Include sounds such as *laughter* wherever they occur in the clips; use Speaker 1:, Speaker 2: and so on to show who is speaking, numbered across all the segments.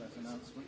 Speaker 1: that announcement.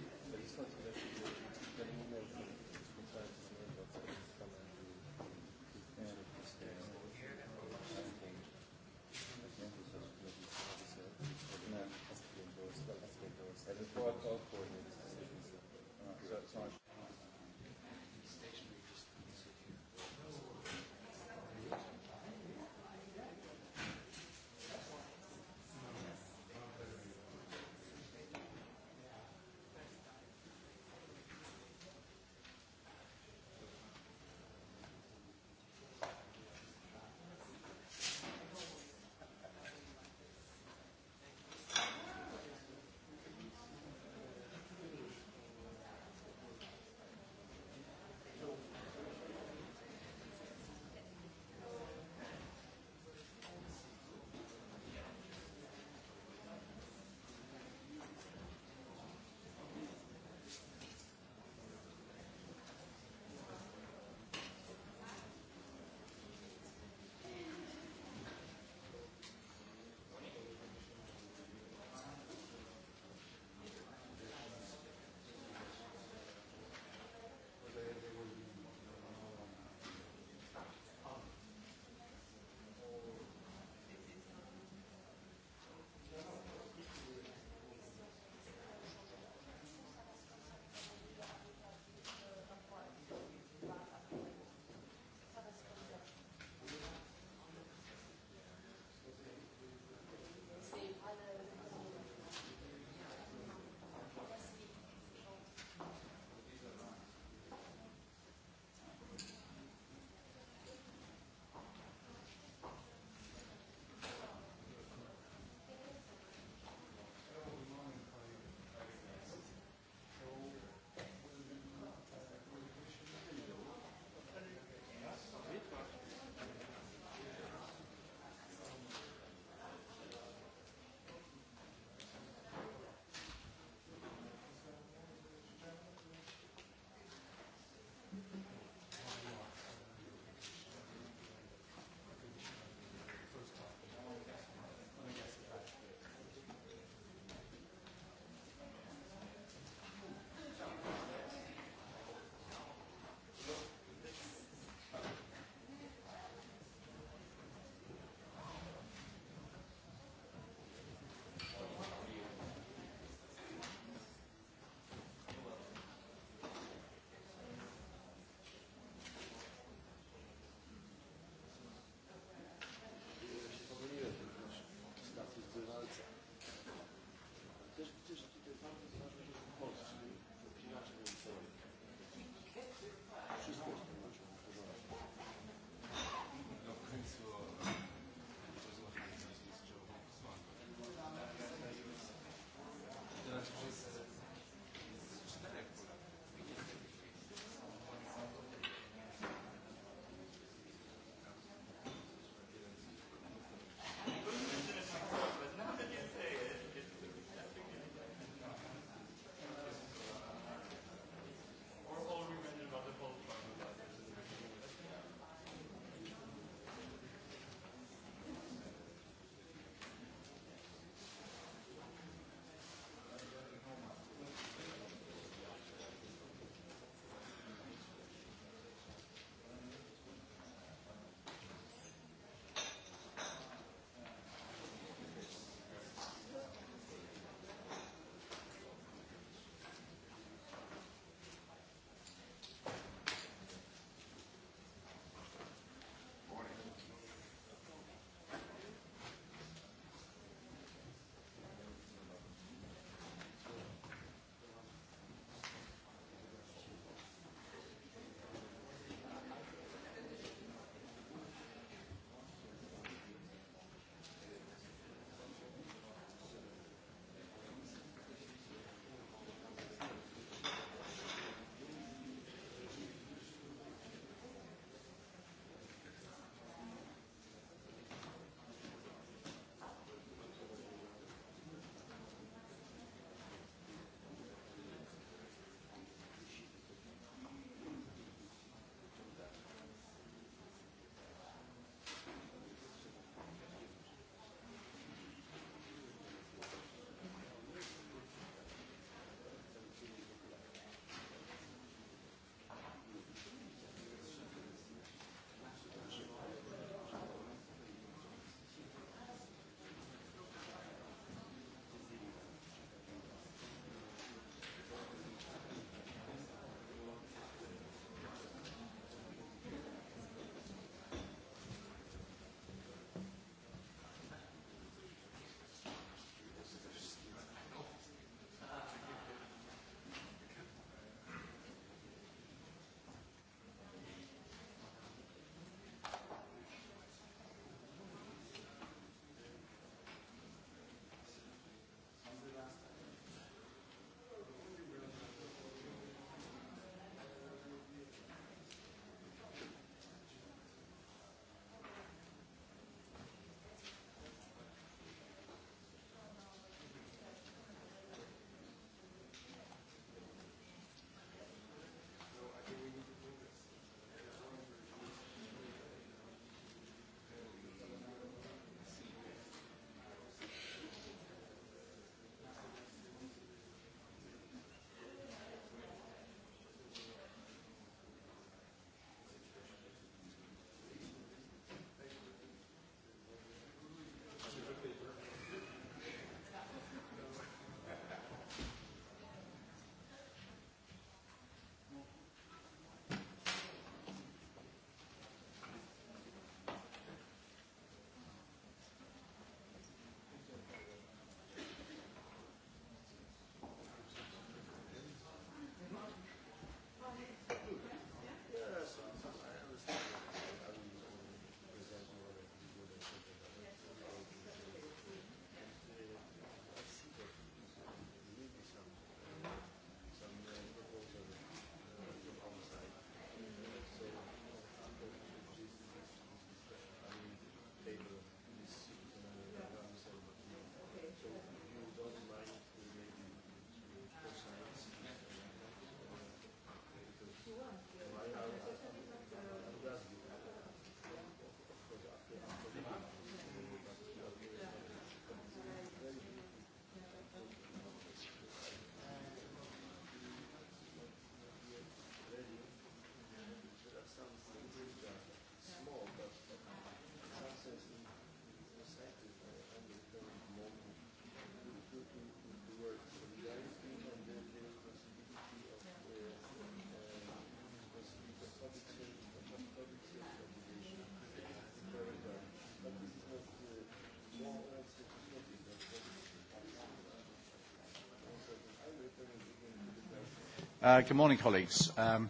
Speaker 1: Uh, good morning, colleagues. Um,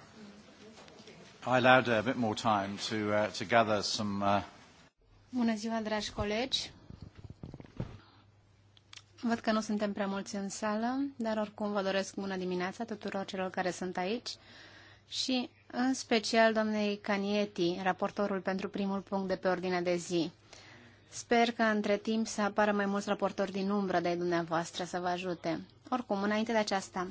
Speaker 1: I allowed a bit more time to, uh, to gather some... Uh...
Speaker 2: Bună ziua, dragi colegi. Văd că nu suntem prea mulți în sală, dar oricum vă doresc bună dimineața tuturor celor care sunt aici și în special doamnei Canieti, raportorul pentru primul punct de pe ordinea de zi. Sper că între timp să apară mai mulți raportori din umbră de dumneavoastră să vă ajute. Oricum, înainte de aceasta,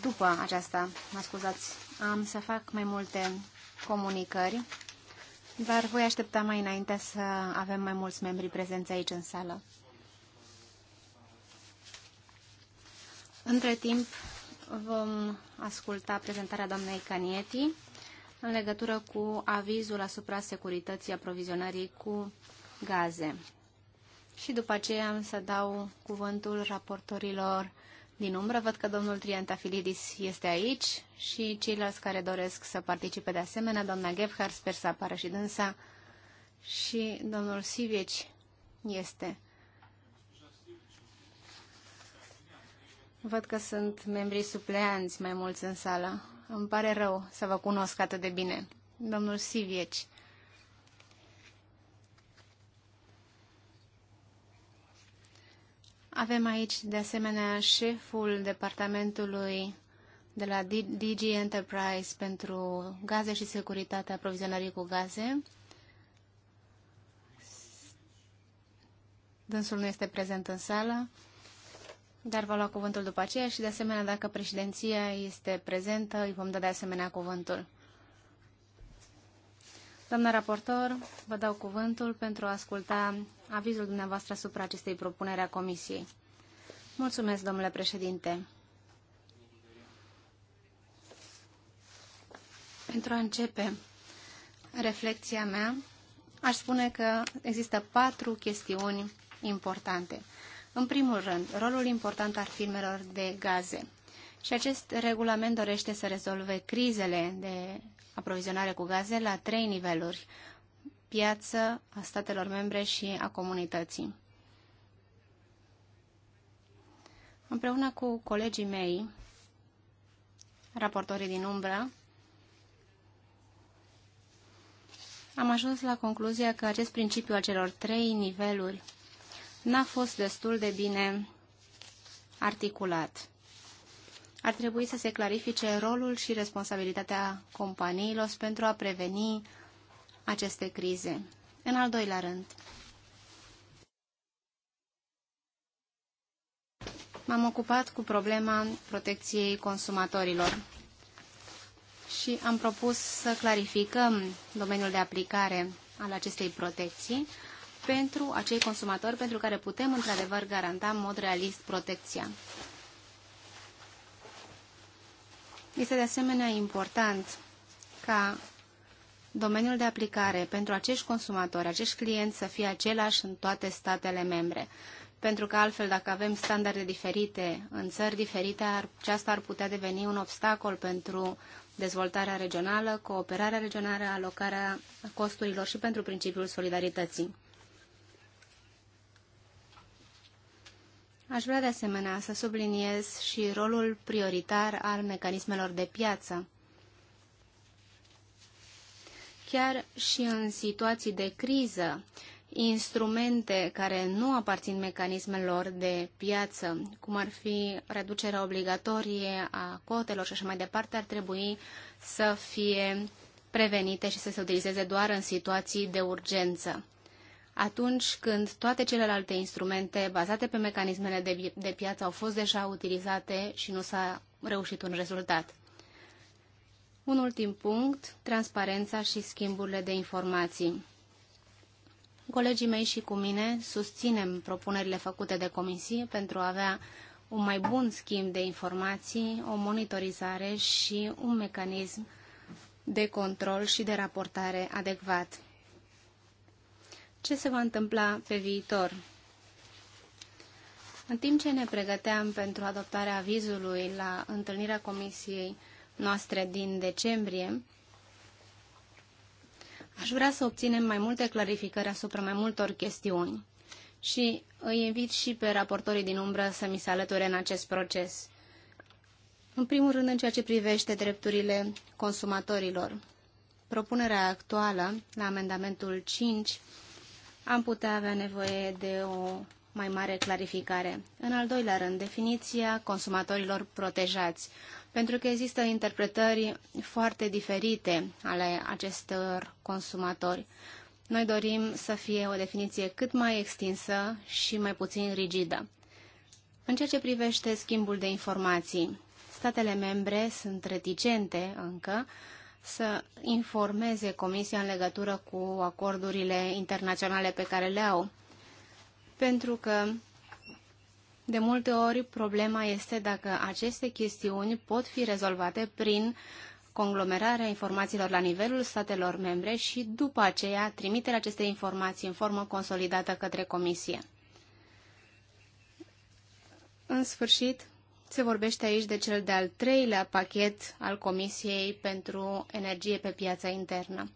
Speaker 2: după aceasta, mă scuzați, am să fac mai multe comunicări, dar voi aștepta mai înainte să avem mai mulți membri prezenți aici în sală. Între timp, vom asculta prezentarea doamnei Canieti în legătură cu avizul asupra securității aprovizionării cu gaze. Și după aceea am să dau cuvântul raportorilor din umbră. Văd că domnul Triantafilidis este aici și ceilalți care doresc să participe de asemenea, doamna Gebhardt, sper să apară și dânsa, și domnul Sivieci este. Văd că sunt membrii supleanți mai mulți în sală. Îmi pare rău să vă cunosc atât de bine. Domnul Sivieci. Avem aici, de asemenea, șeful departamentului de la DG Enterprise pentru gaze și securitatea aprovizionării cu gaze. Dânsul nu este prezent în sală, dar va lua cuvântul după aceea și, de asemenea, dacă președinția este prezentă, îi vom da de asemenea cuvântul. Doamna raportor, vă dau cuvântul pentru a asculta avizul dumneavoastră asupra acestei propuneri a Comisiei. Mulțumesc, domnule președinte. Pentru a începe reflexia mea, aș spune că există patru chestiuni importante. În primul rând, rolul important al firmelor de gaze. Și acest regulament dorește să rezolve crizele de aprovizionare cu gaze la trei niveluri, piață, a statelor membre și a comunității. Împreună cu colegii mei, raportorii din umbră, am ajuns la concluzia că acest principiu al celor trei niveluri n-a fost destul de bine articulat ar trebui să se clarifice rolul și responsabilitatea companiilor pentru a preveni aceste crize. În al doilea rând, m-am ocupat cu problema protecției consumatorilor și am propus să clarificăm domeniul de aplicare al acestei protecții pentru acei consumatori pentru care putem într-adevăr garanta în mod realist protecția. Este de asemenea important ca domeniul de aplicare pentru acești consumatori, acești clienți să fie același în toate statele membre. Pentru că altfel, dacă avem standarde diferite în țări diferite, aceasta ar putea deveni un obstacol pentru dezvoltarea regională, cooperarea regională, alocarea costurilor și pentru principiul solidarității. Aș vrea de asemenea să subliniez și rolul prioritar al mecanismelor de piață. Chiar și în situații de criză, instrumente care nu aparțin mecanismelor de piață, cum ar fi reducerea obligatorie a cotelor și așa mai departe, ar trebui să fie prevenite și să se utilizeze doar în situații de urgență atunci când toate celelalte instrumente bazate pe mecanismele de, de piață au fost deja utilizate și nu s-a reușit un rezultat. Un ultim punct, transparența și schimburile de informații. Colegii mei și cu mine susținem propunerile făcute de comisie pentru a avea un mai bun schimb de informații, o monitorizare și un mecanism de control și de raportare adecvat ce se va întâmpla pe viitor. În timp ce ne pregăteam pentru adoptarea avizului la întâlnirea comisiei noastre din decembrie, aș vrea să obținem mai multe clarificări asupra mai multor chestiuni și îi invit și pe raportorii din umbră să mi se alăture în acest proces. În primul rând, în ceea ce privește drepturile consumatorilor. Propunerea actuală, la amendamentul 5, am putea avea nevoie de o mai mare clarificare. În al doilea rând, definiția consumatorilor protejați, pentru că există interpretări foarte diferite ale acestor consumatori. Noi dorim să fie o definiție cât mai extinsă și mai puțin rigidă. În ceea ce privește schimbul de informații, statele membre sunt reticente încă să informeze Comisia în legătură cu acordurile internaționale pe care le au. Pentru că de multe ori problema este dacă aceste chestiuni pot fi rezolvate prin conglomerarea informațiilor la nivelul statelor membre și după aceea trimiterea acestei informații în formă consolidată către Comisie. În sfârșit, se vorbește aici de cel de-al treilea pachet al Comisiei pentru energie pe piața internă.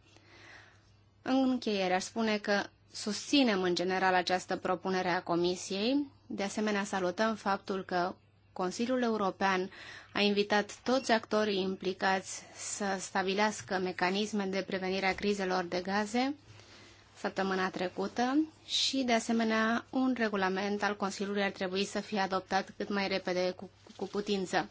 Speaker 2: În încheiere, aș spune că susținem în general această propunere a Comisiei. De asemenea, salutăm faptul că Consiliul European a invitat toți actorii implicați să stabilească mecanisme de prevenire a crizelor de gaze săptămâna trecută și, de asemenea, un regulament al Consiliului ar trebui să fie adoptat cât mai repede cu cu putință.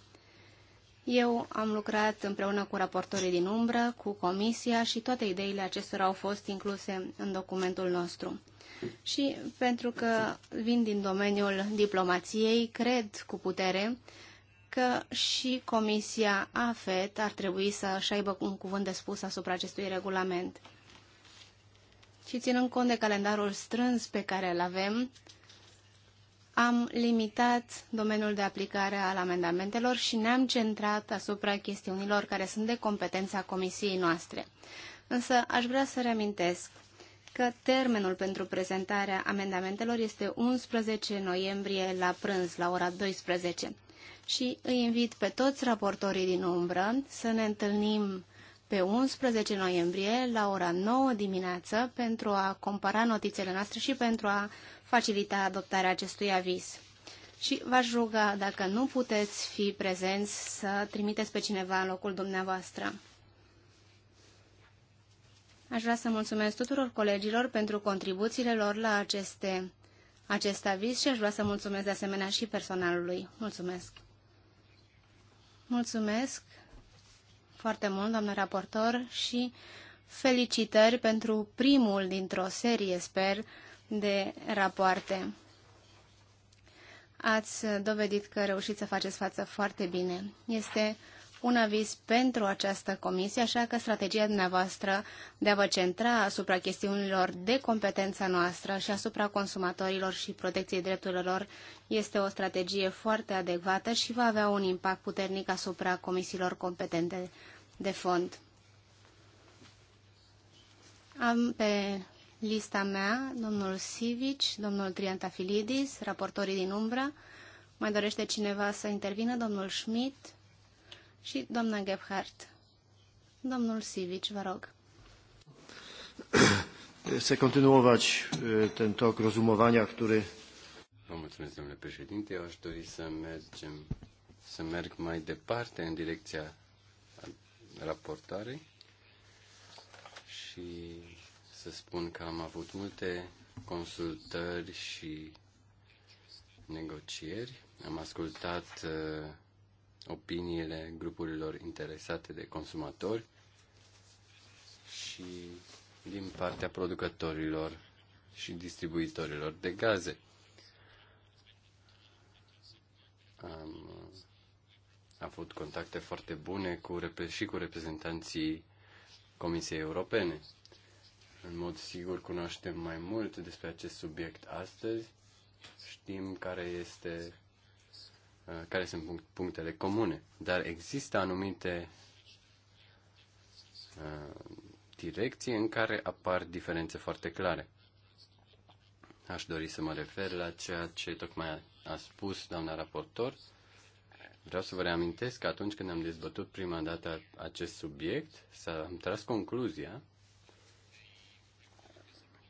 Speaker 2: Eu am lucrat împreună cu raportorii din umbră, cu comisia și toate ideile acestora au fost incluse în documentul nostru. Și pentru că vin din domeniul diplomației, cred cu putere că și comisia AFET ar trebui să-și aibă un cuvânt de spus asupra acestui regulament. Și ținând cont de calendarul strâns pe care îl avem, am limitat domeniul de aplicare al amendamentelor și ne-am centrat asupra chestiunilor care sunt de competența comisiei noastre. Însă aș vrea să reamintesc că termenul pentru prezentarea amendamentelor este 11 noiembrie la prânz, la ora 12. Și îi invit pe toți raportorii din umbră să ne întâlnim pe 11 noiembrie la ora 9 dimineață pentru a compara notițele noastre și pentru a facilita adoptarea acestui aviz. Și v-aș ruga, dacă nu puteți fi prezenți, să trimiteți pe cineva în locul dumneavoastră. Aș vrea să mulțumesc tuturor colegilor pentru contribuțiile lor la aceste, acest aviz și aș vrea să mulțumesc de asemenea și personalului. Mulțumesc! Mulțumesc! foarte mult, doamnă raportor, și felicitări pentru primul dintr-o serie, sper, de rapoarte. Ați dovedit că reușiți să faceți față foarte bine. Este un aviz pentru această comisie, așa că strategia dumneavoastră de a vă centra asupra chestiunilor de competența noastră și asupra consumatorilor și protecției drepturilor lor este o strategie foarte adecvată și va avea un impact puternic asupra comisiilor competente de fond. Am pe lista mea domnul Sivici, domnul Triantafilidis, raportorii din umbră. Mai dorește cineva să intervină? Domnul Schmidt și doamna Gebhardt. Domnul Sivici, vă rog.
Speaker 1: Să *coughs* kontynuować ten tok rozumowania, który...
Speaker 3: Vă mulțumesc, domnule președinte. Eu aș dori să mergem, să merg mai departe în direcția raportare și să spun că am avut multe consultări și negocieri. Am ascultat uh, opiniile grupurilor interesate de consumatori și din partea producătorilor și distribuitorilor de gaze. Am a avut contacte foarte bune cu, și cu reprezentanții Comisiei Europene. În mod sigur cunoaștem mai mult despre acest subiect astăzi. Știm care este uh, care sunt punctele comune, dar există anumite uh, direcții în care apar diferențe foarte clare. Aș dori să mă refer la ceea ce tocmai a spus doamna raportor Vreau să vă reamintesc că atunci când am dezbătut prima dată acest subiect, s-a tras concluzia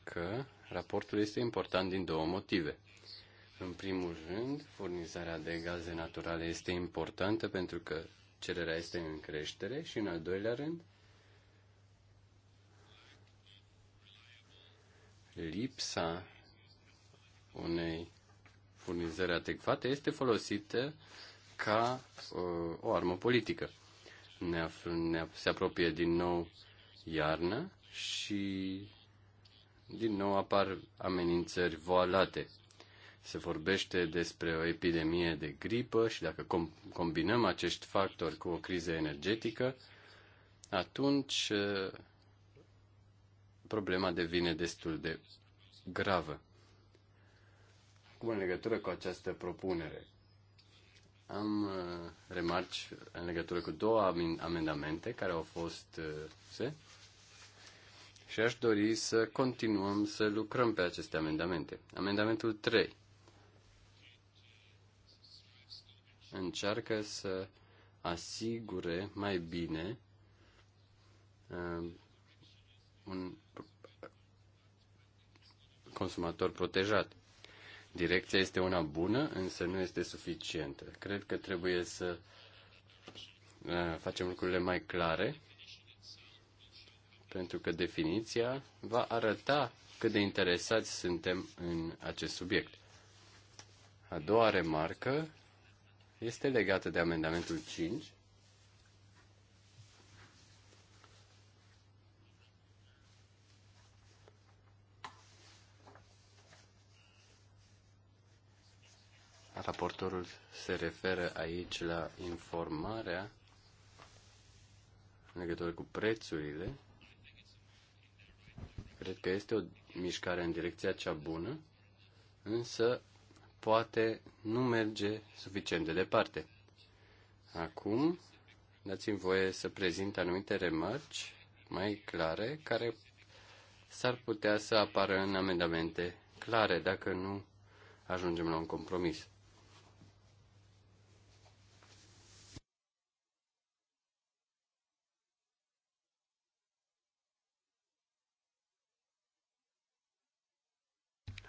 Speaker 3: că raportul este important din două motive. În primul rând, furnizarea de gaze naturale este importantă pentru că cererea este în creștere și, în al doilea rând, lipsa unei furnizări adecvate este folosită ca uh, o armă politică. Ne afl- ne, se apropie din nou iarna și din nou apar amenințări voalate. Se vorbește despre o epidemie de gripă și dacă com- combinăm acești factori cu o criză energetică, atunci uh, problema devine destul de gravă. Acum, în legătură cu această propunere, am uh, remarci în legătură cu două amendamente care au fost uh, se și aș dori să continuăm să lucrăm pe aceste amendamente. Amendamentul 3 încearcă să asigure mai bine uh, un consumator protejat. Direcția este una bună, însă nu este suficientă. Cred că trebuie să uh, facem lucrurile mai clare, pentru că definiția va arăta cât de interesați suntem în acest subiect. A doua remarcă este legată de amendamentul 5, Raportorul se referă aici la informarea în legătură cu prețurile. Cred că este o mișcare în direcția cea bună, însă poate nu merge suficient de departe. Acum, dați-mi voie să prezint anumite remarci mai clare care s-ar putea să apară în amendamente clare dacă nu ajungem la un compromis.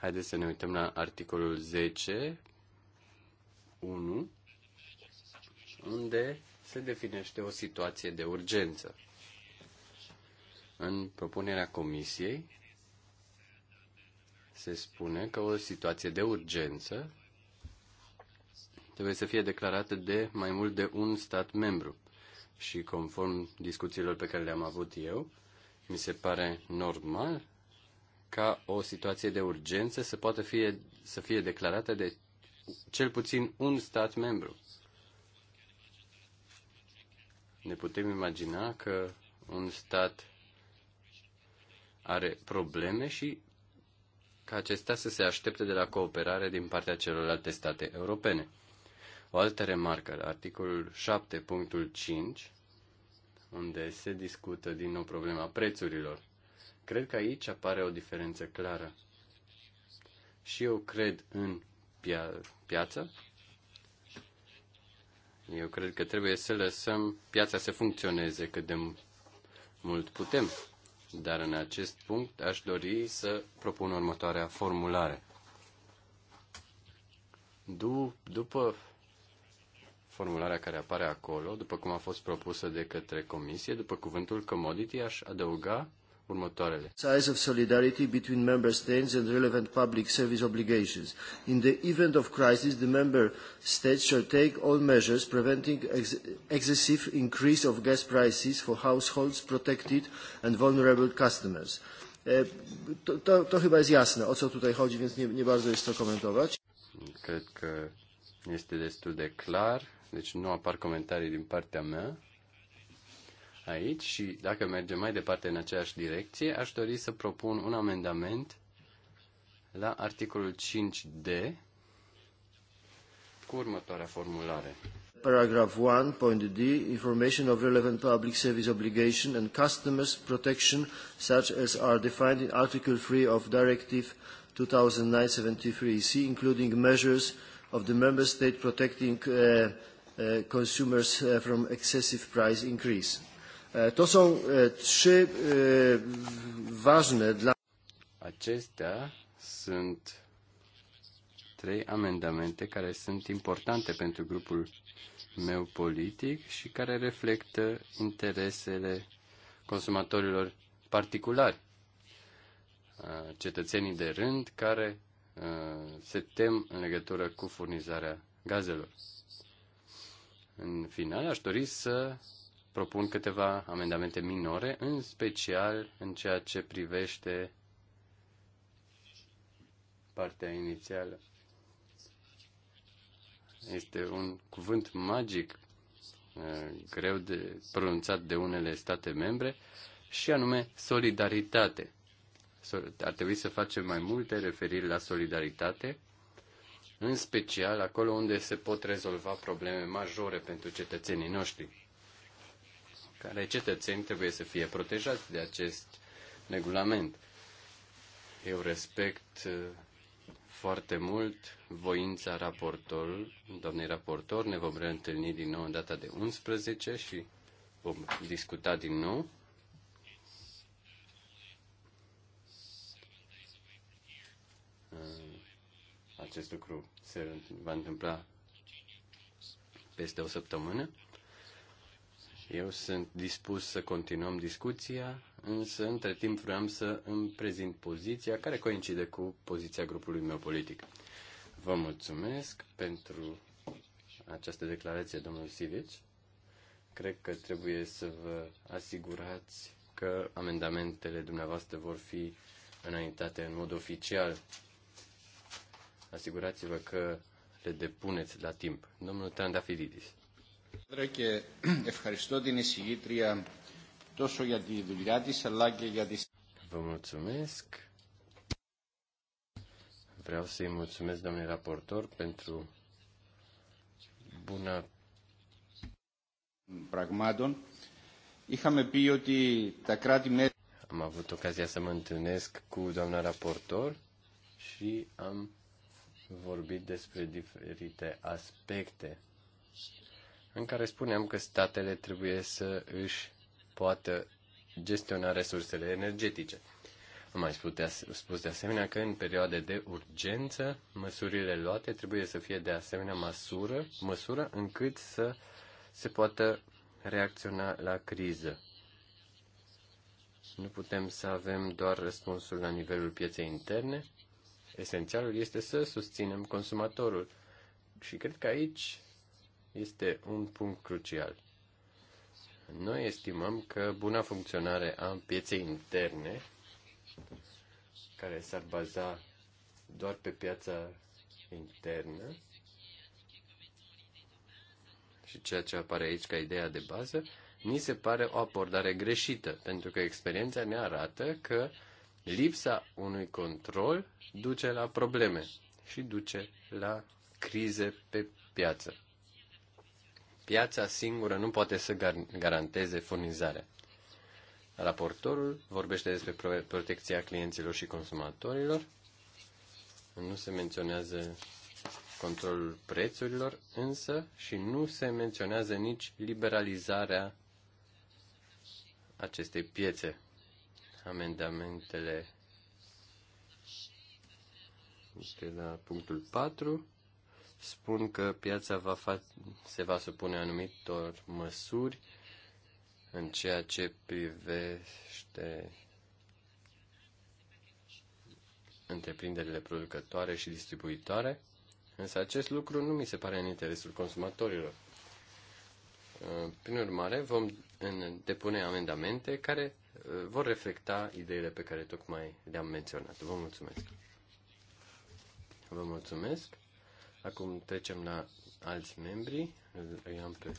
Speaker 3: Haideți să ne uităm la articolul 10, 1, unde se definește o situație de urgență. În propunerea comisiei se spune că o situație de urgență trebuie să fie declarată de mai mult de un stat membru. Și conform discuțiilor pe care le-am avut eu, mi se pare normal ca o situație de urgență să poată fie, să fie declarată de cel puțin un stat membru. Ne putem imagina că un stat are probleme și ca acesta să se aștepte de la cooperare din partea celorlalte state europene. O altă remarcă, articolul 7.5, unde se discută din nou problema prețurilor. Cred că aici apare o diferență clară. Și eu cred în pia- piață. Eu cred că trebuie să lăsăm piața să funcționeze cât de mult putem. Dar în acest punct aș dori să propun următoarea formulare. după formularea care apare acolo, după cum a fost propusă de către comisie, după cuvântul commodity aș adăuga următoarele.
Speaker 1: Size of solidarity between member states and relevant public service obligations. In the event of crisis, the member states shall take all measures preventing ex excessive increase of gas prices for households protected and vulnerable customers. E, to, to, to chyba jest jasne, o co tutaj chodzi, więc nie, nie bardzo jest co komentować.
Speaker 3: Cred că este destul de clar, deci nu apar comentarii din partea mea aici și dacă mergem mai departe în aceeași direcție, aș dori să propun un amendament la articolul 5D cu următoarea formulare.
Speaker 1: Paragraph d Information of relevant public service obligation and customers protection such as are defined in Article 3 of Directive 2009 73 c including measures of the member state protecting uh, uh, consumers uh, from excessive price increase. To są trzy ważne
Speaker 3: dla... Acestea sunt trei amendamente care sunt importante pentru grupul meu politic și care reflectă interesele consumatorilor particulari, cetățenii de rând care se tem în legătură cu furnizarea gazelor. În final, aș dori să propun câteva amendamente minore, în special în ceea ce privește partea inițială. Este un cuvânt magic uh, greu de pronunțat de unele state membre și anume solidaritate. Ar trebui să facem mai multe referiri la solidaritate, în special acolo unde se pot rezolva probleme majore pentru cetățenii noștri care cetățeni trebuie să fie protejați de acest regulament. Eu respect uh, foarte mult voința raportorului, doamnei raportor, ne vom reîntâlni din nou în data de 11 și vom discuta din nou. Uh, acest lucru se va întâmpla peste o săptămână. Eu sunt dispus să continuăm discuția, însă între timp vreau să îmi prezint poziția care coincide cu poziția grupului meu politic. Vă mulțumesc pentru această declarație, domnul Sivici. Cred că trebuie să vă asigurați că amendamentele dumneavoastră vor fi înaintate în mod oficial. Asigurați-vă că le depuneți la timp. Domnul Trandafilidis. Και ευχαριστώ την εισηγήτρια τόσο για τη δουλειά της αλλά και για τη... Vă mulțumesc. Vreau să-i mulțumesc, domnule raportor, pentru bună... Pragmaton. Είχαμε πει ότι τα Am avut ocazia să mă întâlnesc cu doamna raportor și am vorbit despre diferite aspecte în care spuneam că statele trebuie să își poată gestiona resursele energetice. Am mai spus de, asemenea că în perioade de urgență, măsurile luate trebuie să fie de asemenea măsură, măsură încât să se poată reacționa la criză. Nu putem să avem doar răspunsul la nivelul pieței interne. Esențialul este să susținem consumatorul. Și cred că aici este un punct crucial. Noi estimăm că buna funcționare a pieței interne, care s-ar baza doar pe piața internă, și ceea ce apare aici ca ideea de bază, ni se pare o abordare greșită, pentru că experiența ne arată că lipsa unui control duce la probleme și duce la crize pe piață. Piața singură nu poate să gar- garanteze furnizarea. Raportorul vorbește despre protecția clienților și consumatorilor. Nu se menționează controlul prețurilor, însă, și nu se menționează nici liberalizarea acestei piețe. Amendamentele de la punctul 4 spun că piața va fa- se va supune anumitor măsuri în ceea ce privește întreprinderile producătoare și distribuitoare, însă acest lucru nu mi se pare în interesul consumatorilor. Uh, prin urmare, vom depune amendamente care uh, vor reflecta ideile pe care tocmai le-am menționat. Vă mulțumesc! Vă mulțumesc! Acum trecem la alți membri. Îi am pe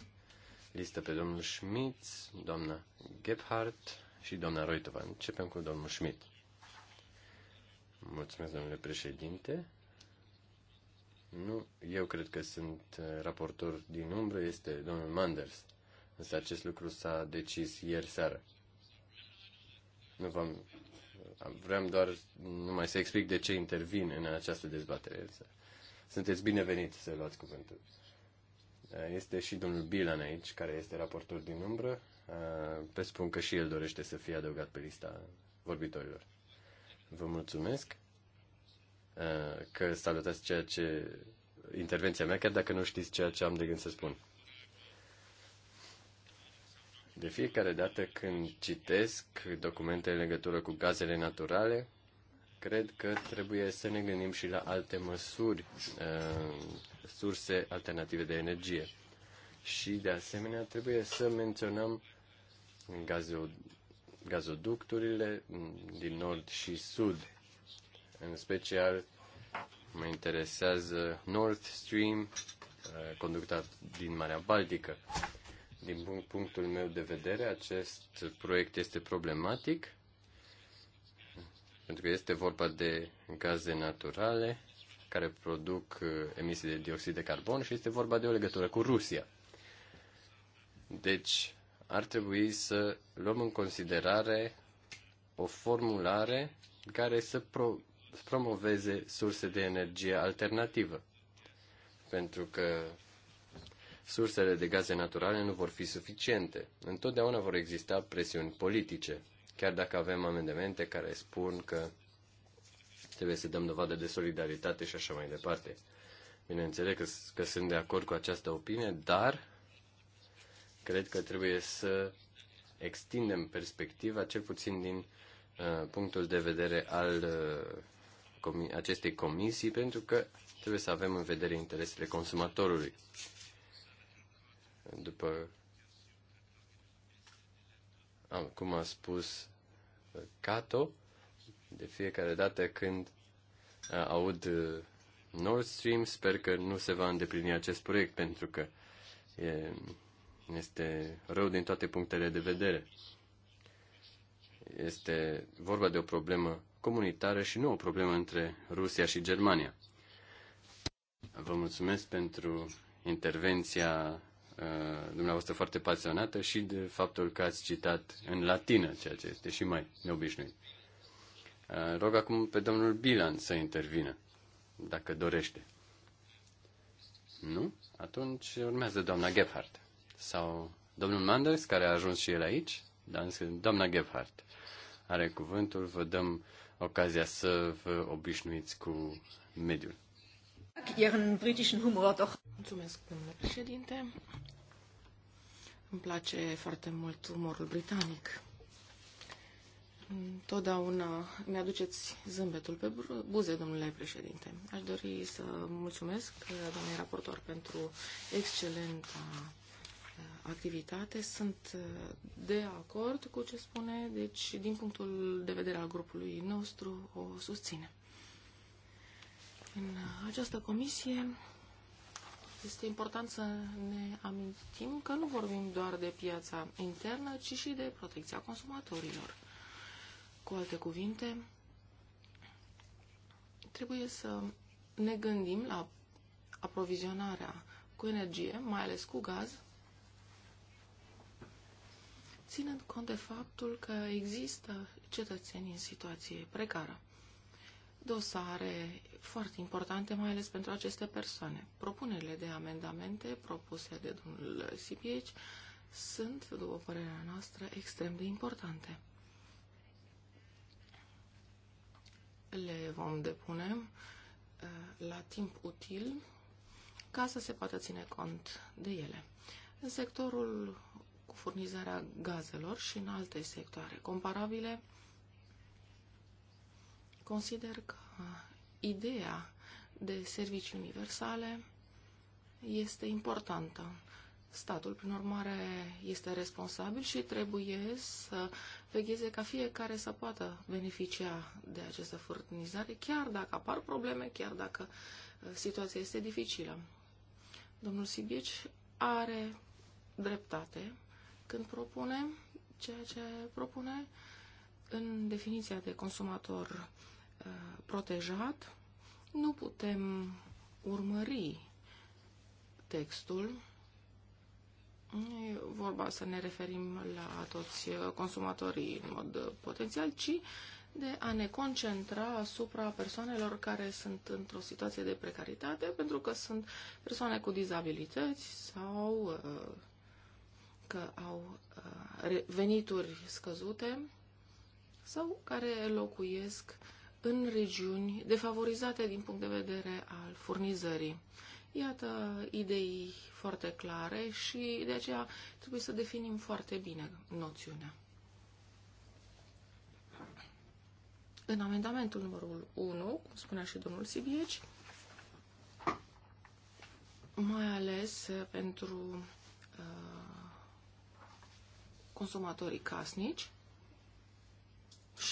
Speaker 3: listă pe domnul Schmidt, doamna Gebhardt și doamna Roitova. Începem cu domnul Schmidt. Mulțumesc, domnule președinte. Nu, eu cred că sunt uh, raportor din umbră, este domnul Manders. Însă acest lucru s-a decis ieri seară. Nu v-am... Vreau doar numai să explic de ce intervin în această dezbatere sunteți bineveniți să luați cuvântul. Eh, este și domnul Bilan aici, care este raportor din umbră. Eh, pe spun că și el dorește să fie adăugat pe lista vorbitorilor. Vă mulțumesc eh, că salutați ceea ce intervenția mea, chiar dacă nu știți ceea ce am de gând să spun. De fiecare dată când citesc documente în legătură cu gazele naturale, cred că trebuie să ne gândim și la alte măsuri, uh, surse alternative de energie. Și, de asemenea, trebuie să menționăm gazoducturile din nord și sud. În special, mă interesează Nord Stream, uh, conducta din Marea Baltică. Din punctul meu de vedere, acest proiect este problematic pentru că este vorba de gaze naturale care produc uh, emisii de dioxid de carbon și este vorba de o legătură cu Rusia. Deci, ar trebui să luăm în considerare o formulare care să pro- promoveze surse de energie alternativă. Pentru că sursele de gaze naturale nu vor fi suficiente. Întotdeauna vor exista presiuni politice chiar dacă avem amendamente care spun că trebuie să dăm dovadă de solidaritate și așa mai departe. Bineînțeles că, că sunt de acord cu această opinie, dar cred că trebuie să extindem perspectiva, cel puțin din uh, punctul de vedere al uh, comi- acestei comisii, pentru că trebuie să avem în vedere interesele consumatorului. După cum a spus uh, Cato, de fiecare dată când uh, aud uh, Nord Stream, sper că nu se va îndeplini acest proiect, pentru că e, este rău din toate punctele de vedere. Este vorba de o problemă comunitară și nu o problemă între Rusia și Germania. Vă mulțumesc pentru intervenția Uh, dumneavoastră foarte pasionată și de faptul că ați citat în latină, ceea ce este și mai neobișnuit. Uh, rog acum pe domnul Bilan să intervină, dacă dorește. Nu? Atunci urmează doamna Gebhardt. Sau domnul Manders, care a ajuns și el aici, dar doamna Gebhardt are cuvântul, vă dăm ocazia să vă obișnuiți cu mediul.
Speaker 4: Ihren britischen Humor doch Mulțumesc, domnule președinte. Îmi place foarte mult umorul britanic. Totdeauna mi-aduceți zâmbetul pe buze, domnule președinte. Aș dori să mulțumesc, uh, doamnei raportor, pentru excelenta uh, activitate. Sunt uh, de acord cu ce spune, deci, din punctul de vedere al grupului nostru, o susține. În această comisie este important să ne amintim că nu vorbim doar de piața internă, ci și de protecția consumatorilor. Cu alte cuvinte, trebuie să ne gândim la aprovizionarea cu energie, mai ales cu gaz, ținând cont de faptul că există cetățeni în situație precară. Dosare foarte importante, mai ales pentru aceste persoane. Propunerile de amendamente propuse de domnul Sipieci sunt, după părerea noastră, extrem de importante. Le vom depune uh, la timp util ca să se poată ține cont de ele. În sectorul cu furnizarea gazelor și în alte sectoare comparabile, consider că ideea de servicii universale este importantă. Statul, prin urmare, este responsabil și trebuie să vegheze ca fiecare să poată beneficia de această furnizare, chiar dacă apar probleme, chiar dacă uh, situația este dificilă. Domnul Sibici are dreptate când propune ceea ce propune în definiția de consumator protejat, nu putem urmări textul. Nu e vorba să ne referim la toți consumatorii în mod potențial, ci de a ne concentra asupra persoanelor care sunt într-o situație de precaritate, pentru că sunt persoane cu dizabilități sau uh, că au uh, venituri scăzute sau care locuiesc uh, în regiuni defavorizate din punct de vedere al furnizării. Iată idei foarte clare și de aceea trebuie să definim foarte bine noțiunea. În amendamentul numărul 1, cum spunea și domnul Sibieci, mai ales pentru uh, consumatorii casnici,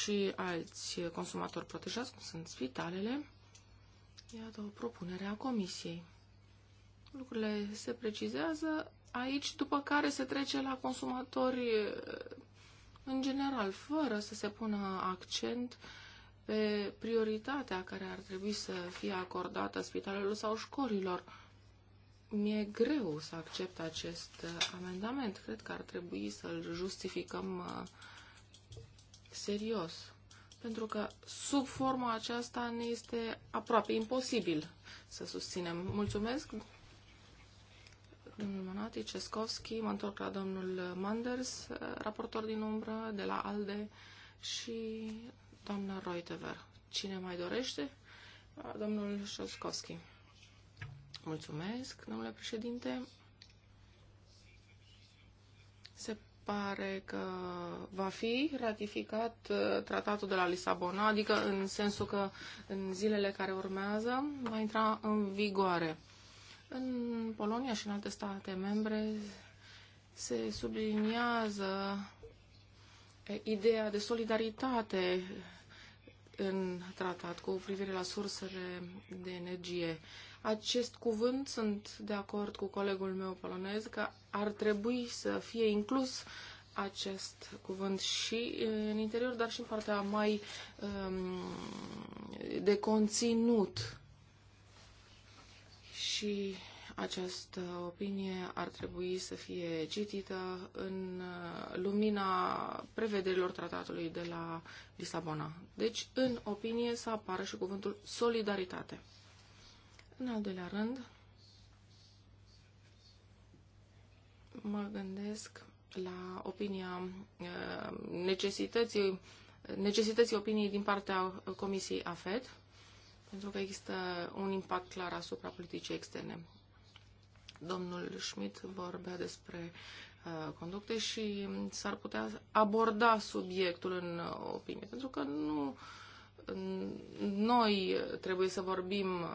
Speaker 4: și alți consumatori protejați, cum sunt spitalele. Iată o propunere a comisiei. Lucrurile se precizează aici, după care se trece la consumatori în general, fără să se pună accent pe prioritatea care ar trebui să fie acordată spitalelor sau școlilor. Mi-e greu să accept acest amendament. Cred că ar trebui să-l justificăm uh, serios, pentru că sub forma aceasta ne este aproape imposibil să susținem. Mulțumesc, domnul Manati, Cescovski, mă întorc la domnul Manders, raportor din umbră de la ALDE și doamna Reutever. Cine mai dorește? Domnul Cescovski. Mulțumesc, domnule președinte. Se pare că va fi ratificat uh, tratatul de la Lisabona, adică în sensul că în zilele care urmează va intra în vigoare. În Polonia și în alte state membre se subliniază ideea de solidaritate în tratat cu privire la sursele de energie acest cuvânt, sunt de acord cu colegul meu polonez că ar trebui să fie inclus acest cuvânt și în interior, dar și în partea mai um, de conținut. Și această opinie ar trebui să fie citită în uh, lumina prevederilor tratatului de la Lisabona. Deci, în opinie, să apară și cuvântul solidaritate. În al doilea rând, mă gândesc la opinia uh, necesității, necesității opiniei din partea Comisiei AFED, pentru că există un impact clar asupra politicii externe. Domnul Schmidt vorbea despre uh, conducte și s-ar putea aborda subiectul în opinie, pentru că nu noi trebuie să vorbim uh,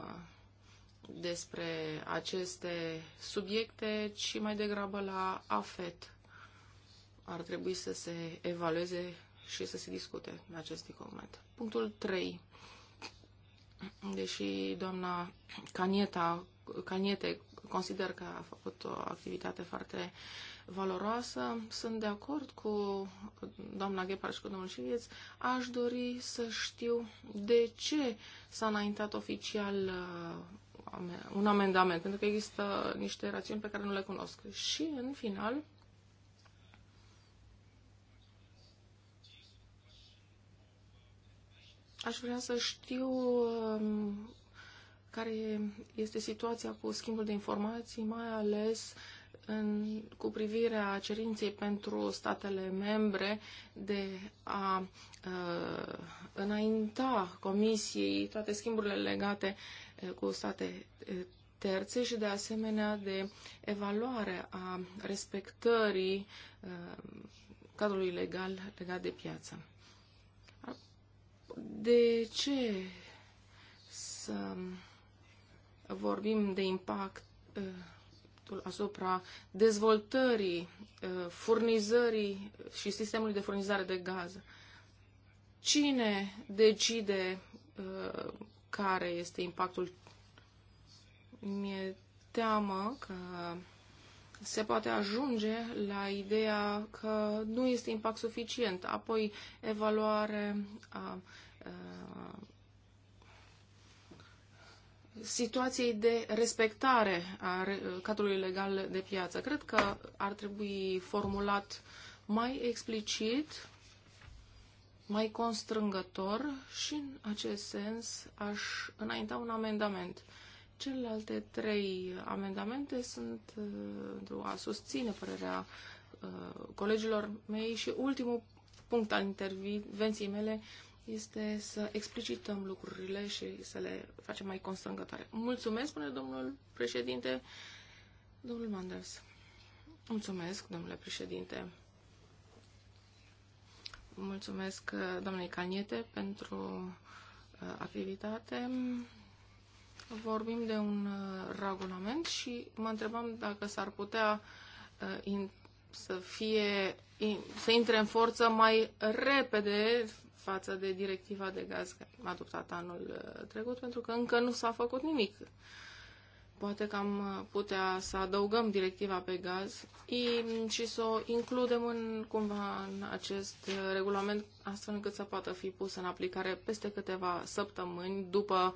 Speaker 4: despre aceste subiecte, ci mai degrabă la AFET. Ar trebui să se evalueze și să se discute în acest document. Punctul 3. Deși doamna Canieta, Caniete consider că a făcut o activitate foarte valoroasă, sunt de acord cu doamna Ghepar și cu domnul Șivieț, aș dori să știu de ce s-a înaintat oficial uh, un amendament, pentru că există niște rațiuni pe care nu le cunosc. Și, în final, aș vrea să știu um, care este situația cu schimbul de informații, mai ales în, cu privirea cerinței pentru statele membre de a uh, înainta Comisiei toate schimburile legate cu state terțe și de asemenea de evaluare a respectării cadrului legal legat de piață. De ce să vorbim de impactul asupra dezvoltării, furnizării și sistemului de furnizare de gaz? Cine decide care este impactul. Mi-e teamă că se poate ajunge la ideea că nu este impact suficient. Apoi, evaluare a, a situației de respectare a cadrului legal de piață. Cred că ar trebui formulat mai explicit mai constrângător și în acest sens aș înainta un amendament. Celelalte trei amendamente sunt pentru uh, a susține părerea uh, colegilor mei și ultimul punct al intervenției mele este să explicităm lucrurile și să le facem mai constrângătoare. Mulțumesc, spune domnul președinte, domnul Manders. Mulțumesc, domnule președinte. Mulțumesc uh, doamnei Caniete pentru uh, activitate. Vorbim de un uh, regulament și mă întrebam dacă s-ar putea să fie să intre în forță mai repede față de directiva de gaz adoptată anul trecut, pentru că încă nu s-a făcut nimic Poate că am uh, putea să adăugăm directiva pe gaz și să o includem în, cumva în acest uh, regulament, astfel încât să poată fi pus în aplicare peste câteva săptămâni după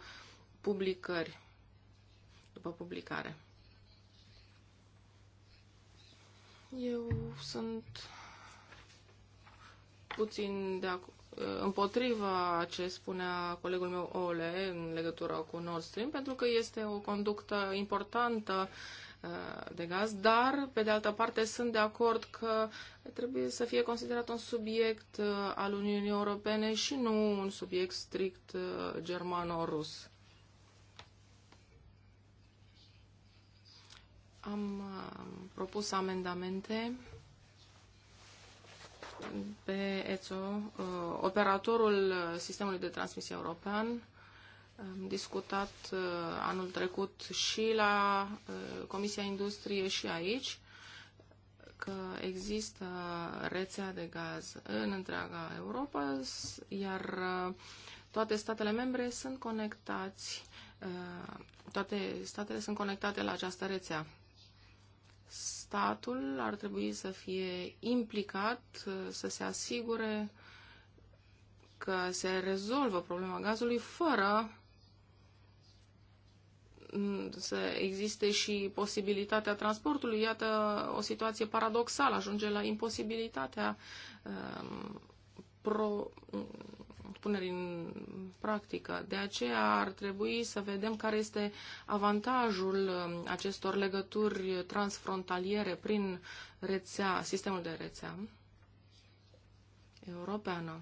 Speaker 4: publicări, după publicare. Eu sunt puțin de acord împotriva ce spunea colegul meu Ole în legătură cu Nord Stream, pentru că este o conductă importantă uh, de gaz, dar, pe de altă parte, sunt de acord că trebuie să fie considerat un subiect uh, al Uniunii Europene și nu un subiect strict uh, germano-rus. Am propus amendamente pe ETSO, uh, operatorul sistemului de transmisie european, am discutat uh, anul trecut și la uh, Comisia Industrie și aici că există rețea de gaz în întreaga Europa, iar toate statele membre sunt conectați, toate statele sunt conectate la această rețea statul ar trebui să fie implicat, să se asigure că se rezolvă problema gazului fără să existe și posibilitatea transportului. Iată o situație paradoxală, ajunge la imposibilitatea um, pro, punerii în practică. De aceea ar trebui să vedem care este avantajul um, acestor legături transfrontaliere prin rețea, sistemul de rețea europeană.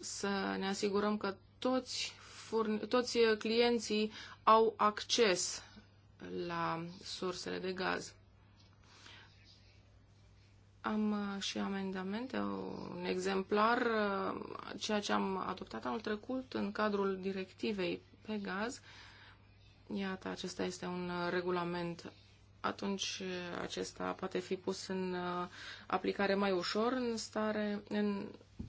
Speaker 4: Să ne asigurăm că toți, furni, toți clienții au acces la sursele de gaz. Am uh, și amendamente, un exemplar, uh, ceea ce am adoptat anul trecut în cadrul directivei pe gaz. Iată, acesta este un uh, regulament. Atunci acesta poate fi pus în aplicare mai ușor în, stare, în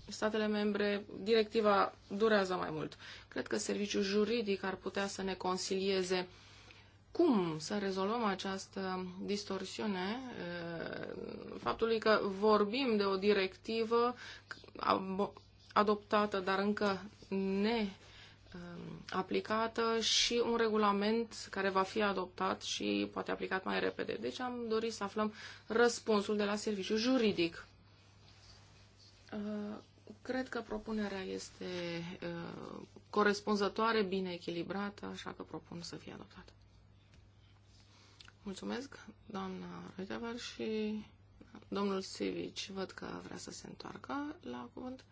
Speaker 4: statele membre. Directiva durează mai mult. Cred că serviciul juridic ar putea să ne consilieze uh, cum să rezolvăm această distorsiune faptului că vorbim de o directivă adoptată, dar încă ne aplicată și un regulament care va fi adoptat și poate aplicat mai repede. Deci am dorit să aflăm răspunsul de la serviciu juridic. Cred că propunerea este corespunzătoare, bine echilibrată, așa că propun să fie adoptată. Mulțumesc, doamna Reutever și domnul Sivici. Văd că vrea să se întoarcă la cuvânt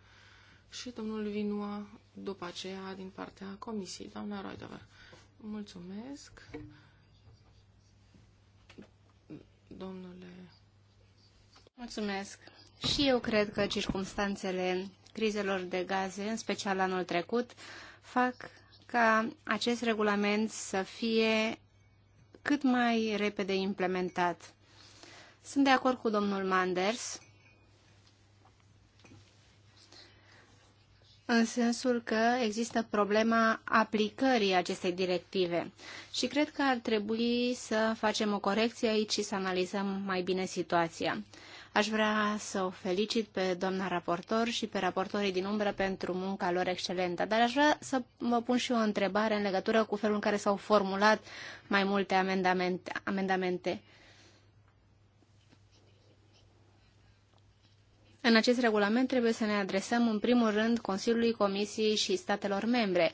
Speaker 4: și domnul Vinua după aceea din partea comisiei. Doamna Reutever, mulțumesc. Domnule.
Speaker 2: Mulțumesc. Și eu cred că circumstanțele crizelor de gaze, în special anul trecut, fac ca acest regulament să fie cât mai repede implementat. Sunt de acord cu domnul Manders în sensul că există problema aplicării acestei directive și cred că ar trebui să facem o corecție aici și să analizăm mai bine situația. Aș vrea să o felicit pe doamna raportor și pe raportorii din umbră pentru munca lor excelentă, dar aș vrea să vă pun și o întrebare în legătură cu felul în care s-au formulat mai multe amendamente. amendamente. În acest regulament trebuie să ne adresăm în primul rând Consiliului Comisiei și statelor membre,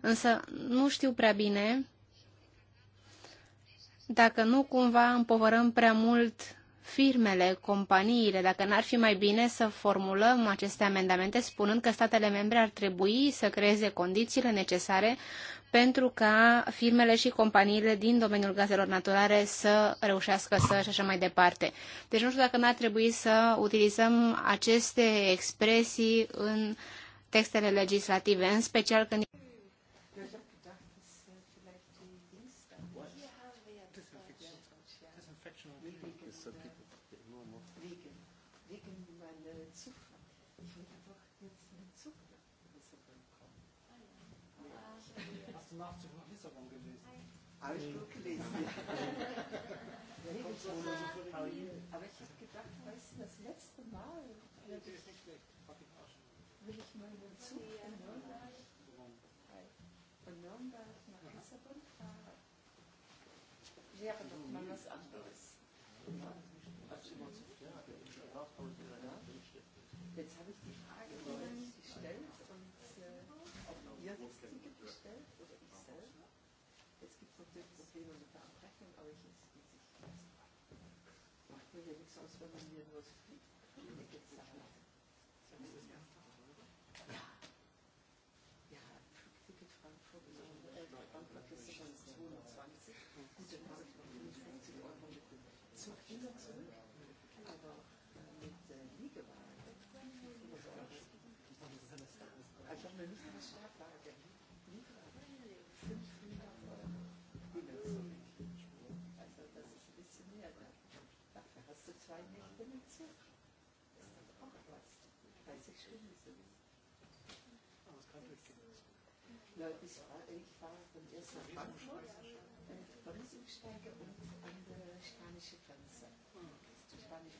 Speaker 2: însă nu știu prea bine dacă nu cumva împovărăm prea mult firmele, companiile, dacă n-ar fi mai bine să formulăm aceste amendamente spunând că statele membre ar trebui să creeze condițiile necesare pentru ca firmele și companiile din domeniul gazelor naturale să reușească să și așa mai departe. Deci nu știu dacă n-ar trebui să utilizăm aceste expresii în textele legislative, în special când
Speaker 1: diese Probleme mit der Abrechnung, aber ich ist macht mir hier nichts aus, wenn man hier nur so viel Tickets hat. Ja, Flugticket Frankfurt, äh, Frankfurt ist 22. Gut, dann habe ich noch 55 Euro mit dem Zug wieder zurück. Na, ich war, ich war erst nach Frankfurt, äh, Brüssel und an der spanische Grenze. Die spanische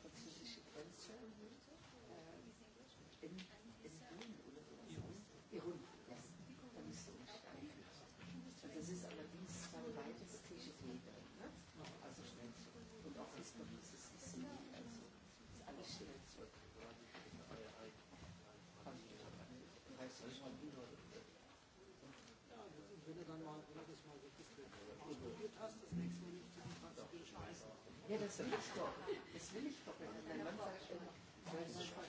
Speaker 1: Ja, das will ich doch. Das will ich doch. Wenn man sagt,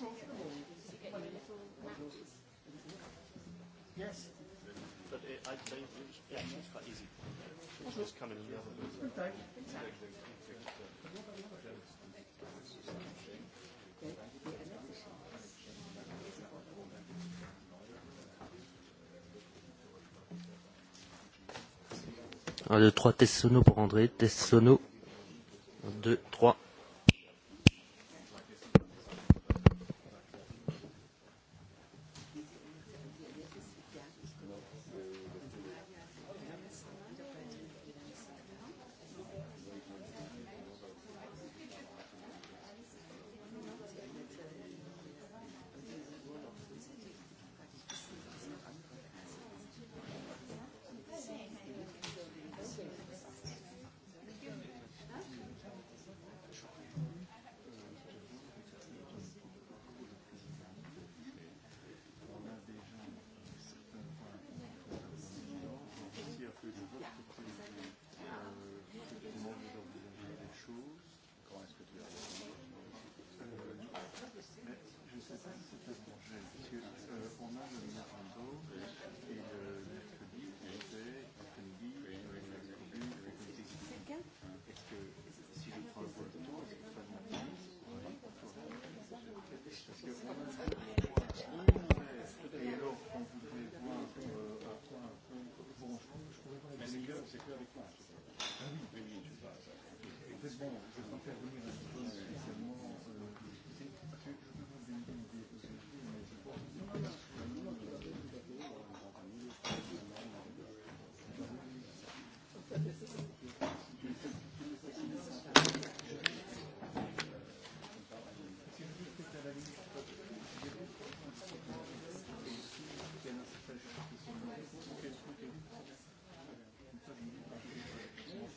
Speaker 3: Yes.
Speaker 1: But it, I think it's, yeah, it's quite easy. It's just coming in the other Okay. Un, deux, trois, test sono pour André, test sono. Un, deux, trois.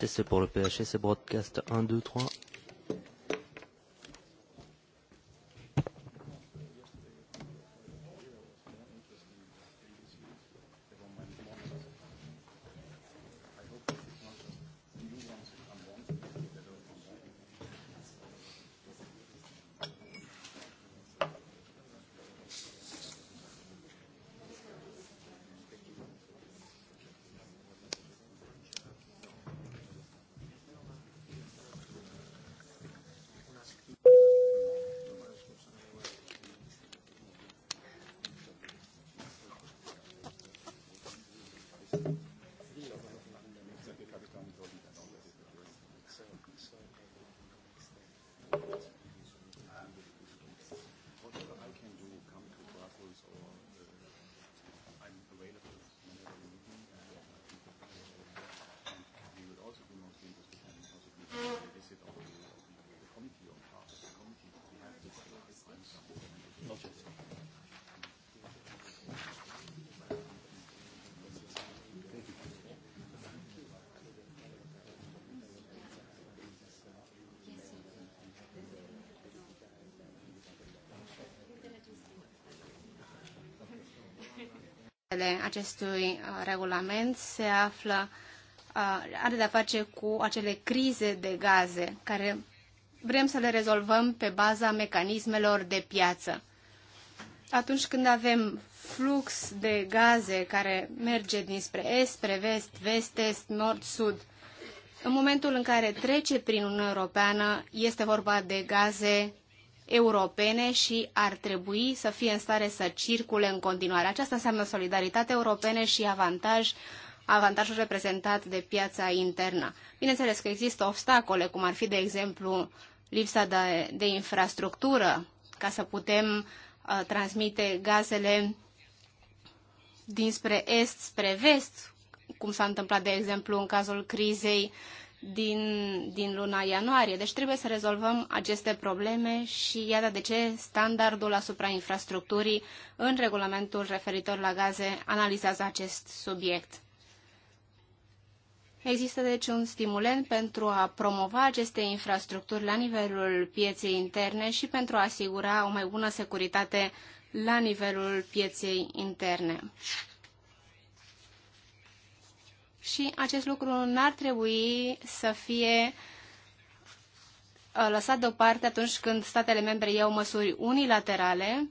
Speaker 1: Test pour le PHS et broadcast 1, 2, 3.
Speaker 2: spatele acestui uh, regulament se află, uh, are de-a face cu acele crize de gaze, care vrem să le rezolvăm pe baza mecanismelor de piață. Atunci când avem flux de gaze care merge dinspre est, spre vest, vest, est, nord, sud, în momentul în care trece prin Uniunea Europeană, este vorba de gaze europene și ar trebui să fie în stare să circule în continuare. Aceasta înseamnă solidaritate europene și avantaj avantajul reprezentat de piața internă. Bineînțeles că există obstacole, cum ar fi, de exemplu, lipsa de, de infrastructură ca să putem uh, transmite gazele dinspre est spre vest, cum s-a întâmplat, de exemplu, în cazul crizei din, din luna ianuarie. Deci trebuie să rezolvăm aceste probleme și iată de ce standardul asupra infrastructurii în regulamentul referitor la gaze analizează acest subiect. Există deci un stimulent pentru a promova aceste infrastructuri la nivelul pieței interne și pentru a asigura o mai bună securitate la nivelul pieței interne și acest lucru n-ar trebui să fie uh, lăsat deoparte atunci când statele membre iau măsuri unilaterale,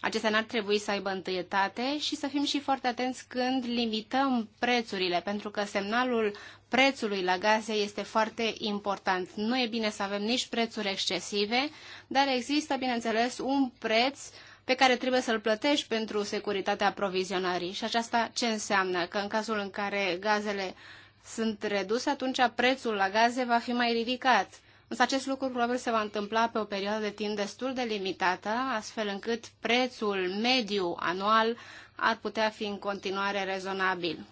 Speaker 2: acestea n-ar trebui să aibă întâietate și să fim și foarte atenți când limităm prețurile, pentru că semnalul prețului la gaze este foarte important. Nu e bine să avem nici prețuri excesive, dar există, bineînțeles, un preț uh, pe care trebuie să-l plătești pentru securitatea aprovizionării. Și aceasta ce înseamnă? Că în cazul în care gazele sunt reduse, atunci prețul la gaze va fi mai ridicat. Însă acest lucru probabil se va întâmpla pe o perioadă de timp destul de limitată, astfel încât prețul mediu anual ar putea fi în continuare rezonabil.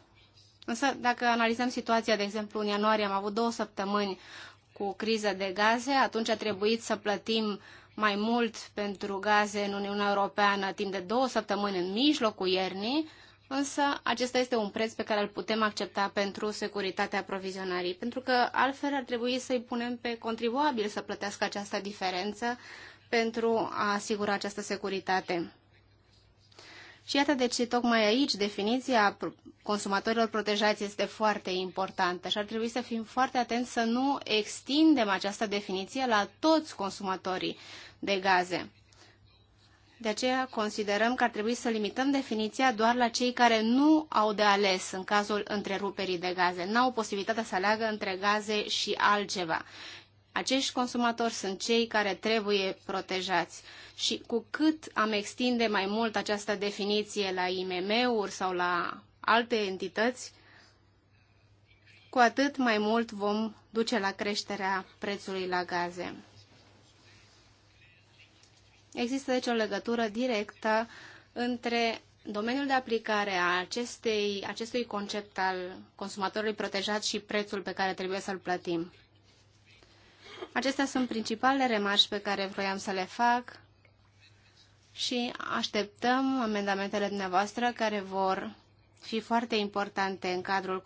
Speaker 2: Însă, dacă analizăm situația, de exemplu, în ianuarie am avut două săptămâni cu criză de gaze, atunci a trebuit să plătim mai mult pentru gaze în Uniunea Europeană timp de două săptămâni în mijlocul iernii, însă acesta este un preț pe care îl putem accepta pentru securitatea aprovizionării, pentru că altfel ar trebui să-i punem pe contribuabil să plătească această diferență pentru a asigura această securitate. Și iată de ce tocmai aici definiția consumatorilor protejați este foarte importantă și ar trebui să fim foarte atenți să nu extindem această definiție la toți consumatorii de gaze. De aceea considerăm că ar trebui să limităm definiția doar la cei care nu au de ales în cazul întreruperii de gaze, n-au posibilitatea să aleagă între gaze și altceva. Acești consumatori sunt cei care trebuie protejați și cu cât am extinde mai mult această definiție la IMM-uri sau la alte entități, cu atât mai mult vom duce la creșterea prețului la gaze. Există deci o legătură directă între domeniul de aplicare a acestei, acestui concept al consumatorului protejat și prețul pe care trebuie să-l plătim. Acestea sunt principalele remarci pe care vroiam să le fac și așteptăm amendamentele dumneavoastră care vor fi foarte importante în cadrul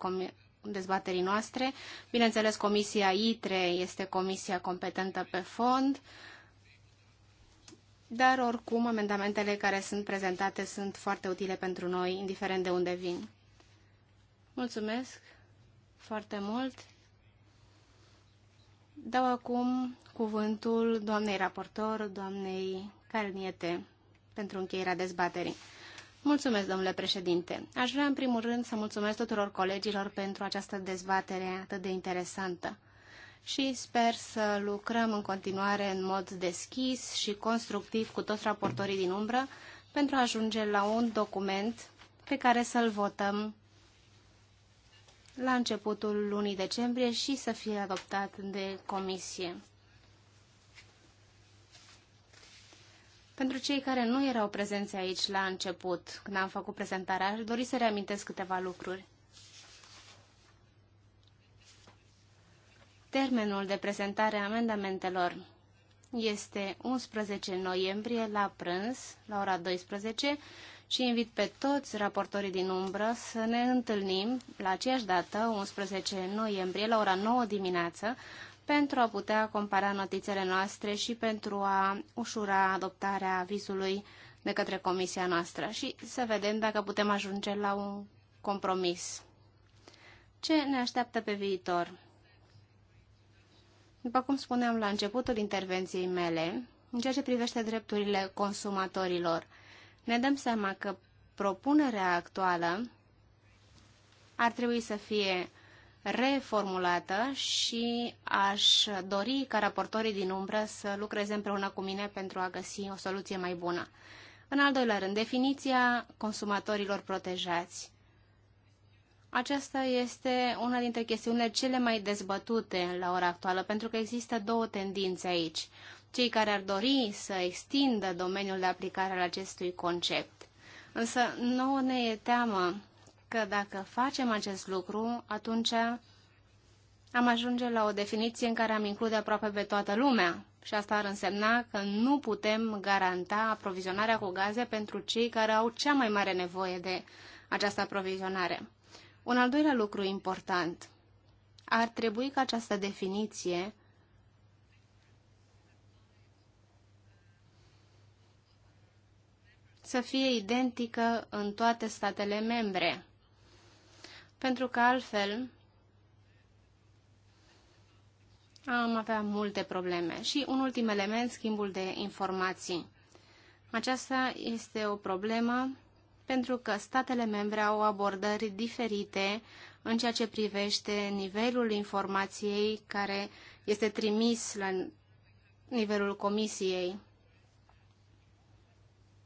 Speaker 2: dezbaterii noastre. Bineînțeles, Comisia ITRE este comisia competentă pe fond, dar oricum amendamentele care sunt prezentate sunt foarte utile pentru noi, indiferent de unde vin. Mulțumesc foarte mult! Dau acum cuvântul doamnei raportor, doamnei Calniete, pentru încheierea dezbaterii. Mulțumesc, domnule președinte. Aș vrea, în primul rând, să mulțumesc tuturor colegilor pentru această dezbatere atât de interesantă și sper să lucrăm în continuare în mod deschis și constructiv cu toți raportorii din umbră pentru a ajunge la un document pe care să-l votăm la începutul lunii decembrie și să fie adoptat de comisie. Pentru cei care nu erau prezenți aici la început, când am făcut prezentarea, aș dori să reamintesc câteva lucruri. Termenul de prezentare a amendamentelor este 11 noiembrie la prânz, la ora 12, și invit pe toți raportorii din umbră să ne întâlnim la aceeași dată, 11 noiembrie, la ora 9 dimineață, pentru a putea compara notițele noastre și pentru a ușura adoptarea avizului de către comisia noastră și să vedem dacă putem ajunge la un compromis. Ce ne așteaptă pe viitor? După cum spuneam la începutul intervenției mele, în ceea ce privește drepturile consumatorilor, ne dăm seama că propunerea actuală ar trebui să fie reformulată și aș dori ca raportorii din umbră să lucreze împreună cu mine pentru a găsi o soluție mai bună. În al doilea rând, definiția consumatorilor protejați. Aceasta este una dintre chestiunile cele mai dezbătute la ora actuală, pentru că există două tendințe aici cei care ar dori să extindă domeniul de aplicare al acestui concept. Însă nouă ne e teamă că dacă facem acest lucru, atunci am ajunge la o definiție în care am include aproape pe toată lumea. Și asta ar însemna că nu putem garanta aprovizionarea cu gaze pentru cei care au cea mai mare nevoie de această aprovizionare. Un al doilea lucru important. Ar trebui ca această definiție să fie identică în toate statele membre. Pentru că altfel am avea multe probleme. Și un ultim element, schimbul de informații. Aceasta este o problemă pentru că statele membre au abordări diferite în ceea ce privește nivelul informației care este trimis la nivelul comisiei.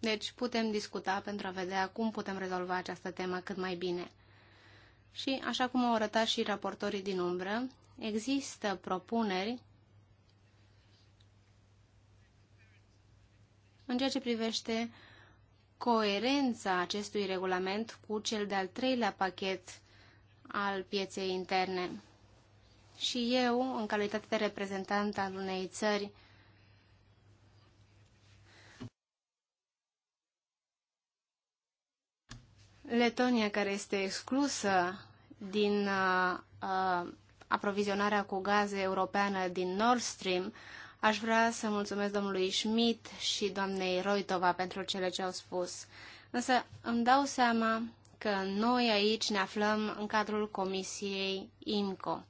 Speaker 2: Deci putem discuta pentru a vedea cum putem rezolva această temă cât mai bine. Și, așa cum au arătat și raportorii din umbră, există propuneri în ceea ce privește coerența acestui regulament cu cel de-al treilea pachet al pieței interne. Și eu, în calitate de reprezentant al unei țări Letonia, care este exclusă din uh, uh, aprovizionarea cu gaze europeană din Nord Stream, aș vrea să mulțumesc domnului Schmidt și doamnei Roitova pentru cele ce au spus. Însă îmi dau seama că noi aici ne aflăm în cadrul Comisiei IMCO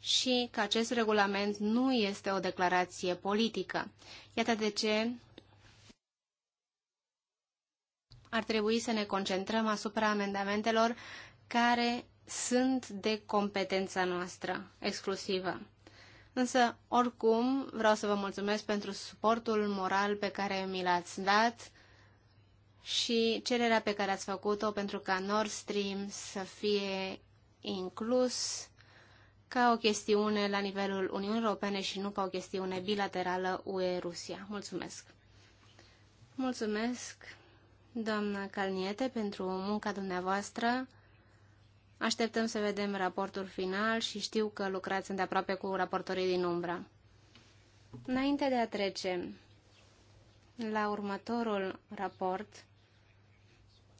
Speaker 2: și că acest regulament nu este o declarație politică. Iată de ce ar trebui să ne concentrăm asupra amendamentelor care sunt de competența noastră exclusivă. Însă, oricum, vreau să vă mulțumesc pentru suportul moral pe care mi l-ați dat și cererea pe care ați făcut-o pentru ca Nord Stream să fie inclus ca o chestiune la nivelul Uniunii Europene și nu ca o chestiune bilaterală UE-Rusia. Mulțumesc! Mulțumesc! doamna Calniete, pentru munca dumneavoastră. Așteptăm să vedem raportul final și știu că lucrați îndeaproape cu raportorii din umbra. Înainte de a trece la următorul raport,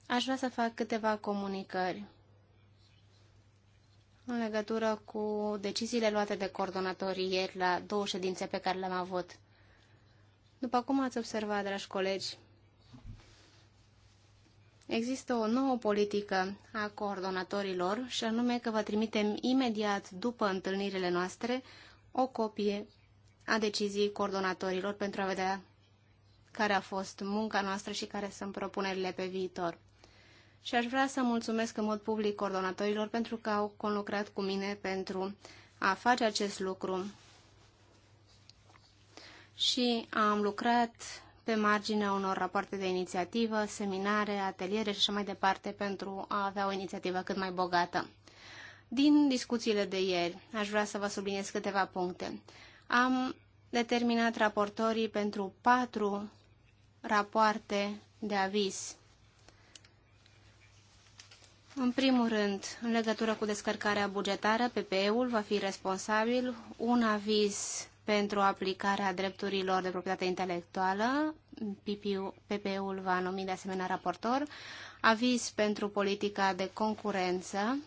Speaker 2: aș vrea să fac câteva comunicări în legătură cu deciziile luate de coordonatori ieri la două ședințe pe care le-am avut. După cum ați observat, dragi colegi, Există o nouă politică a coordonatorilor și anume că vă trimitem imediat după întâlnirile noastre o copie a deciziei coordonatorilor pentru a vedea care a fost munca noastră și care sunt propunerile pe viitor. Și aș vrea să mulțumesc în mod public coordonatorilor pentru că au conlucrat cu mine pentru a face acest lucru. Și am lucrat pe marginea unor rapoarte de inițiativă, seminare, ateliere și așa mai departe pentru a avea o inițiativă cât mai bogată. Din discuțiile de ieri, aș vrea să vă subliniez câteva puncte. Am determinat raportorii pentru patru rapoarte de aviz. În primul rând, în legătură cu descărcarea bugetară, PPE-ul va fi responsabil, un aviz pentru aplicarea drepturilor de proprietate intelectuală. PPU-ul va numi de asemenea raportor. Aviz pentru politica de concurență.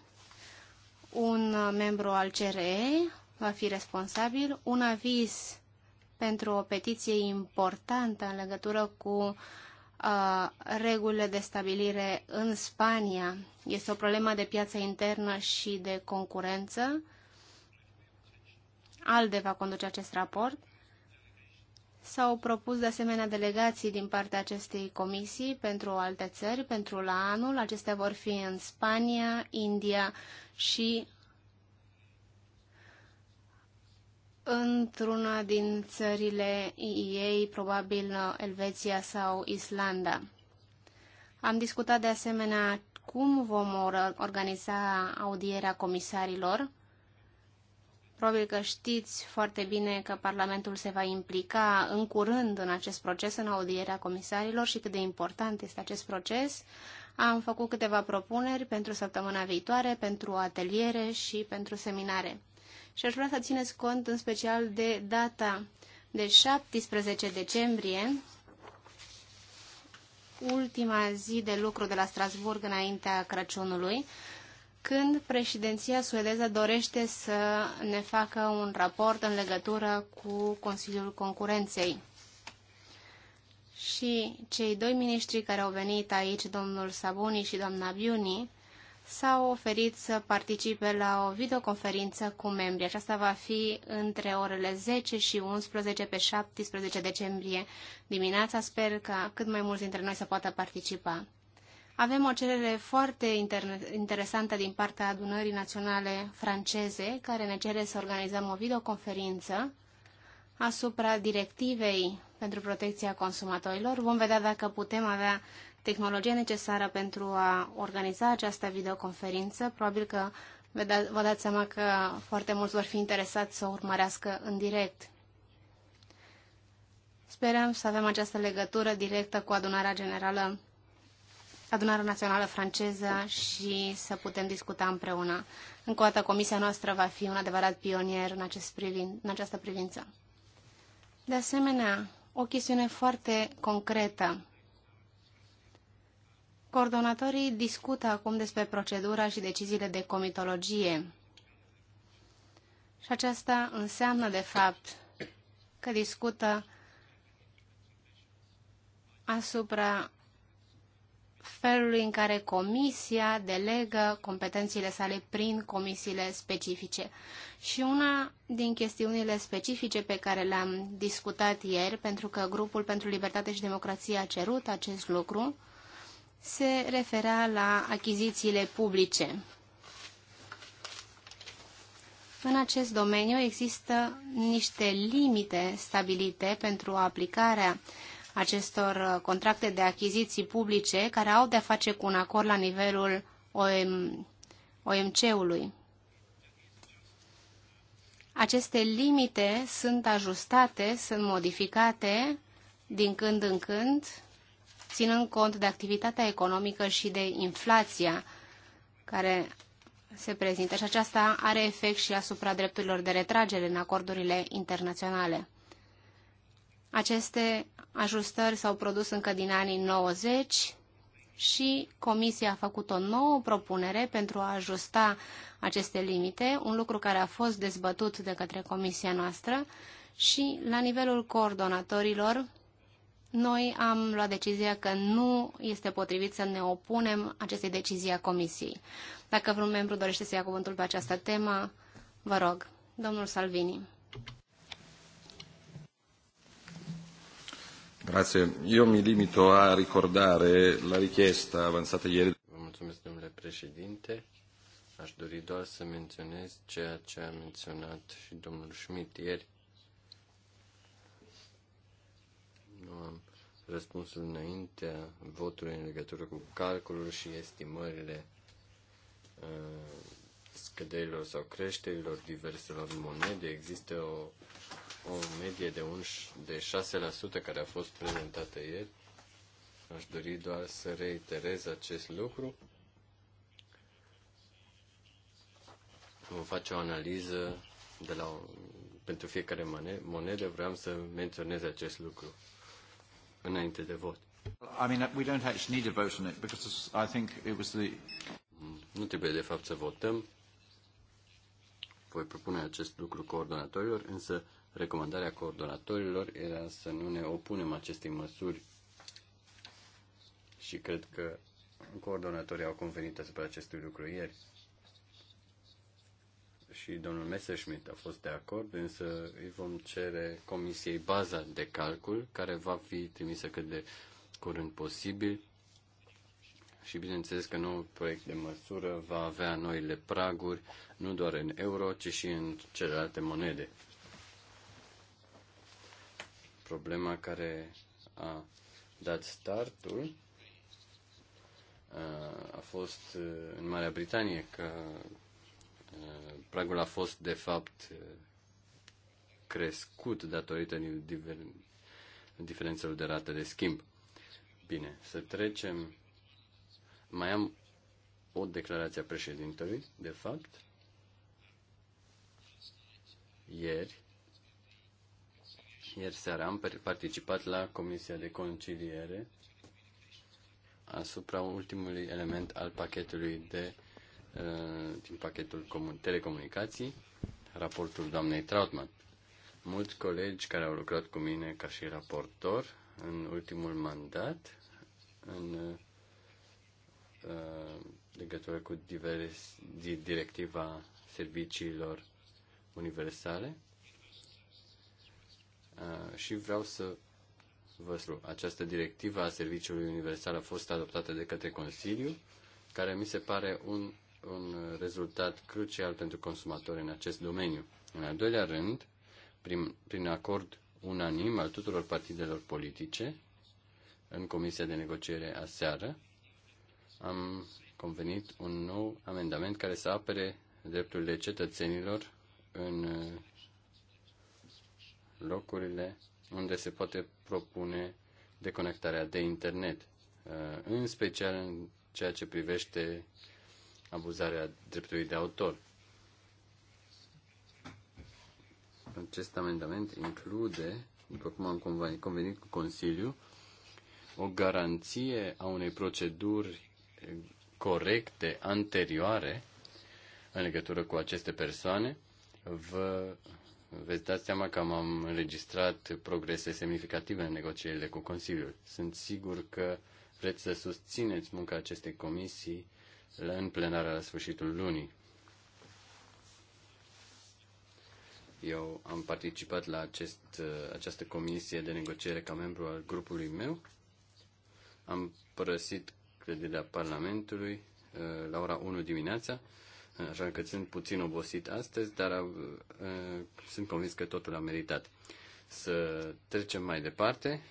Speaker 2: Un membru al CRE va fi responsabil. Un aviz pentru o petiție importantă în legătură cu uh, regulile de stabilire în Spania. Este o problemă de piață internă și de concurență. ALDE va conduce acest raport. S-au propus de asemenea delegații din partea acestei comisii pentru alte țări, pentru la anul. Acestea vor fi în Spania, India și într-una din țările ei, probabil Elveția sau Islanda. Am discutat de asemenea cum vom organiza audierea comisarilor Probabil că știți foarte bine că Parlamentul se va implica în curând în acest proces, în audierea comisarilor și cât de important este acest proces. Am făcut câteva propuneri pentru săptămâna viitoare, pentru ateliere și pentru seminare. Și aș vrea să țineți cont în special de data de 17 decembrie, ultima zi de lucru de la Strasburg înaintea Crăciunului, când președinția suedeză dorește să ne facă un raport în legătură cu Consiliul Concurenței. Și cei doi miniștri care au venit aici, domnul Sabuni și doamna Biuni, s-au oferit să participe la o videoconferință cu membrii. Aceasta va fi între orele 10 și 11 pe 17 decembrie dimineața. Sper că cât mai mulți dintre noi să poată participa. Avem o cerere foarte inter- interesantă din partea adunării naționale franceze, care ne cere să organizăm o videoconferință asupra directivei pentru protecția consumatorilor. Vom vedea dacă putem avea tehnologia necesară pentru a organiza această videoconferință. Probabil că vă da- dați seama că foarte mulți vor fi interesați să o urmărească în direct. Sperăm să avem această legătură directă cu adunarea generală adunarea națională franceză și să putem discuta împreună. Încă o dată, comisia noastră va fi un adevărat pionier în, acest privin, în această privință. De asemenea, o chestiune foarte concretă. Coordonatorii discută acum despre procedura și deciziile de comitologie. Și aceasta înseamnă, de fapt, că discută asupra felului în care Comisia delegă competențiile sale prin comisiile specifice. Și una din chestiunile specifice pe care le-am discutat ieri, pentru că Grupul pentru Libertate și Democrație a cerut acest lucru, se referea la achizițiile publice. În acest domeniu există niște limite stabilite pentru aplicarea uh, acestor uh, contracte de achiziții publice care au de-a face cu un acord la nivelul OM, OMC-ului. Aceste limite sunt ajustate, sunt modificate din când în când, ținând cont de activitatea economică și de inflația care se prezintă și aceasta are efect și asupra drepturilor de retragere în acordurile internaționale. Aceste ajustări s-au produs încă din anii 90 și Comisia a făcut o nouă propunere pentru a ajusta aceste limite, un lucru care a fost dezbătut de către Comisia noastră și la nivelul coordonatorilor noi am luat decizia că nu este potrivit să ne opunem acestei decizii a Comisiei. Dacă vreun membru dorește să ia cuvântul pe această temă, vă rog, domnul Salvini.
Speaker 3: Grazie. Io mi limito a ricordare la richiesta avanzata ieri. Vă mulțumesc, domnule președinte. Aș dori doar să menționez ceea ce a menționat și domnul Schmidt ieri. Nu am răspunsul înaintea votului în legătură cu calculul și estimările uh, scăderilor sau creșterilor diverselor monede. Există o o medie de, un, de 6% care a fost prezentată ieri. Aș dori doar să reiterez acest lucru. Vom face o analiză de la, pentru fiecare monedă. Vreau să menționez acest lucru înainte de vot. I mean, we don't actually need a vote on it because I think it was the... Nu trebuie de fapt să votăm. Voi propune acest lucru coordonatorilor, însă Recomandarea coordonatorilor era să nu ne opunem acestei măsuri și cred că coordonatorii au convenit asupra acestui lucru ieri. Și domnul Messerschmidt a fost de acord, însă îi vom cere comisiei baza de calcul, care va fi trimisă cât de curând posibil. Și bineînțeles că noul proiect de măsură va avea noile praguri, nu doar în euro, ci și în celelalte monede problema care a dat startul a fost uh, în Marea Britanie, că uh, pragul a fost de fapt uh, crescut datorită diferențelor de rată de schimb. Bine, să trecem. Mai am o declarație a președintelui, de fapt. Ieri ieri seara am participat la Comisia de Conciliere asupra ultimului element al pachetului de uh, din pachetul telecomunicații, raportul doamnei Trautmann. Mulți colegi care au lucrat cu mine ca și raportor în ultimul mandat, în uh, legătură cu divers, directiva serviciilor universale, Uh, și vreau să vă spun. Această directivă a Serviciului Universal a fost adoptată de către Consiliu, care mi se pare un, un rezultat crucial pentru consumatori în acest domeniu. În al doilea rând, prin, prin acord unanim al tuturor partidelor politice, în Comisia de Negociere aseară, am convenit un nou amendament care să apere drepturile cetățenilor în locurile unde se poate propune deconectarea de internet, uh, în special în ceea ce privește abuzarea dreptului de autor. Acest amendament include, după cum am convenit cu Consiliu, o garanție a unei proceduri corecte anterioare în legătură cu aceste persoane. Vă veți dați seama că am înregistrat progrese semnificative în negocierile cu Consiliul. Sunt sigur că vreți să susțineți munca acestei comisii în plenarea la sfârșitul lunii. Eu am participat la acest, această comisie de negociere ca membru al grupului meu. Am părăsit clădirea Parlamentului uh, la ora 1 dimineața Așa că sunt puțin obosit astăzi, dar uh, uh, sunt convins că totul a meritat. Să trecem mai departe.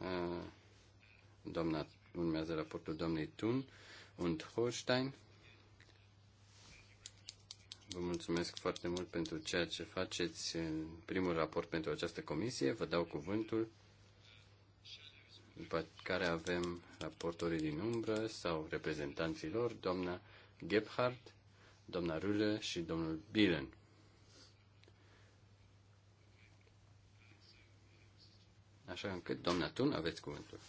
Speaker 3: Uh, doamna, urmează raportul doamnei Thun und Holstein. Vă mulțumesc foarte mult pentru ceea ce faceți în primul raport pentru această comisie. Vă dau cuvântul după care avem raportorii din umbră sau reprezentanții lor, doamna Gebhardt, doamna Rule și domnul Biren. Așa încât, doamna Tun, aveți cuvântul.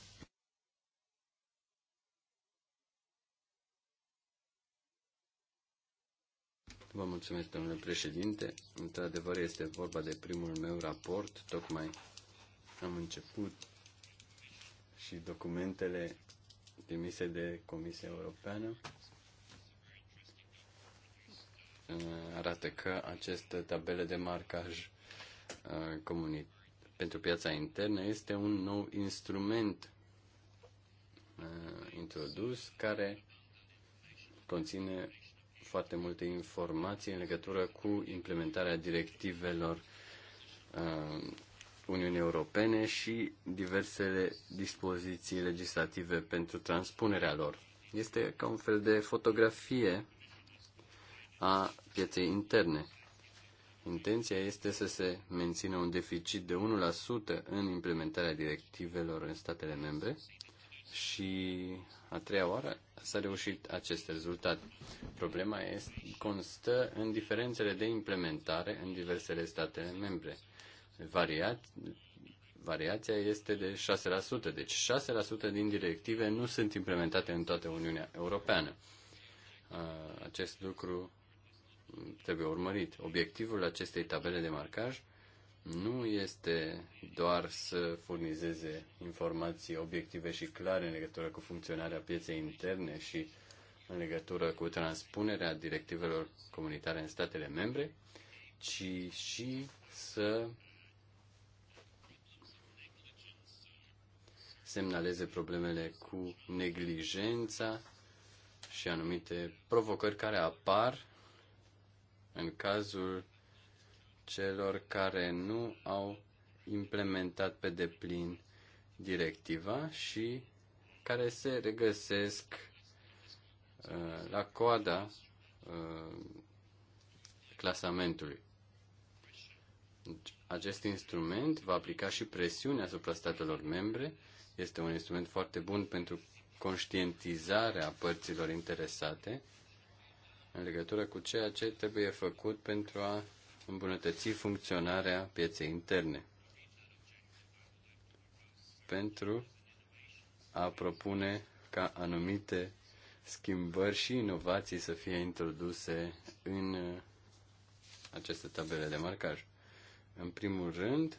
Speaker 3: Vă mulțumesc, domnule președinte. Într-adevăr, este vorba de primul meu raport. Tocmai am început și documentele trimise de Comisia Europeană arată că aceste tabele de marcaj uh, comunit pentru piața internă este un nou instrument uh, introdus care conține foarte multe informații în legătură cu implementarea directivelor uh, Uniunii Europene și diversele dispoziții legislative pentru transpunerea lor. Este ca un fel de fotografie a pieței interne. Intenția este să se mențină un deficit de 1% în implementarea directivelor în statele membre și a treia oară s-a reușit acest rezultat. Problema este, constă în diferențele de implementare în diversele statele membre. Variat, variația este de 6%, deci 6% din directive nu sunt implementate în toată Uniunea Europeană. Acest lucru trebuie urmărit. Obiectivul acestei tabele de marcaj nu este doar să furnizeze informații obiective și clare în legătură cu funcționarea pieței interne și în legătură cu transpunerea directivelor comunitare în statele membre, ci și să semnaleze problemele cu neglijența și anumite provocări care apar în cazul celor care nu au implementat pe deplin directiva și care se regăsesc uh, la coada uh, clasamentului. Deci, acest instrument va aplica și presiune asupra statelor membre. Este un instrument foarte bun pentru conștientizarea părților interesate în legătură cu ceea ce trebuie făcut pentru a îmbunătăți funcționarea pieței interne. Pentru a propune ca anumite schimbări și inovații să fie introduse în aceste tabele de marcaj. În primul rând,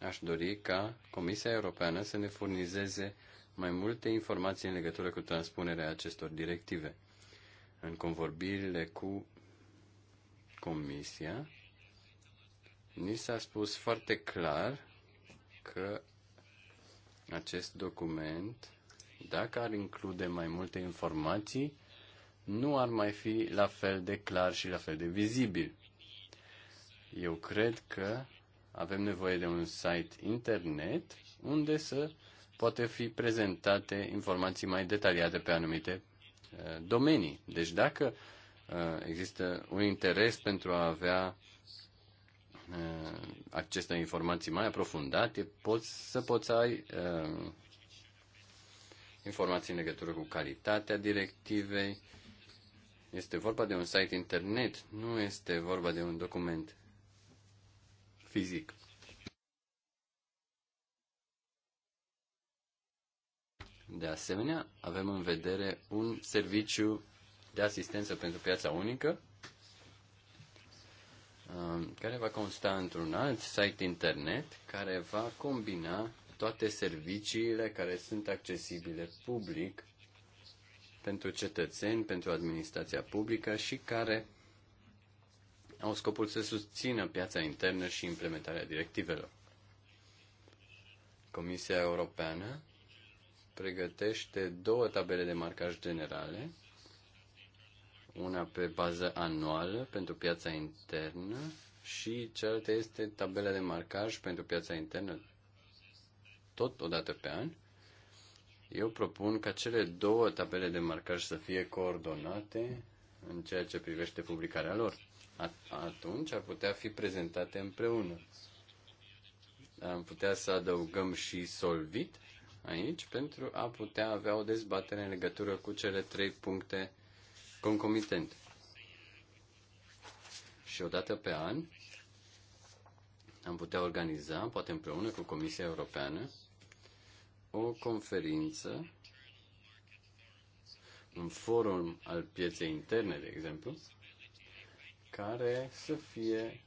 Speaker 3: aș dori ca Comisia Europeană să ne furnizeze mai multe informații în legătură cu transpunerea acestor directive în convorbirile cu Comisia, ni s-a spus foarte clar că acest document, dacă ar include mai multe informații, nu ar mai fi la fel de clar și la fel de vizibil. Eu cred că avem nevoie de un site internet unde să poate fi prezentate informații mai detaliate pe anumite Uh, domenii. Deci dacă uh, există un interes pentru a avea uh, acces la informații mai aprofundate, poți să poți ai informații în legătură cu calitatea directivei. Este vorba de un site internet, nu este vorba de un document fizic. De asemenea, avem în vedere un serviciu de asistență pentru piața unică, um, care va consta într-un alt site internet care va combina toate serviciile care sunt accesibile public pentru cetățeni, pentru administrația publică și care au scopul să susțină piața internă și implementarea directivelor. Comisia Europeană pregătește două tabele de marcaj generale, una pe bază anuală pentru piața internă și cealaltă este tabela de marcaj pentru piața internă tot o dată pe an. Eu propun ca cele două tabele de marcaj să fie coordonate în ceea ce privește publicarea lor. Atunci ar putea fi prezentate împreună. Am putea să adăugăm și Solvit aici pentru a putea avea o dezbatere în legătură cu cele trei puncte concomitente. Și odată pe an am putea organiza, poate împreună cu Comisia Europeană, o conferință, un forum al pieței interne, de exemplu, care să fie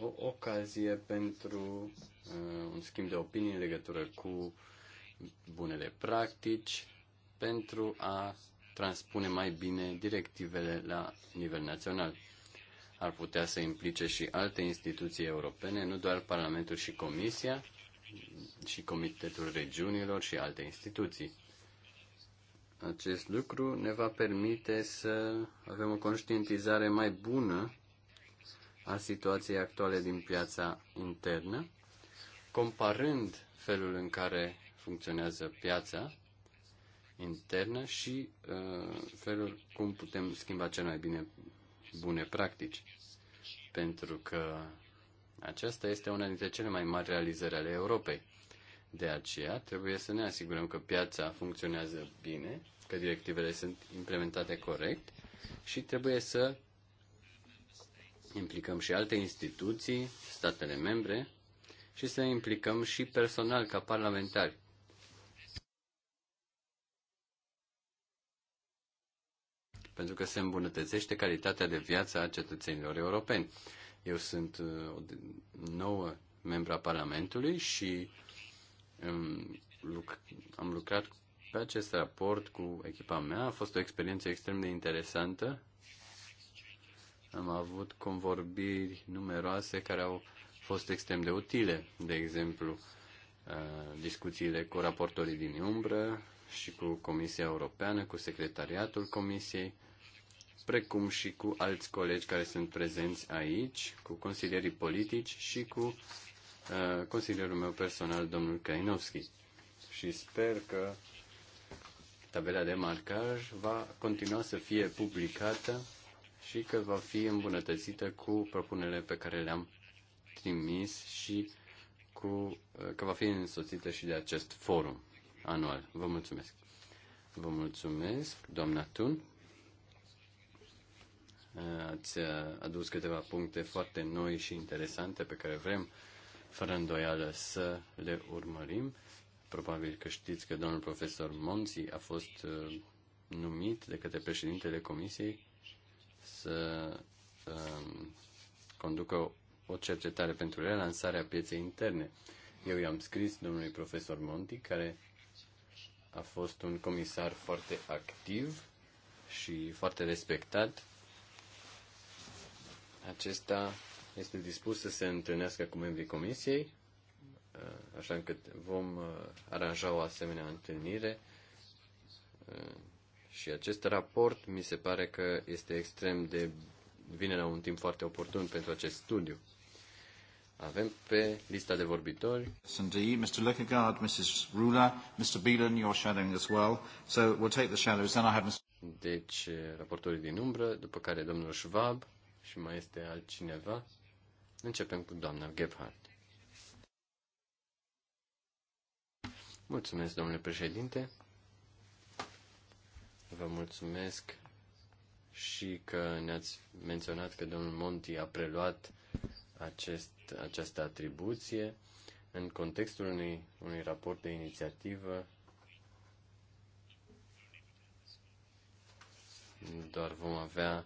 Speaker 3: o ocazie pentru uh, un schimb de opinii în legătură cu bunele practici pentru a transpune mai bine directivele la nivel național. Ar putea să implice și alte instituții europene, nu doar Parlamentul și Comisia, și Comitetul Regiunilor și alte instituții. Acest lucru ne va permite să avem o conștientizare mai bună a situației actuale din piața internă, comparând felul în care funcționează piața internă și uh, felul cum putem schimba cel mai bine bune practici. Pentru că aceasta este una dintre cele mai mari realizări ale Europei. De aceea trebuie să ne asigurăm că piața funcționează bine, că directivele sunt implementate corect și trebuie să implicăm și alte instituții, statele membre și să implicăm și personal ca parlamentari. Pentru că se îmbunătățește calitatea de viață a cetățenilor europeni. Eu sunt uh, nouă membra Parlamentului și um, am lucrat pe acest raport cu echipa mea. A fost o experiență extrem de interesantă am avut convorbiri numeroase care au fost extrem de utile. De exemplu, uh, discuțiile cu raportorii din umbră și cu Comisia Europeană, cu secretariatul Comisiei, precum și cu alți colegi care sunt prezenți aici, cu consilierii politici și cu uh, consilierul meu personal, domnul Kainovski. Și sper că tabela de marcaj va continua să fie publicată și că va fi îmbunătățită cu propunerile pe care le-am trimis și cu, că va fi însoțită și de acest forum anual. Vă mulțumesc. Vă mulțumesc, doamna Tun. Ați adus câteva puncte foarte noi și interesante pe care vrem, fără îndoială, să le urmărim. Probabil că știți că domnul profesor Monzi a fost uh, numit de către președintele Comisiei să um, conducă o, cercetare pentru relansarea pieței interne. Eu i-am scris domnului profesor Monti, care a fost un comisar foarte activ și foarte respectat. Acesta este dispus să se întâlnească cu membrii comisiei, uh, așa încât vom uh, aranja o asemenea întâlnire uh, și acest raport mi se pare că este extrem de vine la un timp foarte oportun pentru acest studiu. Avem pe lista de vorbitori.
Speaker 1: S&D, Mr. Leckegaard, Mrs. Rula, Mr.
Speaker 3: Beelan, you're shadowing as well. So we'll take the shadows, then I have Mr. Deci, eh, raportorii din umbră, după care domnul Schwab și mai este altcineva. Începem cu doamna Gebhardt. Mulțumesc, domnule președinte. Vă mulțumesc și că ne-ați menționat că domnul Monti a preluat acest, această atribuție în contextul unui, unui raport de inițiativă. Doar vom avea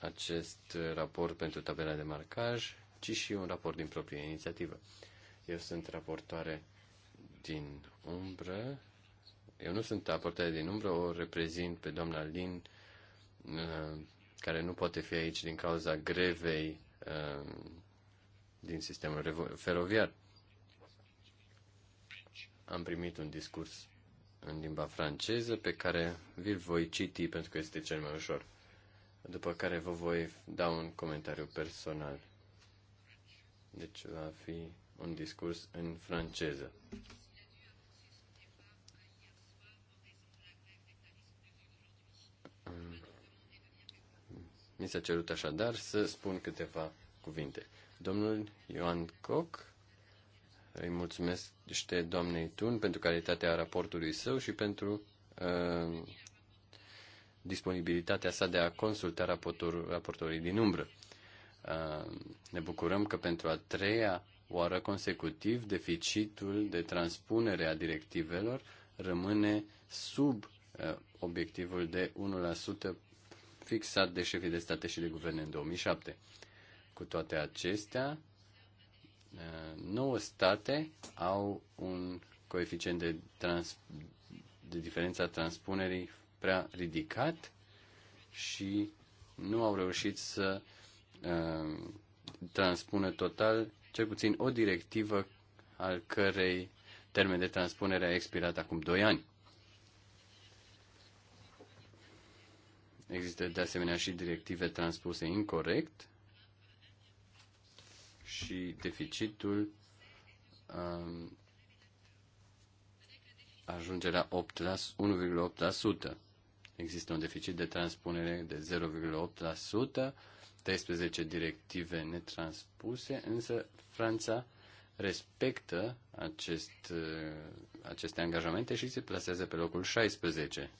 Speaker 3: acest raport pentru tabela de marcaj, ci și un raport din proprie inițiativă. Eu sunt raportoare din umbră eu nu sunt aportat din umbră, o reprezint pe doamna Lin, uh, care nu poate fi aici din cauza grevei uh, din sistemul feroviar. Am primit un discurs în limba franceză pe care vi-l voi citi pentru că este cel mai ușor. După care vă voi da un comentariu personal. Deci va fi un discurs în franceză. Mi s-a cerut așadar să spun câteva cuvinte. Domnul Ioan Coc, îi mulțumesc doamnei Tun pentru calitatea raportului său și pentru uh, disponibilitatea sa de a consulta raportor, raportorii din umbră. Uh, ne bucurăm că pentru a treia oară consecutiv deficitul de transpunere a directivelor rămâne sub uh, obiectivul de 1% fixat de șefii de state și de guverne în 2007. Cu toate acestea, uh, nouă state au un coeficient de, trans, de diferența transpunerii prea ridicat și nu au reușit să uh, transpună total cel puțin o directivă al cărei termen de transpunere a expirat acum 2 ani. Există de asemenea și directive transpuse incorrect și deficitul um, ajunge la 1,8%. Există un deficit de transpunere de 0,8%, 13 directive netranspuse, însă Franța respectă acest, uh, aceste angajamente și se plasează pe locul 16.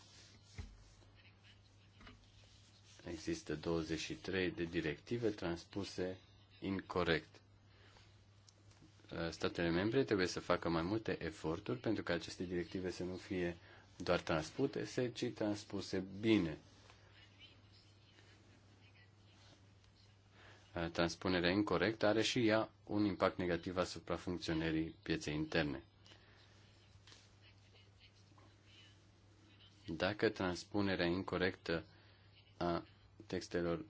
Speaker 3: Există 23 de directive transpuse incorrect. Uh, statele membre trebuie să facă mai multe eforturi pentru ca aceste directive să nu fie doar transpuse, ci transpuse bine. Uh, transpunerea incorrectă are și ea un impact negativ asupra funcționării pieței interne. Dacă transpunerea incorrectă a textelor,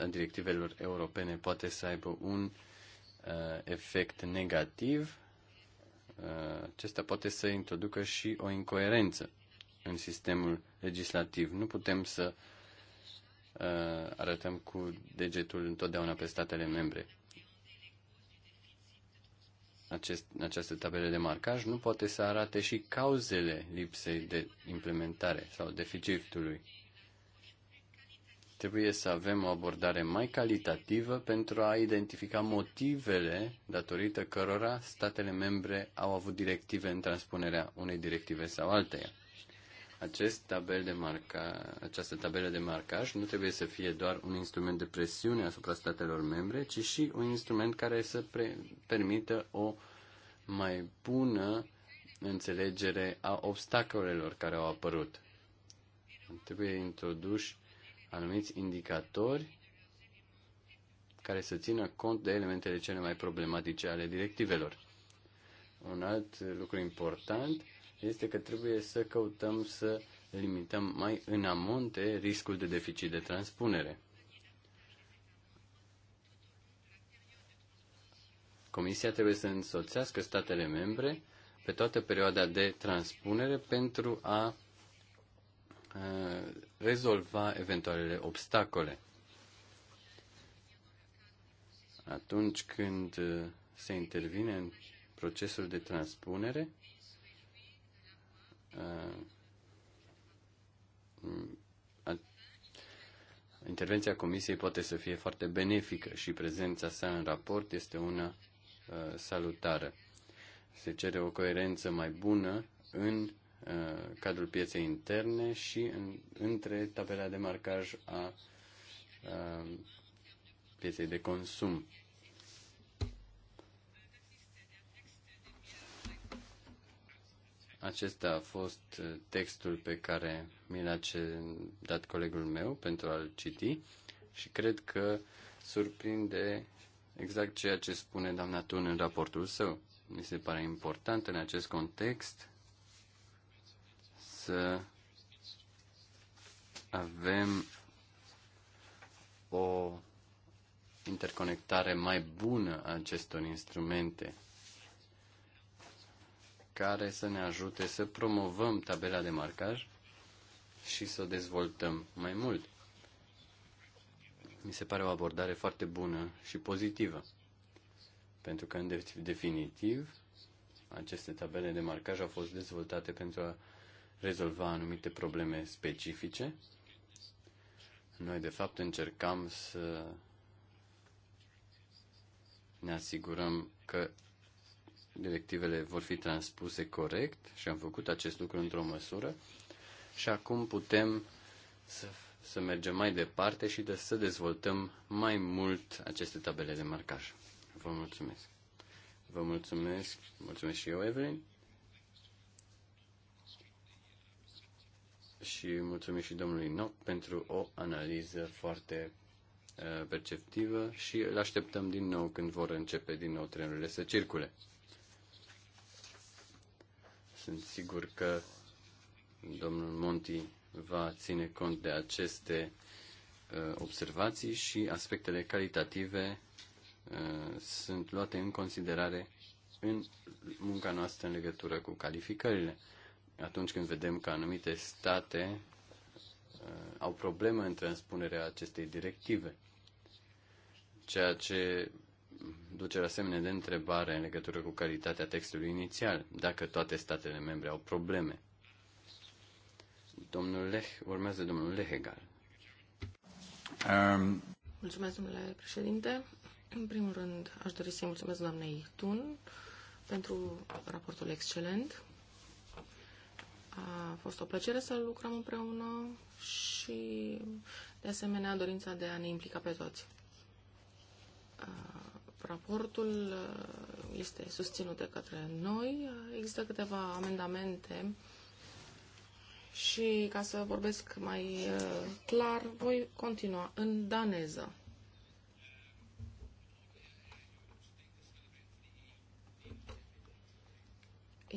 Speaker 3: a directivelor europene poate să aibă un uh, efect negativ, uh, acesta poate să introducă și o incoerență în sistemul legislativ. Nu putem să uh, arătăm cu degetul întotdeauna pe statele membre. Acest, această tabelă de marcaj nu poate să arate și cauzele lipsei de implementare sau deficitului. Trebuie să avem o abordare mai calitativă pentru a identifica motivele datorită cărora statele membre au avut directive în transpunerea unei directive sau alteia. Acest tabel de marca, această tabelă de marcaj nu trebuie să fie doar un instrument de presiune asupra statelor membre, ci și un instrument care să pre- permită o mai bună înțelegere a obstacolelor care au apărut. Trebuie introduși anumiți indicatori care să țină cont de elementele cele mai problematice ale directivelor. Un alt lucru important este că trebuie să căutăm să limităm mai în amonte riscul de deficit de transpunere. Comisia trebuie să însoțească statele membre pe toată perioada de transpunere pentru a Uh, rezolva eventualele obstacole. Atunci când uh, se intervine în procesul de transpunere, uh, intervenția Comisiei poate să fie foarte benefică și prezența sa în raport este una salutară. Se cere o coerență mai bună în Uh, cadrul pieței interne și în, între tabela de marcaj a, a uh, pieței de consum. Acesta a fost uh, textul pe care mi l-a dat colegul meu pentru a-l citi și cred că surprinde exact ceea ce spune doamna Tun în raportul său. Mi se pare important în acest context să avem o interconectare mai bună a acestor instrumente care să ne ajute să promovăm tabela de marcaj și să o dezvoltăm mai mult. Mi se pare o abordare foarte bună și pozitivă, pentru că, în definitiv, aceste tabele de marcaj au fost dezvoltate pentru a rezolva anumite probleme specifice. Noi, de fapt, încercam să ne asigurăm că directivele vor fi transpuse corect și am făcut acest lucru într-o măsură și acum putem să, să mergem mai departe și de, să dezvoltăm mai mult aceste tabele de marcaj. Vă mulțumesc! Vă mulțumesc, mulțumesc și eu, Evelyn. și mulțumim și domnului Noc pentru o analiză foarte uh, perceptivă și îl așteptăm din nou când vor începe din nou trenurile să circule. Sunt sigur că domnul Monti va ține cont de aceste uh, observații și aspectele calitative uh, sunt luate în considerare în munca noastră în legătură cu calificările atunci când vedem că anumite state uh, au probleme în transpunerea acestei directive. Ceea ce duce la semne de întrebare în legătură cu calitatea textului inițial, dacă toate statele membre au probleme. Domnul Leh, urmează domnul Lehegal. Um...
Speaker 4: Mulțumesc, domnule președinte. În primul rând, aș dori să-i mulțumesc doamnei Tun pentru raportul excelent. A fost o plăcere să lucrăm împreună și, de asemenea, dorința de a ne implica pe toți. Raportul este susținut de către noi. Există câteva amendamente și, ca să vorbesc mai clar, voi continua în daneză.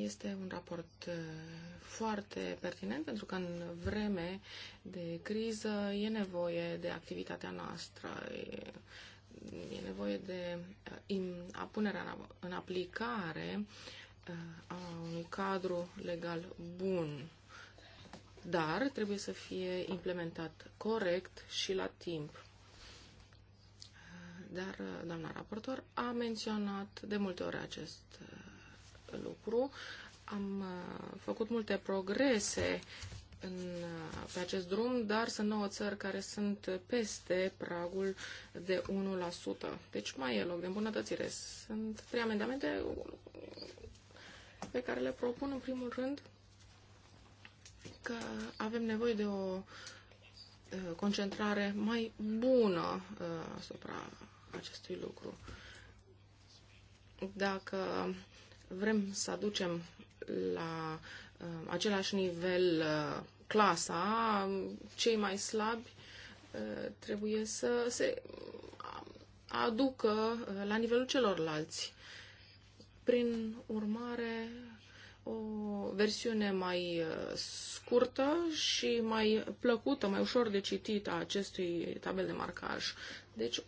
Speaker 4: Este un raport uh, foarte pertinent pentru că în vreme de criză e nevoie de activitatea noastră, e nevoie de uh, a punerea în aplicare uh, a unui cadru legal bun, dar trebuie să fie implementat corect și la timp dar doamna raportor a menționat de multe ori acest lucru. Am uh, făcut multe progrese în, uh, pe acest drum, dar sunt nouă țări care sunt peste pragul de 1%. Deci mai e loc de îmbunătățire. Sunt trei amendamente pe care le propun în primul rând că avem nevoie de o uh, concentrare mai bună asupra acestui lucru. Dacă vrem să aducem la uh, același nivel uh, clasa, cei mai slabi uh, trebuie să se aducă uh, la nivelul celorlalți. Prin urmare, o versiune mai uh, scurtă și mai plăcută, mai ușor de citit a acestui tabel de marcaj. Deci,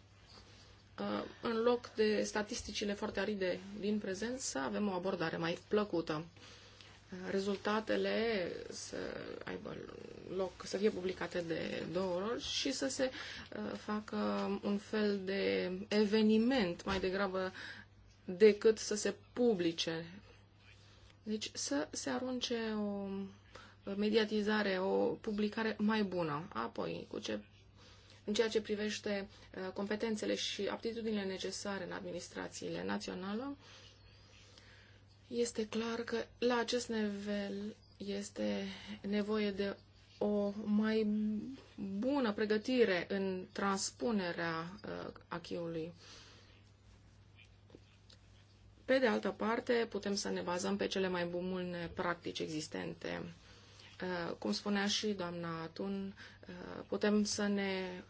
Speaker 4: Uh, în loc de statisticile foarte aride din prezent, să avem o abordare mai plăcută. Uh, rezultatele să aibă loc, să fie publicate de două ori și să se uh, facă un fel de eveniment mai degrabă decât să se publice. Deci să se arunce o mediatizare, o publicare mai bună. Apoi, cu ce în ceea ce privește uh, competențele și aptitudinile necesare în administrațiile naționale, este clar că la acest nivel este nevoie de o mai bună pregătire în transpunerea uh, achiului. Pe de altă parte, putem să ne bazăm pe cele mai bune practici existente. Uh, cum spunea și doamna Atun, uh, putem să ne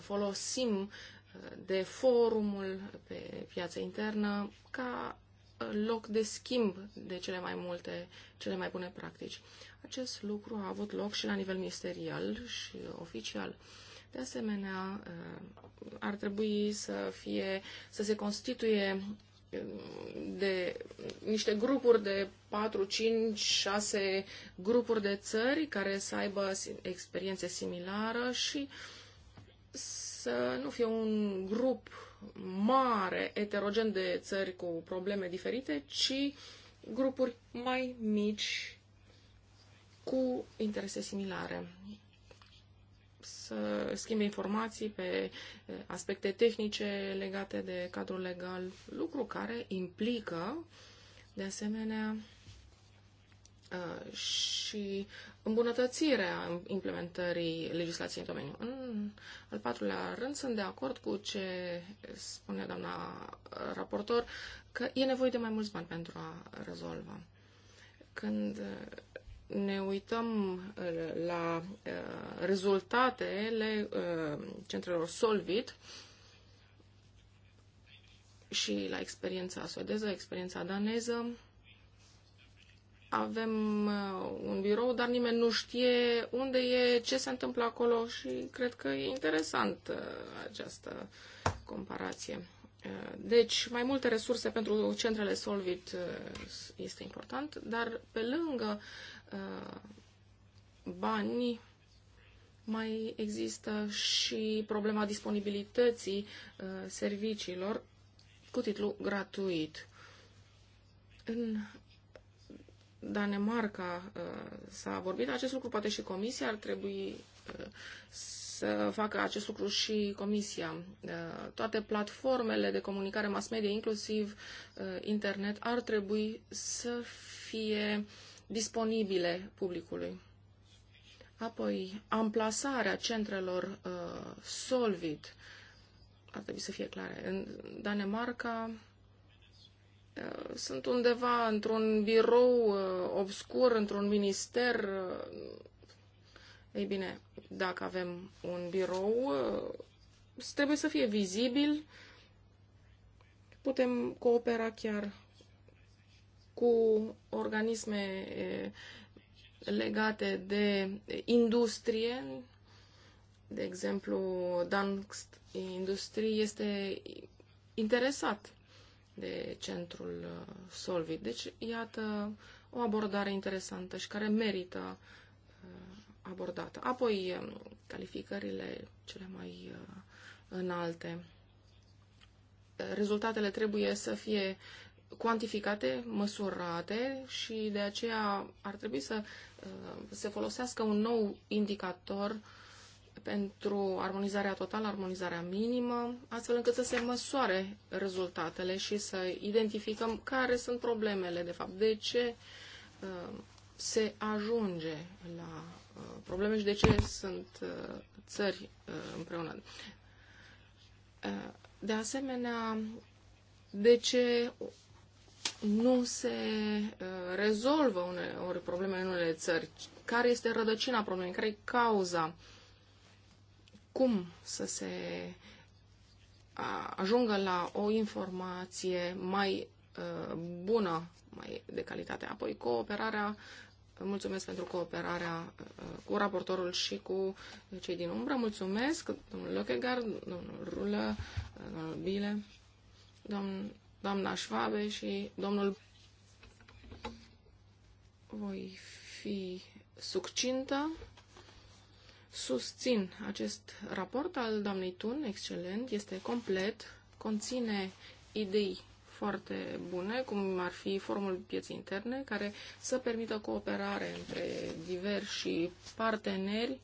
Speaker 4: folosim uh, de forumul pe piața internă ca uh, loc de schimb de cele mai multe, cele mai bune practici. Acest lucru a avut loc și la nivel ministerial și oficial. De asemenea, uh, ar trebui să fie, să se constituie de niște grupuri de 4, 5, 6 grupuri de țări care să aibă experiențe similară și uh, să nu fie un grup mare, eterogen de țări cu probleme diferite, ci grupuri mai mici cu interese similare. Să schimbe informații pe eh, aspecte tehnice legate de cadrul legal, lucru care implică, de asemenea, Uh, și îmbunătățirea implementării legislației în domeniu. În al patrulea rând, sunt de acord cu ce spune doamna raportor, că e nevoie de mai mulți bani pentru a rezolva. Când ne uităm uh, la uh, rezultatele centrelor Solvit și la experiența suedeză, experiența daneză, avem uh, un birou, dar nimeni nu știe unde e, ce se întâmplă acolo și cred că e interesant uh, această comparație. Uh, deci, mai multe resurse pentru centrele Solvit este important, dar pe lângă bani mai există și problema disponibilității serviciilor cu titlu gratuit. În Danemarca uh, s-a vorbit acest lucru, poate și Comisia ar trebui uh, să facă acest lucru și Comisia. Uh, toate platformele de comunicare mass media, inclusiv internet, ar trebui să fie disponibile publicului. Apoi, amplasarea centrelor uh, Solvit ar trebui să fie clare. În Danemarca Eh, sunt undeva într-un birou eh, obscur, într-un minister. Eh, ei bine, dacă avem un birou, trebuie să fie vizibil. Putem coopera chiar cu organisme legate de industrie. De exemplu, Danxt Industrie este interesat de centrul uh, Solvit. Deci, iată o abordare interesantă și care merită uh, abordată. Apoi, um, calificările cele mai uh, înalte. Rezultatele trebuie să fie cuantificate, măsurate și de aceea ar trebui să se folosească un nou indicator pentru armonizarea totală, armonizarea minimă, astfel încât să se măsoare rezultatele și să identificăm care sunt problemele, de fapt, de ce uh, se ajunge la uh, probleme și de ce sunt uh, țări împreună. De asemenea, de ce nu se rezolvă uneori probleme în unele țări? Care este rădăcina problemei? Care e cauza cum să se ajungă la o informație mai ă, bună, mai de calitate. Apoi cooperarea, mulțumesc pentru cooperarea ă, cu raportorul și cu cei din umbră, mulțumesc, domnul Lochegar, domnul Rulă, ă, domnul Bile, domn, doamna Șvabe și domnul voi fi succintă Susțin acest raport al doamnei Tun, excelent, este complet, conține idei foarte bune, cum ar fi formul pieței interne, care să permită cooperare între diversi parteneri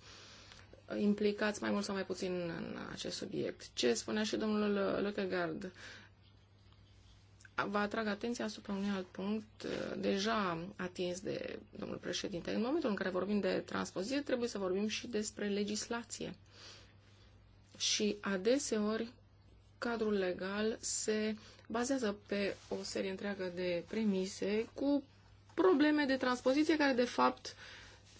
Speaker 4: implicați mai mult sau mai puțin în acest subiect. Ce spunea și domnul Luttegard, vă atrag atenția asupra unui alt punct uh, deja atins de domnul președinte. În momentul în care vorbim de transpoziție, trebuie să vorbim și despre legislație. Și adeseori cadrul legal se bazează pe o serie întreagă de premise cu probleme de transpoziție care, de fapt,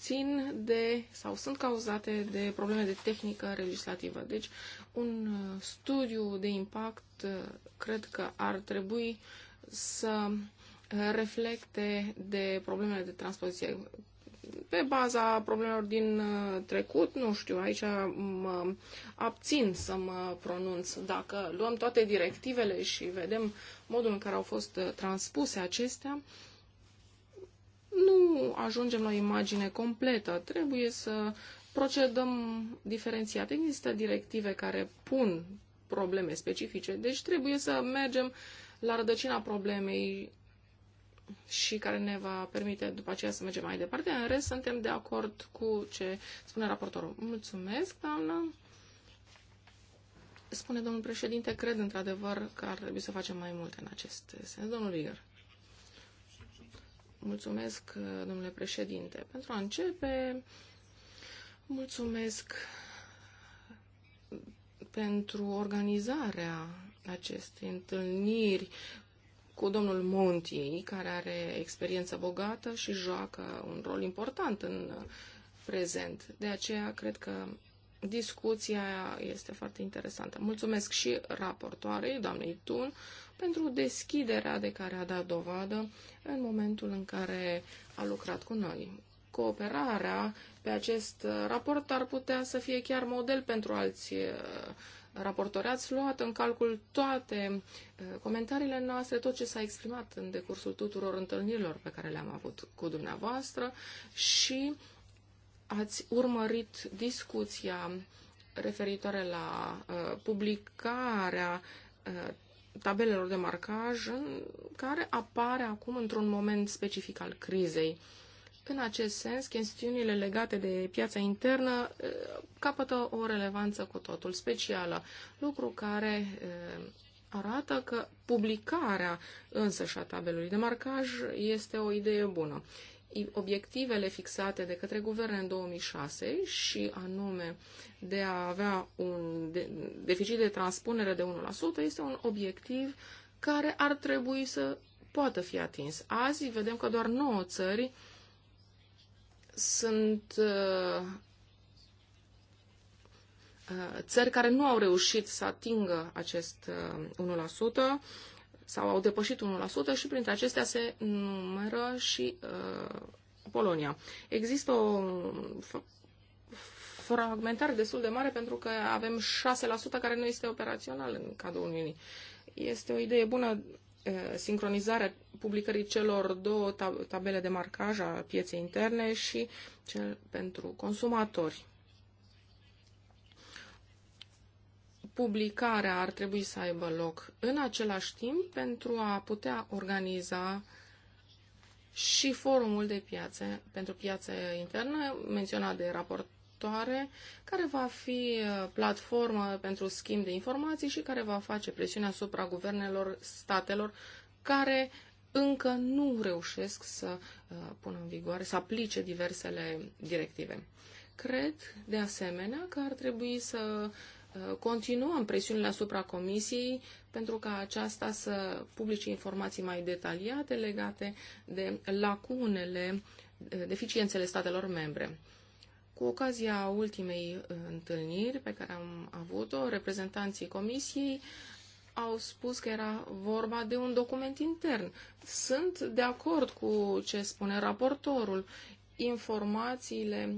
Speaker 4: țin de sau sunt cauzate de probleme de tehnică legislativă. Deci, un uh, studiu de impact uh, cred că ar trebui să reflecte de problemele de transpoziție. Pe baza problemelor din uh, trecut, nu știu, aici mă abțin să mă pronunț. Dacă luăm toate directivele și vedem modul în care au fost transpuse acestea, nu ajungem la o imagine completă. Trebuie să procedăm diferențiat. Există directive care pun probleme specifice, deci trebuie să mergem la rădăcina problemei și care ne va permite după aceea să mergem mai departe. În rest, suntem de acord cu ce spune raportorul. Mulțumesc, doamnă. Spune domnul președinte, cred într-adevăr că ar trebui să facem mai multe în acest sens. Domnul Rigăr. Mulțumesc, domnule președinte. Pentru a începe, mulțumesc pentru organizarea acestei întâlniri cu domnul Monti, care are experiență bogată și joacă un rol important în prezent. De aceea, cred că discuția este foarte interesantă. Mulțumesc și raportoarei, doamnei Tun, pentru deschiderea de care a dat dovadă în momentul în care a lucrat cu noi. Cooperarea pe acest uh, raport ar putea să fie chiar model pentru alți uh, raportori. Ați luat în calcul toate uh, comentariile noastre, tot ce s-a exprimat în decursul tuturor întâlnirilor pe care le-am avut cu dumneavoastră și ați urmărit discuția referitoare la publicarea tabelelor de marcaj în care apare acum într-un moment specific al crizei. În acest sens, chestiunile legate de piața internă eh, capătă o relevanță cu totul specială, lucru care eh, arată că publicarea însăși a tabelului de marcaj este o idee bună obiectivele fixate de către guvern în 2006 și anume de a avea un deficit de transpunere de 1% este un obiectiv care ar trebui să poată fi atins. Azi vedem că doar 9 țări sunt uh, uh, țări care nu au reușit să atingă acest 1%. Uh, sau au depășit 1% și printre acestea se numără și uh, Polonia. Există o fragmentare destul de mare pentru că avem 6% care nu este operațional în cadrul Uniunii. Este o idee bună uh, sincronizarea publicării celor două tabele de marcaj a pieței interne și cel pentru consumatori. publicarea ar trebui să aibă loc în același timp pentru a putea organiza și forumul de piață pentru piață internă menționat de raportoare, care va fi uh, platformă pentru schimb de informații și care va face presiune asupra guvernelor statelor care încă nu reușesc să uh, pună în vigoare, să aplice diversele directive. Cred, de asemenea, că ar trebui să Uh, continuăm presiunile asupra Comisiei pentru ca aceasta să publice informații mai detaliate legate de lacunele, uh, deficiențele statelor membre. Cu ocazia ultimei uh, întâlniri pe care am avut-o, reprezentanții Comisiei au spus că era vorba de un document intern. Sunt de acord cu ce spune raportorul. Informațiile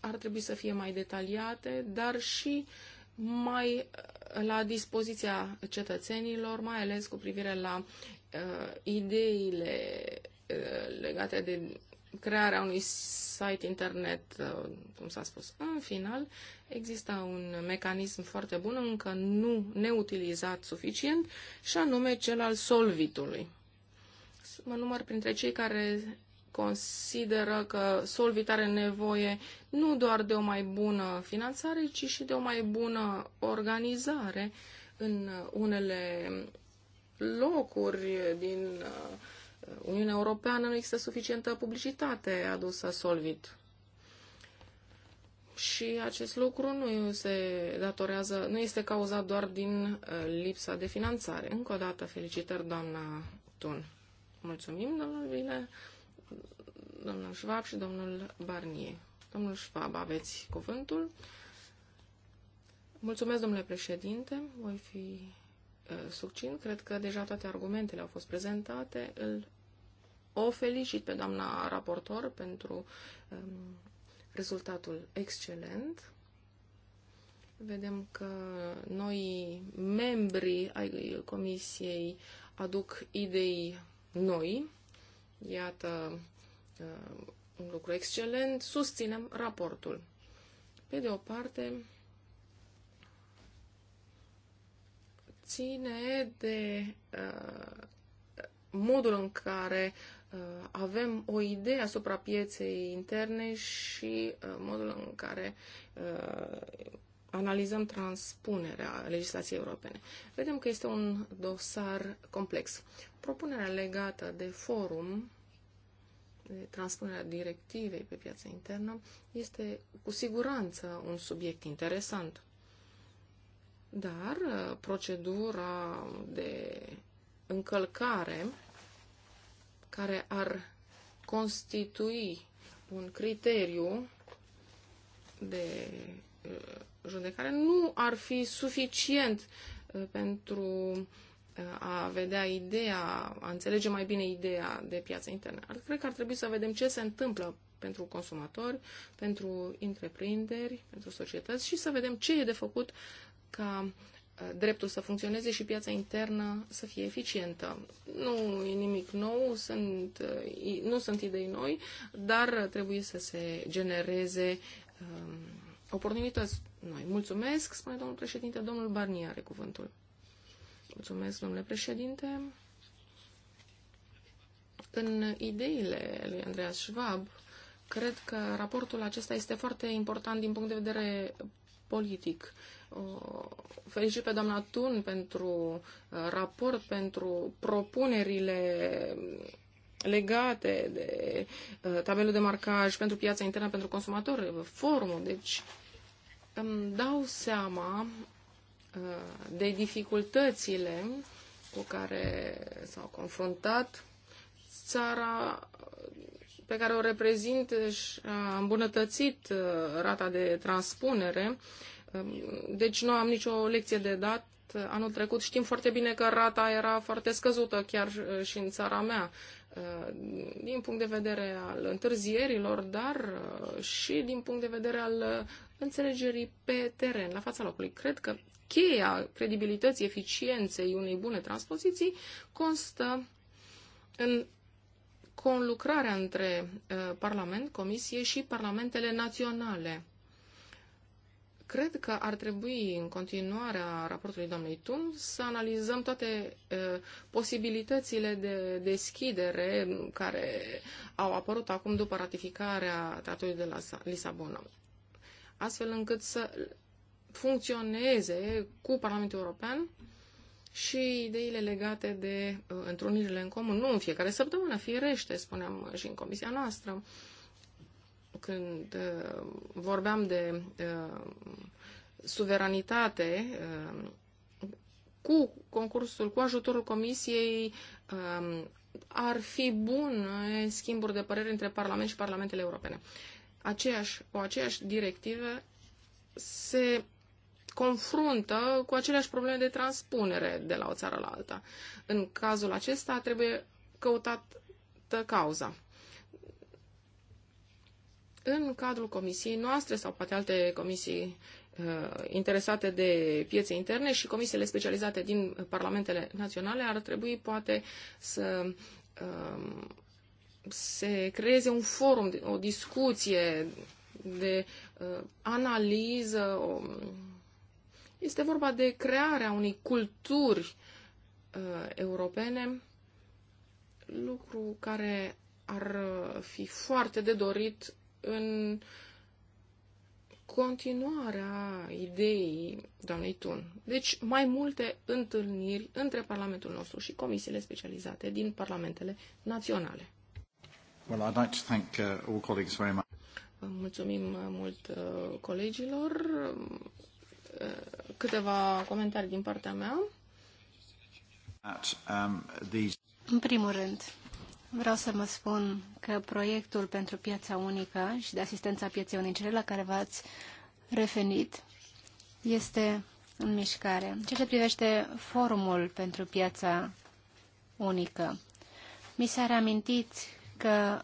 Speaker 4: ar trebui să fie mai detaliate, dar și uh, mai eh, la dispoziția cetățenilor, mai ales cu privire la uh, ideile uh, legate de crearea unui site internet, uh, cum s-a spus. În final, există un mecanism foarte bun, încă nu neutilizat suficient, și anume cel al solvitului. Mă număr printre cei care consideră că Solvit are nevoie nu doar de o mai bună finanțare, ci și de o mai bună organizare în unele locuri din uh, Uniunea Europeană nu există suficientă publicitate adusă Solvit. Și acest lucru nu se datorează, nu este cauzat doar din uh, lipsa de finanțare. Încă o dată felicitări, doamna Tun. Mulțumim, domnule domnul Schwab și domnul Barnier. Domnul Schwab, aveți cuvântul. Mulțumesc, domnule președinte. Voi fi uh, succint. Cred că deja toate argumentele au fost prezentate. Îl o felicit pe doamna raportor pentru um, rezultatul excelent. Vedem că noi membri ai comisiei aduc idei noi. Iată, Uh, un lucru excelent, susținem raportul. Pe de o parte, ține de uh, modul în care uh, avem o idee asupra pieței interne și uh, modul în care uh, analizăm transpunerea legislației europene. Vedem că este un dosar complex. Propunerea legată de forum transpunerea directivei pe piața internă este cu siguranță un subiect interesant. Dar uh, procedura de încălcare care ar constitui un criteriu de uh, judecare nu ar fi suficient uh, pentru a vedea ideea, a înțelege mai bine ideea de piață internă. Cred că ar trebui să vedem ce se întâmplă pentru consumatori, pentru întreprinderi, pentru societăți și să vedem ce e de făcut ca uh, dreptul să funcționeze și piața internă să fie eficientă. Nu e nimic nou, sunt, uh, nu sunt idei noi, dar trebuie să se genereze um, oportunități noi. Mulțumesc, spune domnul președinte, domnul Barnier are cuvântul. Mulțumesc, domnule președinte. În ideile lui Andreas Schwab, cred că raportul acesta este foarte important din punct de vedere politic. Felicit pe doamna Tun pentru uh, raport, pentru propunerile legate de uh, tabelul de marcaj pentru piața internă pentru consumatori, forumul. Deci îmi dau seama Uh, de dificultățile cu care s-au confruntat țara uh, pe care o reprezint și a îmbunătățit uh, rata de transpunere. Um, deci nu am nicio lecție de dat anul trecut. Știm foarte bine că rata era foarte scăzută chiar și uh, în țara mea uh, din punct de vedere al întârzierilor, dar uh, și din punct de vedere al înțelegerii pe teren, la fața locului. Cred că cheia credibilității, eficienței unei bune transpoziții constă în conlucrarea între Parlament, Comisie și Parlamentele naționale. Cred că ar trebui, în continuarea raportului doamnei Tun să analizăm toate uh, posibilitățile de deschidere care au apărut acum după ratificarea Tratului de la Lisabona, astfel încât să funcționeze cu Parlamentul European și ideile legate de uh, întrunirile în comun. Nu în fiecare săptămână, firește, spuneam și în comisia noastră. Uh, când uh, vorbeam de uh, suveranitate, uh, cu concursul, cu ajutorul Comisiei, um, ar fi bun schimburi de păreri între Parlament și Parlamentele Europene. Aceeași, o aceeași directivă se confruntă cu aceleași probleme de transpunere de la o țară la alta. În cazul acesta trebuie căutată cauza în cadrul comisiei noastre sau poate alte comisii uh, interesate de piețe interne și comisiile specializate din parlamentele naționale ar trebui poate să uh, se creeze un forum, o discuție de uh, analiză. O... Este vorba de crearea unei culturi uh, europene, lucru care ar fi foarte de dorit în continuarea ideii doamnei Tun. Deci mai multe întâlniri între Parlamentul nostru și comisiile specializate din Parlamentele naționale.
Speaker 1: Well, I'd like to thank uh, all colleagues very much.
Speaker 4: Mulțumim uh, mult uh, colegilor. Câteva comentarii din partea mea.
Speaker 1: At, um, these...
Speaker 2: În primul rând, Vreau să mă spun că proiectul pentru piața unică și de asistența pieței unice la care v-ați referit este în mișcare. Ceea ce privește forumul pentru piața unică, mi s-a reamintit că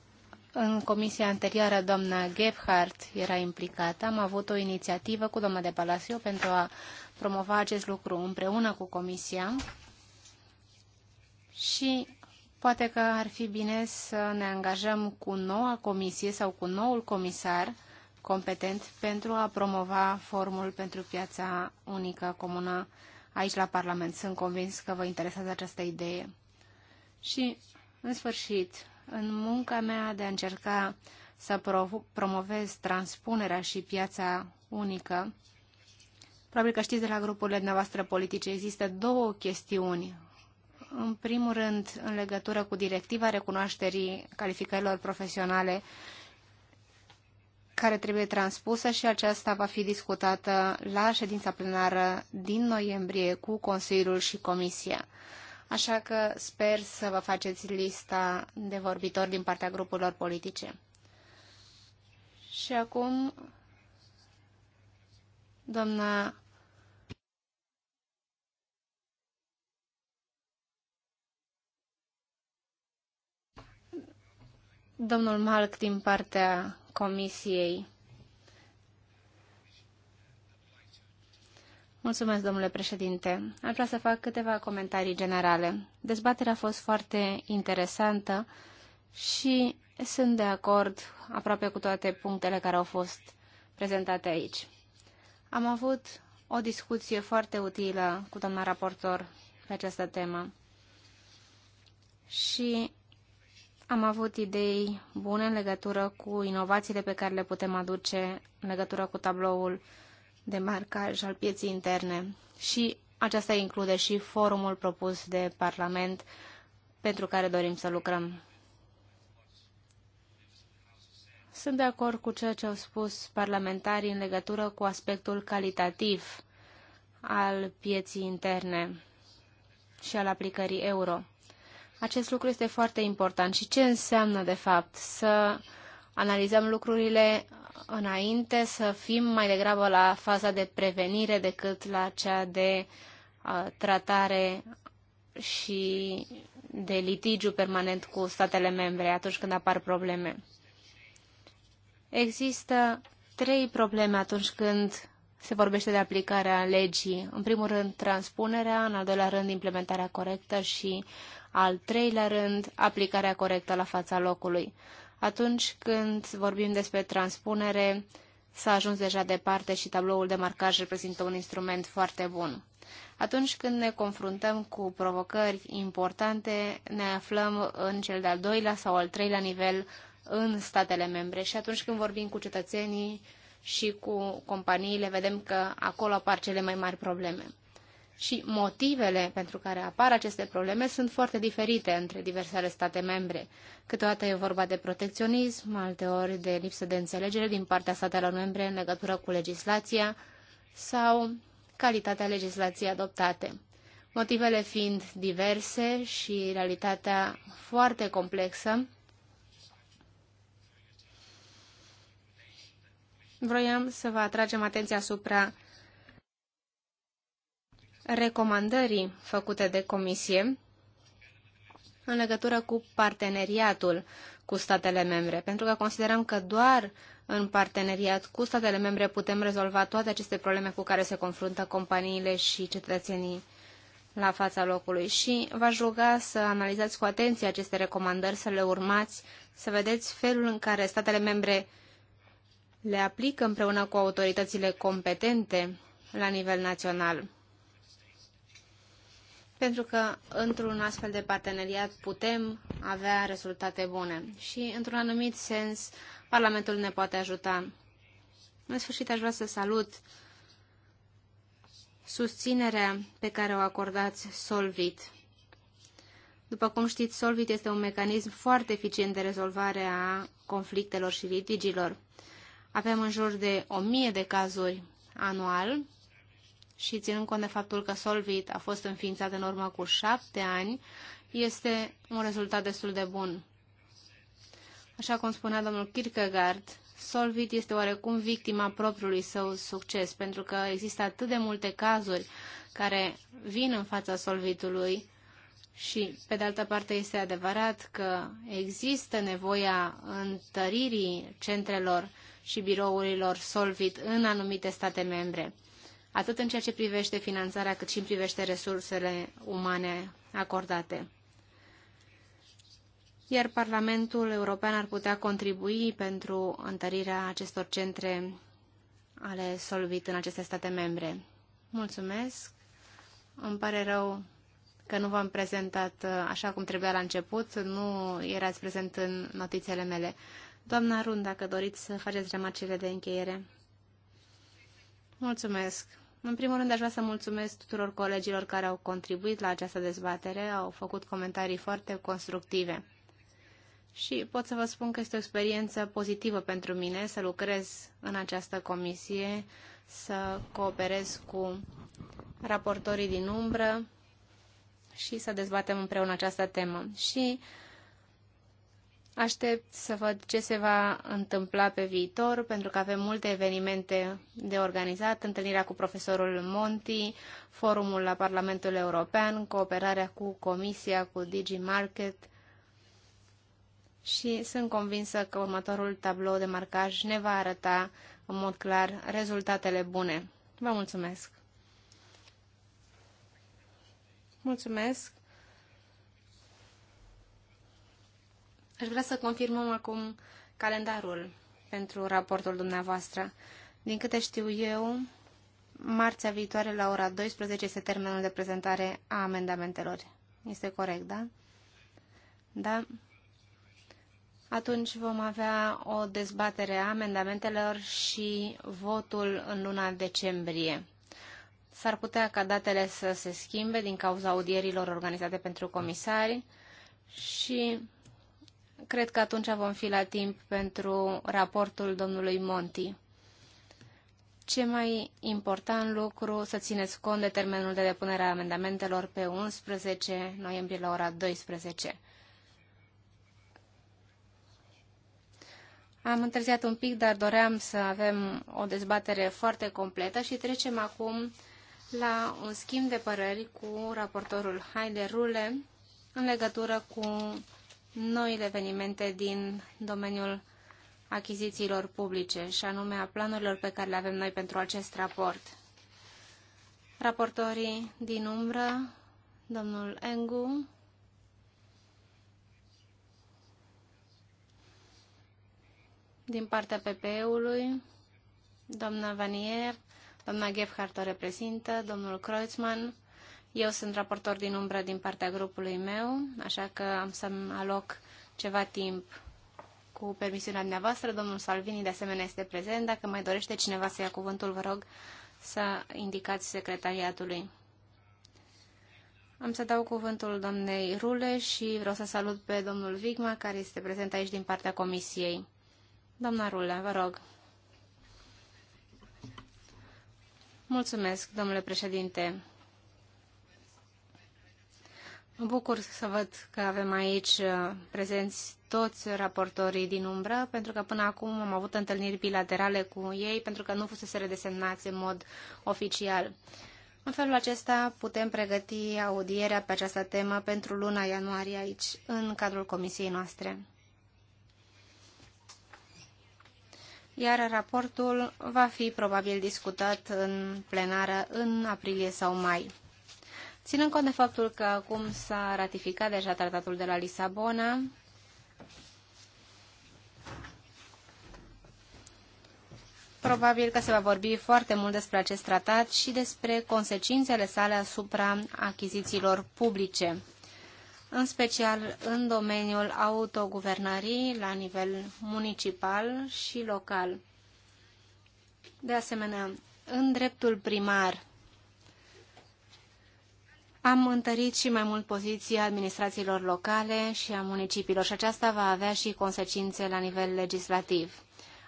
Speaker 2: în comisia anterioară doamna Gebhardt era implicată. Am avut o inițiativă cu doamna de Palacio pentru a promova acest lucru împreună cu comisia și Poate că ar fi bine să ne angajăm cu noua comisie sau cu noul comisar competent pentru a promova formul pentru piața unică comună aici la Parlament. Sunt convins că vă interesează această idee. Și, în sfârșit, în munca mea de a încerca să promovez transpunerea și piața unică, probabil că știți de la grupurile dumneavoastră politice, există două chestiuni în primul rând, în legătură cu directiva recunoașterii calificărilor profesionale care trebuie transpusă și aceasta va fi discutată la ședința plenară din noiembrie cu Consiliul și Comisia. Așa că sper să vă faceți lista de vorbitori din partea grupurilor politice. Și acum, doamna Domnul Malc din partea Comisiei. Mulțumesc, domnule președinte. Ar vrea să fac câteva comentarii generale. Dezbaterea a fost foarte interesantă și sunt de acord aproape cu toate punctele care au fost prezentate aici. Am avut o discuție foarte utilă cu doamna raportor pe această temă și am avut idei bune în legătură cu inovațiile pe care le putem aduce în legătură cu tabloul de marcaj al pieții interne și aceasta include și forumul propus de Parlament pentru care dorim să lucrăm. Sunt de acord cu ceea ce au spus parlamentarii în legătură cu aspectul calitativ al pieții interne și al aplicării euro. Acest lucru este foarte important. Și ce înseamnă, de fapt, să analizăm lucrurile înainte, să fim mai degrabă la faza de prevenire decât la cea de uh, tratare și de litigiu permanent cu statele membre atunci când apar probleme. Există trei probleme atunci când se vorbește de aplicarea legii. În primul rând, transpunerea, în al doilea rând, implementarea corectă și uh, al treilea rând, aplicarea corectă la fața locului. Atunci când vorbim despre transpunere, s-a ajuns deja departe și tabloul de marcaj reprezintă un instrument foarte bun. Atunci când ne confruntăm cu provocări importante, ne aflăm în cel de-al doilea sau al treilea nivel în statele membre și atunci când vorbim cu cetățenii și cu companiile, vedem că acolo apar cele mai mari probleme și motivele pentru care apar aceste probleme sunt foarte diferite între diversele state membre. Câteodată e vorba de protecționism, alteori de lipsă de înțelegere din partea statelor membre în legătură cu legislația sau calitatea legislației adoptate. Motivele fiind diverse și realitatea foarte complexă, vroiam să vă atragem atenția asupra recomandării făcute de Comisie în legătură cu parteneriatul cu statele membre, pentru că considerăm că doar în parteneriat cu statele membre putem rezolva toate aceste probleme cu care se confruntă companiile și cetățenii la fața locului și v-aș ruga să analizați cu atenție aceste recomandări, să le urmați, să vedeți felul în care statele membre le aplică împreună cu autoritățile competente la nivel național pentru că într-un astfel de parteneriat putem avea rezultate bune și, într-un anumit sens, Parlamentul ne poate ajuta. În sfârșit, aș vrea să salut susținerea pe care o acordați Solvit. După cum știți, Solvit este un mecanism foarte eficient de rezolvare a conflictelor și litigilor. Avem în jur de o mie de cazuri anual și ținând cont de faptul că Solvit a fost înființat în urmă cu șapte ani, este un rezultat destul de bun. Așa cum spunea domnul Kierkegaard, Solvit este oarecum victima propriului său succes, pentru că există atât de multe cazuri care vin în fața Solvitului și, pe de altă parte, este adevărat că există nevoia întăririi centrelor și birourilor Solvit în anumite state membre atât în ceea ce privește finanțarea, cât și în privește resursele umane acordate. Iar Parlamentul European ar putea contribui pentru întărirea acestor centre ale Solvit în aceste state membre. Mulțumesc! Îmi pare rău că nu v-am prezentat uh, așa cum trebuia la început, nu erați prezent în notițele mele. Doamna Rund, dacă doriți să faceți remarcile de încheiere. Mulțumesc. În primul rând, aș vrea să mulțumesc tuturor colegilor care au contribuit la această dezbatere, au făcut comentarii foarte constructive. Și pot să vă spun că este o experiență pozitivă pentru mine să lucrez în această comisie, să cooperez cu raportorii din umbră și să dezbatem împreună această temă. Și Aștept să văd ce se va întâmpla pe viitor, pentru că avem multe evenimente de organizat, întâlnirea cu profesorul Monti, forumul la Parlamentul European, cooperarea cu Comisia, cu DigiMarket, Market, și sunt convinsă că următorul tablou de marcaj ne va arăta în mod clar rezultatele bune. Vă mulțumesc! Mulțumesc! Aș vrea să confirmăm acum calendarul pentru raportul dumneavoastră. Din câte știu eu, marțea viitoare la ora 12 este termenul de prezentare a amendamentelor. Este corect, da? Da? Atunci vom avea o dezbatere a amendamentelor și votul în luna decembrie. S-ar putea ca datele să se schimbe din cauza audierilor organizate pentru comisari și Cred că atunci vom fi la timp pentru raportul domnului Monti. Ce mai important lucru, să țineți cont de termenul de depunere a amendamentelor pe 11 noiembrie la ora 12. Am întârziat un pic, dar doream să avem o dezbatere foarte completă și trecem acum la un schimb de păreri cu raportorul Haide Rule în legătură cu noile evenimente din domeniul achizițiilor publice, și anume a planurilor pe care le avem noi pentru acest raport. Raportorii din umbră, domnul Engu, din partea PPE-ului, doamna Vanier, doamna Gephardt o reprezintă, domnul Kreuzmann, eu sunt raportor din umbră din partea grupului meu, așa că am să-mi aloc ceva timp cu permisiunea dumneavoastră. Domnul Salvini, de asemenea, este prezent. Dacă mai dorește cineva să ia cuvântul, vă rog să indicați secretariatului. Am să dau cuvântul doamnei Rule și vreau să salut pe domnul Vigma, care este prezent aici din partea comisiei. Doamna Rule, vă rog. Mulțumesc, domnule președinte. Mă bucur să văd că avem aici uh, prezenți toți raportorii din umbră, pentru că până acum am avut întâlniri bilaterale cu ei, pentru că nu fusese redesemnați în mod oficial. În felul acesta putem pregăti audierea pe această temă pentru luna ianuarie aici, în cadrul comisiei noastre. Iar raportul va fi probabil discutat în plenară în aprilie sau mai. Ținând cont de faptul că acum s-a ratificat deja tratatul de la Lisabona, Probabil că se va vorbi foarte mult despre acest tratat și despre consecințele sale asupra achizițiilor publice, în special în domeniul autoguvernării la nivel municipal și local. De asemenea, în dreptul primar am întărit și mai mult poziția administrațiilor locale și a municipiilor și aceasta va avea și consecințe la nivel legislativ.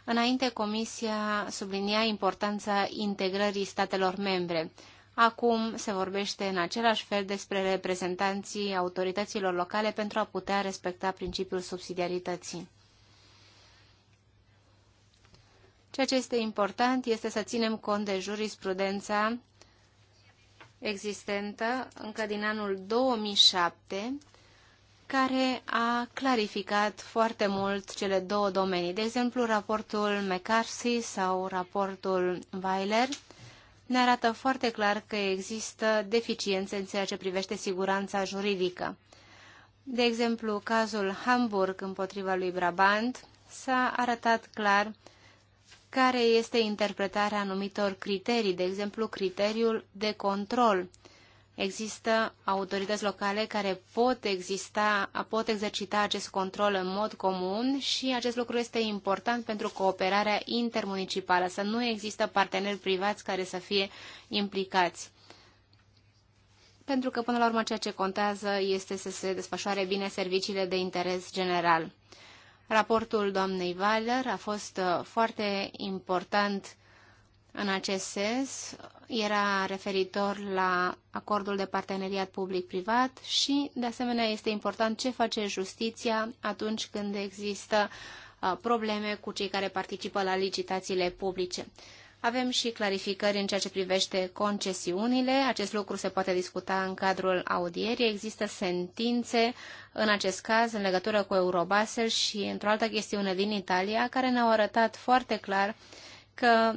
Speaker 2: Înainte, Comisia sublinia importanța integrării statelor membre. Acum se vorbește în același fel despre reprezentanții autorităților locale pentru a putea respecta principiul subsidiarității. Ceea ce este important este să ținem cont de jurisprudența existentă încă din anul 2007, care a clarificat foarte mult cele două domenii. De exemplu, raportul McCarthy sau raportul Weiler ne arată foarte clar că există deficiențe în ceea ce privește siguranța juridică. De exemplu, cazul Hamburg împotriva lui Brabant s-a arătat clar care este interpretarea anumitor criterii, de exemplu criteriul de control. Există autorități locale care pot, exista, pot exercita acest control în mod comun și acest lucru este important pentru cooperarea intermunicipală, să nu există parteneri privați care să fie implicați. Pentru că, până la urmă, ceea ce contează este să se desfășoare bine serviciile de interes general. Raportul doamnei Weiler a fost uh, foarte important în acest sens. Era referitor la acordul de parteneriat public-privat și, de asemenea, este important ce face justiția atunci când există uh, probleme cu cei care participă la licitațiile publice. Avem și clarificări în ceea ce privește concesiunile. Acest lucru se poate discuta în cadrul audierii. Există sentințe în acest caz în legătură cu Eurobasel și într-o altă chestiune din Italia care ne-au arătat foarte clar că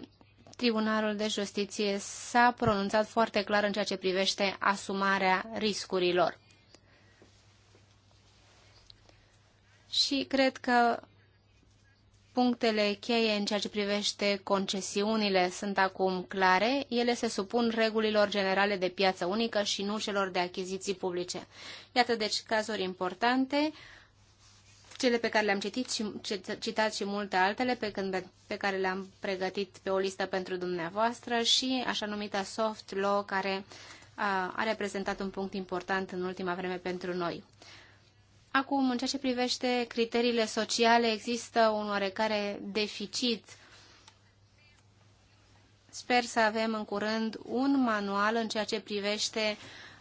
Speaker 2: Tribunalul de Justiție s-a pronunțat foarte clar în ceea ce privește asumarea riscurilor. Și cred că Punctele cheie în ceea ce privește concesiunile sunt acum clare, ele se supun regulilor generale de piață unică și nu celor de achiziții publice. Iată deci cazuri importante, cele pe care le-am citit și, citat și multe altele pe, când, pe care le-am pregătit pe o listă pentru dumneavoastră și așa numita soft law care a, a reprezentat un punct important în ultima vreme pentru noi. Acum, în ceea ce privește criteriile sociale, există un oarecare deficit. Sper să avem în curând un manual în ceea ce privește uh,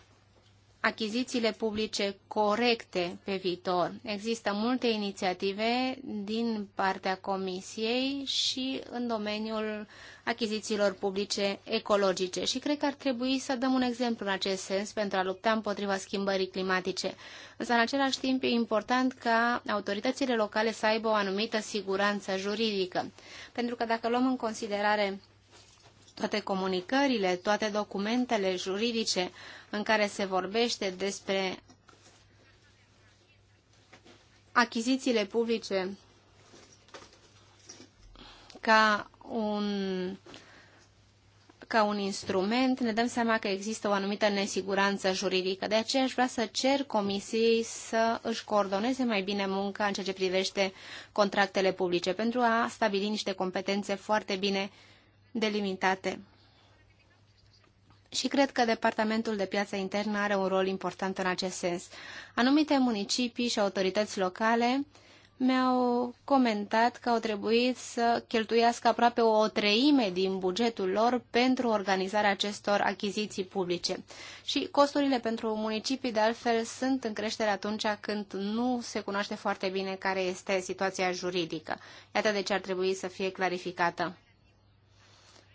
Speaker 2: achizițiile publice corecte pe viitor. Există multe inițiative din partea Comisiei și în domeniul achizițiilor publice ecologice și cred că ar trebui să dăm un exemplu în acest sens pentru a lupta împotriva schimbării climatice. Însă, în același timp, e important ca autoritățile locale să aibă o anumită siguranță juridică, pentru că dacă luăm în considerare toate comunicările, toate documentele juridice în care se vorbește despre achizițiile publice ca un, ca un instrument, ne dăm seama că există o anumită nesiguranță juridică. De aceea aș vrea să cer comisiei să își coordoneze mai bine munca în ceea ce privește contractele publice, pentru a stabili niște competențe foarte bine uh, delimitate. Și cred că Departamentul de Piață Internă are un rol important în acest sens. Anumite municipii și autorități locale mi-au comentat că au trebuit să cheltuiască aproape o treime din bugetul lor pentru organizarea acestor achiziții publice. Și costurile pentru municipii, de altfel, sunt în creștere atunci când nu se cunoaște foarte bine care este situația juridică. Iată de ce ar trebui să fie clarificată.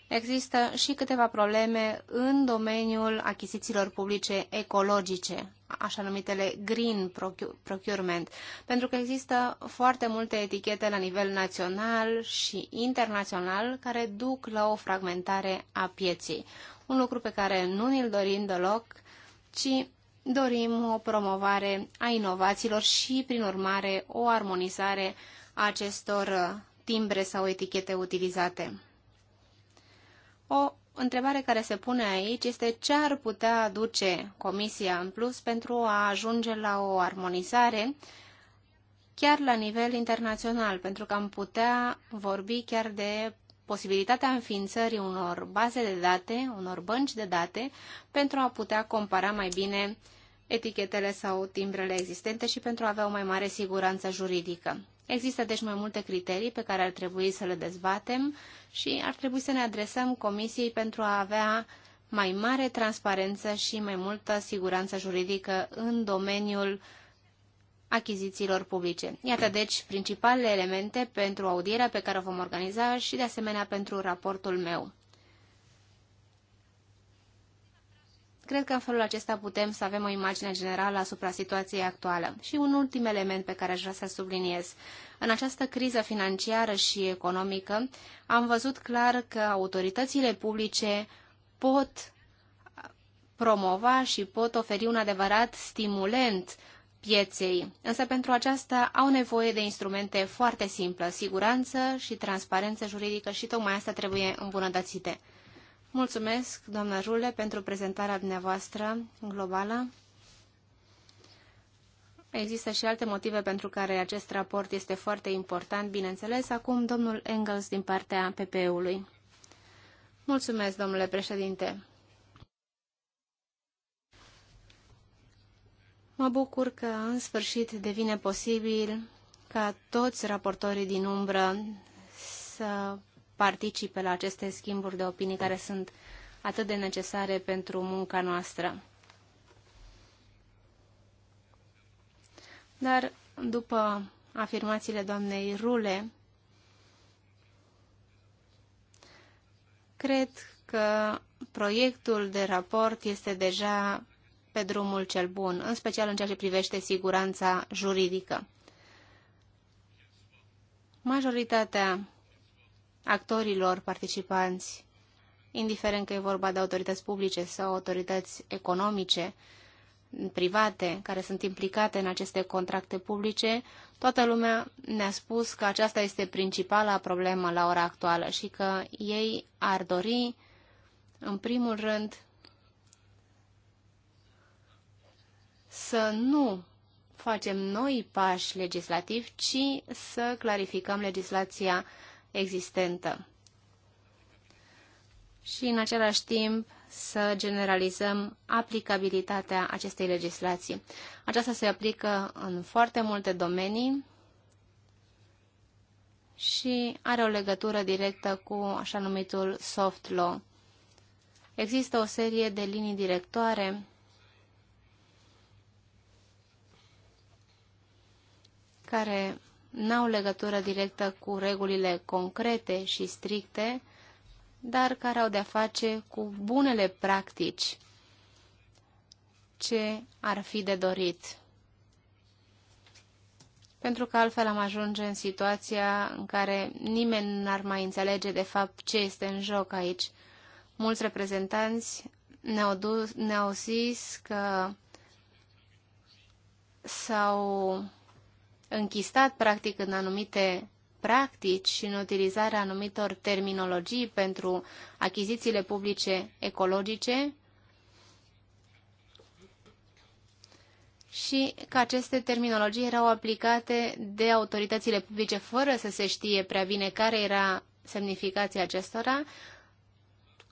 Speaker 2: Există și câteva probleme în domeniul achizițiilor publice ecologice, așa numitele green procurement, pentru că există foarte multe etichete la nivel național și internațional care duc la o fragmentare a pieței. Un lucru pe care nu ni-l dorim deloc, ci dorim o promovare a inovațiilor și, prin urmare, o armonizare a acestor uh, timbre sau etichete utilizate. O întrebare care se pune aici este ce ar putea aduce Comisia în plus pentru a ajunge la o armonizare chiar la nivel internațional, pentru că am putea vorbi chiar de posibilitatea înființării unor baze de date, unor bănci de date, pentru a putea compara mai bine etichetele sau timbrele existente și pentru a avea o mai mare siguranță juridică. Există deci mai multe criterii pe care ar trebui să le dezbatem și ar trebui să ne adresăm comisiei pentru a avea mai mare transparență și mai multă siguranță juridică în domeniul achizițiilor publice. Iată deci principalele elemente pentru audierea pe care o vom organiza și de asemenea pentru raportul meu. Cred că în felul acesta putem să avem o imagine generală asupra situației actuale. Și un ultim element pe care aș vrea să-l subliniez. În această criză financiară și economică am văzut clar că autoritățile publice pot promova și pot oferi un adevărat stimulent pieței, însă pentru aceasta au nevoie de instrumente foarte simple, siguranță și transparență juridică și tocmai asta trebuie îmbunătățite. Mulțumesc, doamna Rule, pentru prezentarea dumneavoastră globală. Există și alte motive pentru care acest raport este foarte important, bineînțeles. Acum, domnul Engels din partea PPE-ului. Mulțumesc, domnule președinte. Mă bucur că în sfârșit devine posibil ca toți raportorii din umbră să participe la aceste schimburi de opinii care sunt atât de necesare pentru munca noastră. Dar după afirmațiile doamnei Rule, cred că proiectul de raport este deja pe drumul cel bun, în special în ceea ce privește siguranța juridică. Majoritatea actorilor participanți, indiferent că e vorba de autorități publice sau autorități economice, private care sunt implicate în aceste contracte publice, toată lumea ne-a spus că aceasta este principala problemă la ora actuală și că ei ar dori, în primul rând, să nu facem noi pași legislativi, ci să clarificăm legislația existentă. Și în același timp să generalizăm aplicabilitatea acestei legislații. Aceasta se aplică în foarte multe domenii și are o legătură directă cu așa numitul soft law. Există o serie de linii directoare care n-au legătură directă cu regulile concrete și stricte, dar care au de-a face cu bunele practici ce ar fi de dorit. Pentru că altfel am ajunge în situația în care nimeni n-ar mai înțelege de fapt ce este în joc aici. Mulți reprezentanți ne-au, dus, ne-au zis că s-au închistat practic în anumite practici și în utilizarea anumitor terminologii pentru achizițiile publice ecologice și că aceste terminologii erau aplicate de autoritățile publice fără să se știe prea bine care era semnificația acestora,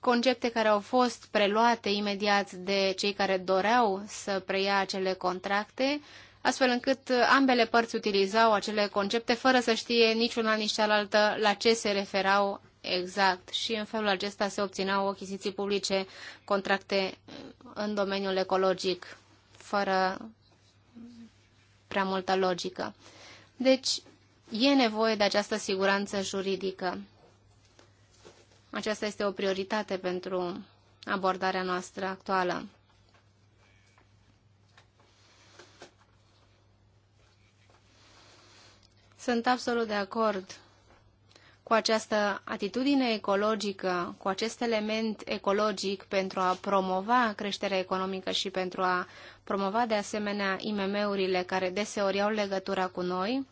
Speaker 2: concepte care au fost preluate imediat de cei care doreau să preia acele contracte astfel încât uh, ambele părți utilizau acele concepte fără să știe niciuna nici cealaltă la ce se referau exact și în felul acesta se obțineau achiziții publice, contracte uh, în domeniul ecologic, fără prea multă logică. Deci, e nevoie de această siguranță juridică. Aceasta este o prioritate pentru abordarea noastră actuală. Sunt absolut de acord cu această atitudine ecologică, cu acest element ecologic pentru a promova creșterea economică și pentru a promova de asemenea IMM-urile care deseori au legătura cu noi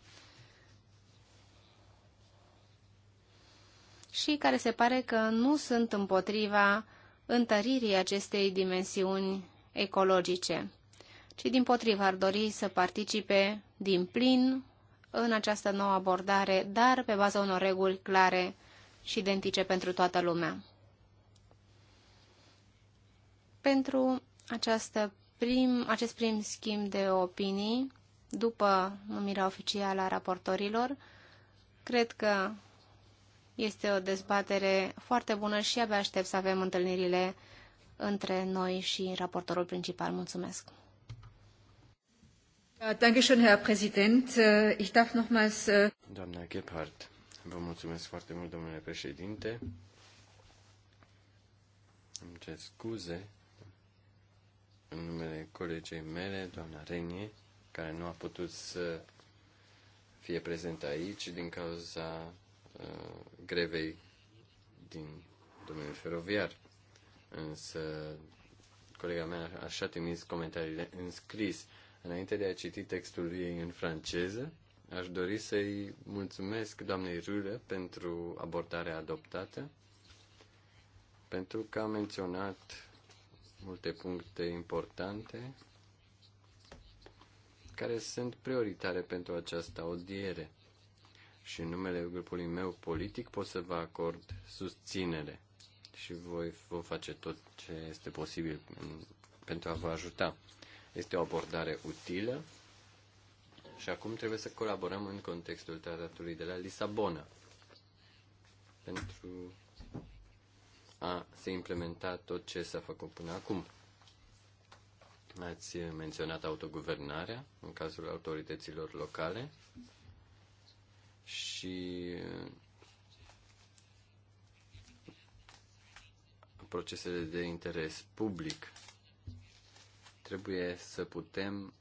Speaker 2: și care se pare că nu sunt împotriva întăririi acestei dimensiuni ecologice, ci din potriva ar dori să participe din plin în această nouă abordare, dar pe baza unor reguli clare și identice pentru toată lumea. Pentru această prim, acest prim schimb de opinii, după numirea oficială a raportorilor, cred că este o dezbatere foarte bună și abia aștept să avem întâlnirile între noi și raportorul principal. Mulțumesc! Uh, Dankeschön, uh, uh,
Speaker 3: Doamna Gebhardt, vă mulțumesc foarte mult, domnule președinte. Îmi cer scuze în numele colegei mele, doamna Renie, care nu a putut să fie prezent aici din cauza uh, grevei din domeniul feroviar. Însă colega mea a trimis comentariile în scris. Înainte de a citi textul ei în franceză, aș dori să-i mulțumesc doamnei Rulă pentru abordarea adoptată, pentru că a menționat multe puncte importante care sunt prioritare pentru această audiere și în numele grupului meu politic pot să vă acord susținere și voi vă face tot ce este posibil pentru a vă ajuta. Este o abordare utilă și acum trebuie să colaborăm în contextul tratatului de la Lisabona pentru a se implementa tot ce s-a făcut până acum. Ați menționat autoguvernarea în cazul autorităților locale și procesele de interes public Trebuie să putem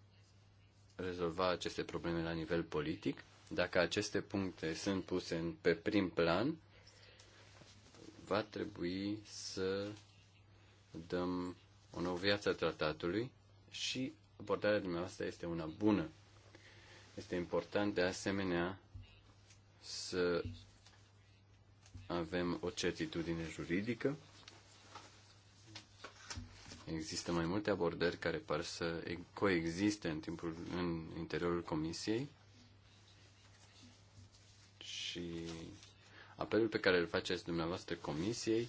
Speaker 3: rezolva aceste probleme la nivel politic. Dacă aceste puncte sunt puse în, pe prim plan, va trebui să dăm o nouă viață tratatului și abordarea dumneavoastră este una bună. Este important de asemenea să avem o certitudine juridică Există mai multe abordări care par să coexiste în timpul în interiorul comisiei și apelul pe care îl faceți dumneavoastră comisiei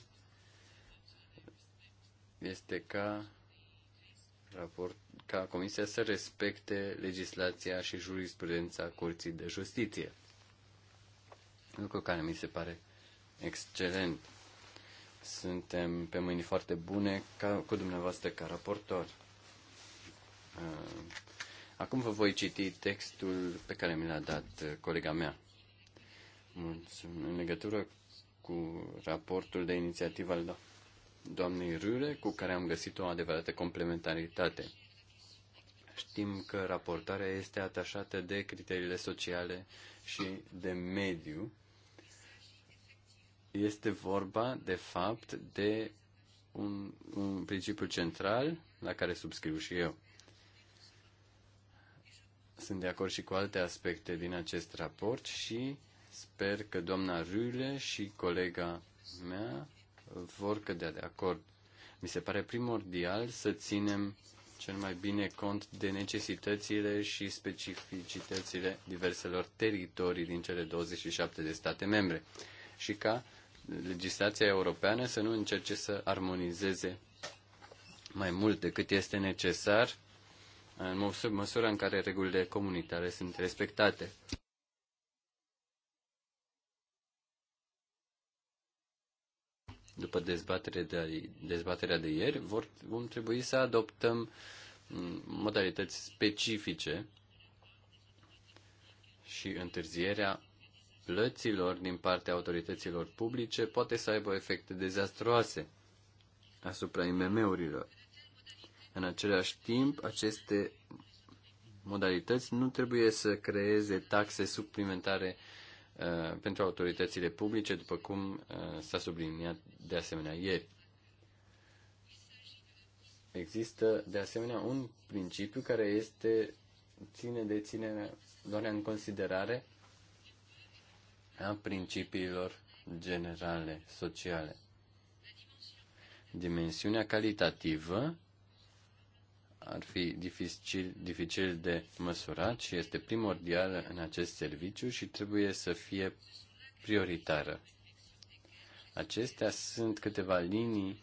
Speaker 3: este ca raport, ca comisia să respecte legislația și jurisprudența Curții de Justiție. Lucru care mi se pare excelent. Suntem pe mâini foarte bune ca, cu dumneavoastră ca raportor. Uh, acum vă voi citi textul pe care mi l-a dat uh, colega mea. Mulțumim. În legătură cu raportul de inițiativă al doamnei Rure, cu care am găsit o adevărată complementaritate. Știm că raportarea este atașată de criteriile sociale și de mediu este vorba, de fapt, de un, un principiu central la care subscriu și eu. Sunt de acord și cu alte aspecte din acest raport și sper că doamna Rüle și colega mea vor cădea de acord. Mi se pare primordial să ținem cel mai bine cont de necesitățile și specificitățile diverselor teritorii din cele 27 de state membre și ca legislația europeană să nu încerce să armonizeze mai mult decât este necesar în măsura în care regulile comunitare sunt respectate. După dezbatere de, dezbaterea de ieri, vor, vom trebui să adoptăm mm, modalități specifice și întârzierea plăților din partea autorităților publice poate să aibă efecte dezastroase asupra IMM-urilor. În același timp, aceste modalități nu trebuie să creeze taxe suplimentare uh, pentru autoritățile publice, după cum uh, s-a subliniat de asemenea ieri. Există, de asemenea, un principiu care este ține de ținerea, doar în considerare a principiilor generale sociale. Dimensiunea calitativă ar fi dificil, dificil de măsurat și este primordială în acest serviciu și trebuie să fie prioritară. Acestea sunt câteva linii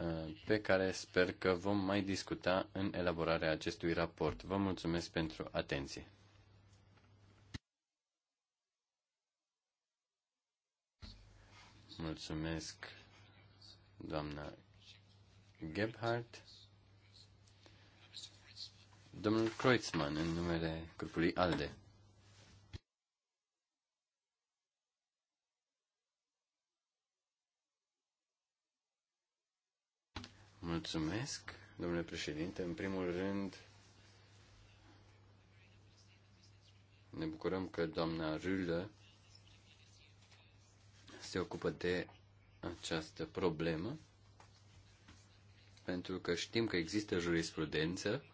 Speaker 3: uh, pe care sper că vom mai discuta în elaborarea acestui raport. Vă mulțumesc pentru atenție. Mulțumesc, doamna Gebhardt. Domnul Kreutzmann, în numele grupului ALDE. Mulțumesc, domnule președinte. În primul rând, ne bucurăm că doamna Rulă se ocupă de această problemă, pentru că știm că există jurisprudență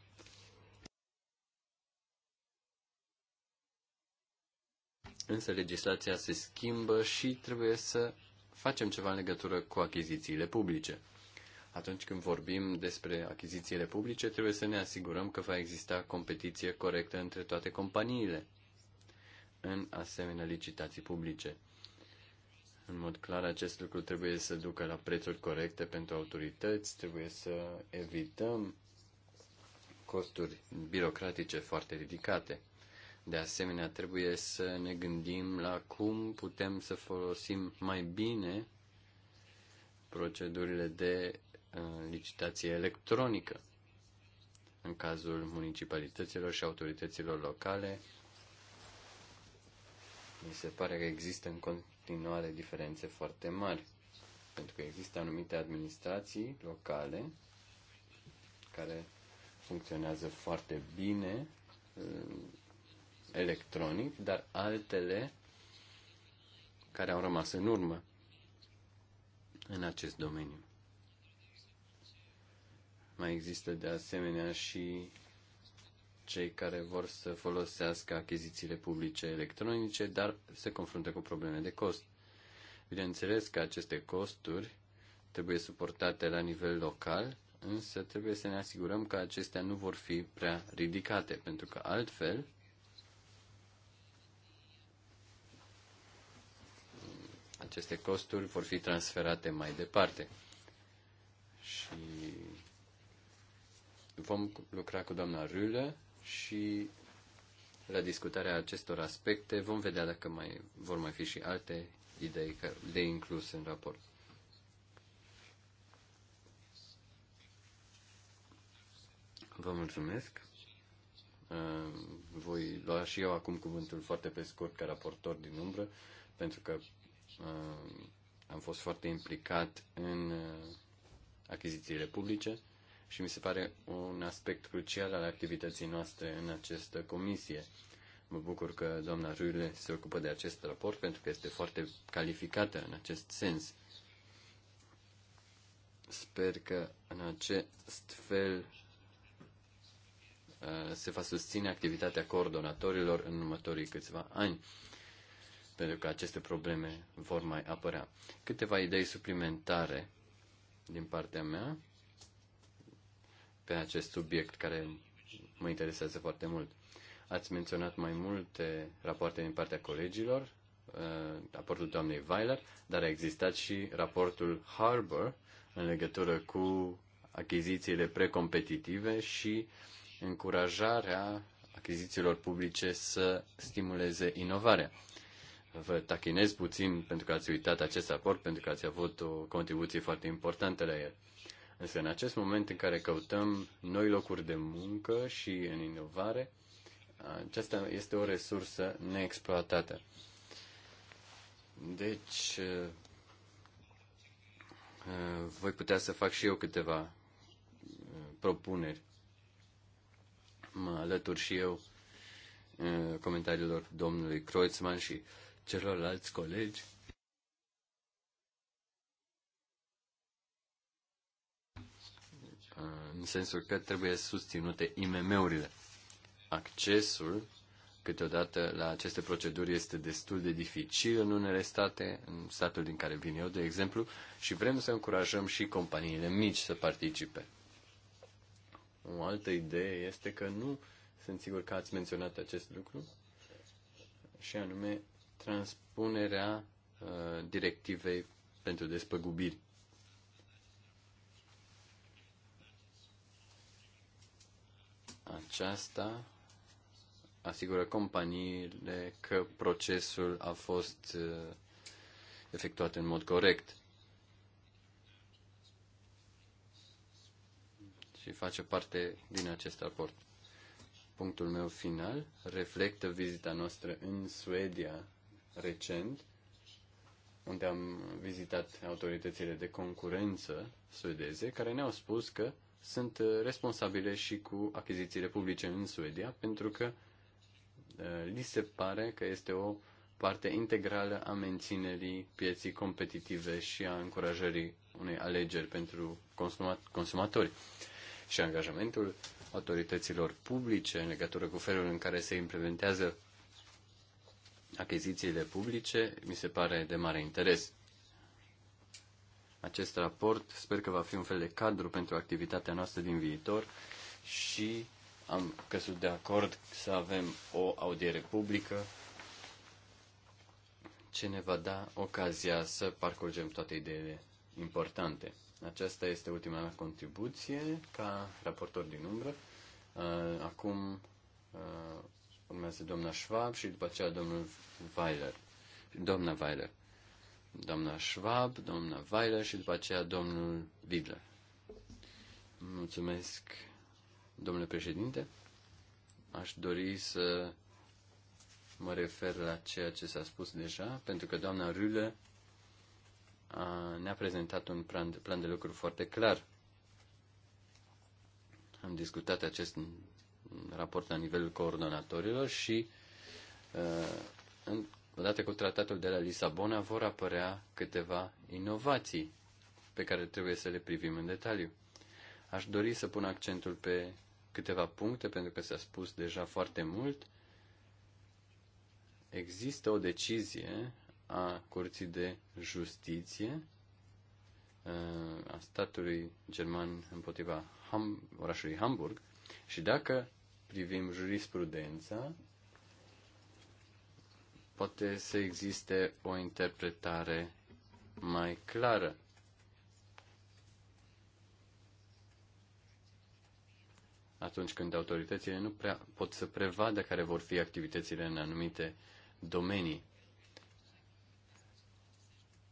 Speaker 3: Însă legislația se schimbă și trebuie să facem ceva în legătură cu achizițiile publice. Atunci când vorbim despre achizițiile publice, trebuie să ne asigurăm că va exista competiție corectă între toate companiile în asemenea licitații publice. În mod clar, acest lucru trebuie să ducă la prețuri corecte pentru autorități, trebuie să evităm costuri birocratice foarte ridicate. De asemenea, trebuie să ne gândim la cum putem să folosim mai bine procedurile de uh, licitație electronică în cazul municipalităților și autorităților locale. Mi se pare că există în prin are diferențe foarte mari, pentru că există anumite administrații locale care funcționează foarte bine uh, electronic, dar altele care au rămas în urmă în acest domeniu. Mai există de asemenea și cei care vor să folosească achizițiile publice electronice, dar se confruntă cu probleme de cost. Bineînțeles că aceste costuri trebuie suportate la nivel local, însă trebuie să ne asigurăm că acestea nu vor fi prea ridicate, pentru că altfel aceste costuri vor fi transferate mai departe. Și vom lucra cu doamna Rulă și la discutarea acestor aspecte vom vedea dacă mai vor mai fi și alte idei de inclus în raport. Vă mulțumesc. Uh, voi lua și eu acum cuvântul foarte pe scurt ca raportor din umbră, pentru că uh, am fost foarte implicat în uh, achizițiile publice și mi se pare un aspect crucial al activității noastre în această comisie. Mă bucur că doamna Ruile se ocupă de acest raport pentru că este foarte calificată în acest sens. Sper că în acest fel uh, se va susține activitatea coordonatorilor în următorii câțiva ani, pentru că aceste probleme vor mai apărea. Câteva idei suplimentare din partea mea pe acest subiect care mă interesează foarte mult. Ați menționat mai multe rapoarte din partea colegilor, uh, raportul doamnei Weiler, dar a existat și raportul Harbour în legătură cu achizițiile precompetitive și încurajarea achizițiilor publice să stimuleze inovarea. Vă tachinez puțin pentru că ați uitat acest raport, pentru că ați avut o contribuție foarte importantă la el. Însă în acest moment în care căutăm noi locuri de muncă și în inovare, aceasta este o resursă neexploatată. Deci, voi putea să fac și eu câteva uh, propuneri. Mă alătur și eu uh, comentariilor domnului Kreutzmann și celorlalți colegi în sensul că trebuie susținute IMM-urile. Accesul câteodată la aceste proceduri este destul de dificil în unele state, în statul din care vin eu, de exemplu, și vrem să încurajăm și companiile mici să participe. O altă idee este că nu sunt sigur că ați menționat acest lucru, și anume transpunerea uh, directivei pentru despăgubiri. Aceasta asigură companiile că procesul a fost uh, efectuat în mod corect. Și face parte din acest raport. Punctul meu final reflectă vizita noastră în Suedia recent, unde am vizitat autoritățile de concurență suedeze, care ne-au spus că sunt uh, responsabile și cu achizițiile publice în Suedia, pentru că uh, li se pare că este o parte integrală a menținerii pieții competitive și a încurajării unei alegeri pentru consumatori. Și angajamentul autorităților publice în legătură cu felul în care se implementează achizițiile publice mi se pare de mare interes. Acest raport sper că va fi un fel de cadru pentru activitatea noastră din viitor și am căzut de acord să avem o audiere publică ce ne va da ocazia să parcurgem toate ideile importante. Aceasta este ultima mea contribuție ca raportor din umbră. Uh, acum uh, urmează doamna Schwab și după aceea domnul Weiler. Doamna Weiler doamna Schwab, doamna Weiler și după aceea domnul Bibler. Mulțumesc, domnule președinte. Aș dori să mă refer la ceea ce s-a spus deja, pentru că doamna Rüle ne-a prezentat un plan de, plan de lucru foarte clar. Am discutat acest raport la nivelul coordonatorilor și în odată cu tratatul de la Lisabona, vor apărea câteva inovații pe care trebuie să le privim în detaliu. Aș dori să pun accentul pe câteva puncte, pentru că s-a spus deja foarte mult. Există o decizie a Curții de Justiție a statului german împotriva Ham, orașului Hamburg și dacă privim jurisprudența, poate să existe o interpretare mai clară. Atunci când autoritățile nu prea pot să prevadă care vor fi activitățile în anumite domenii.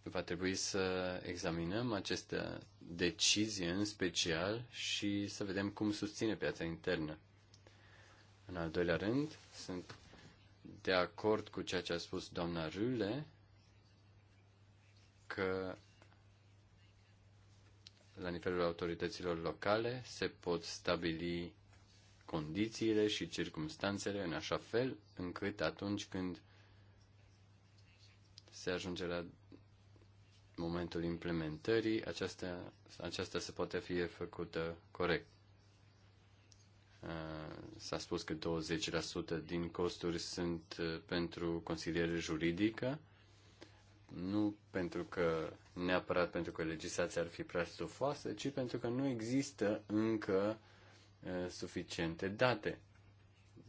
Speaker 3: Va trebui să examinăm aceste decizie în special și să vedem cum susține piața internă. În al doilea rând, sunt de acord cu ceea ce a spus doamna Rule, că la nivelul autorităților locale se pot stabili condițiile și circumstanțele în așa fel încât atunci când se ajunge la momentul implementării, aceasta, aceasta se poate fi făcută corect. Uh, s-a spus că 20% din costuri sunt uh, pentru consiliere juridică, nu pentru că neapărat pentru că legislația ar fi prea stufoasă, ci pentru că nu există încă uh, suficiente date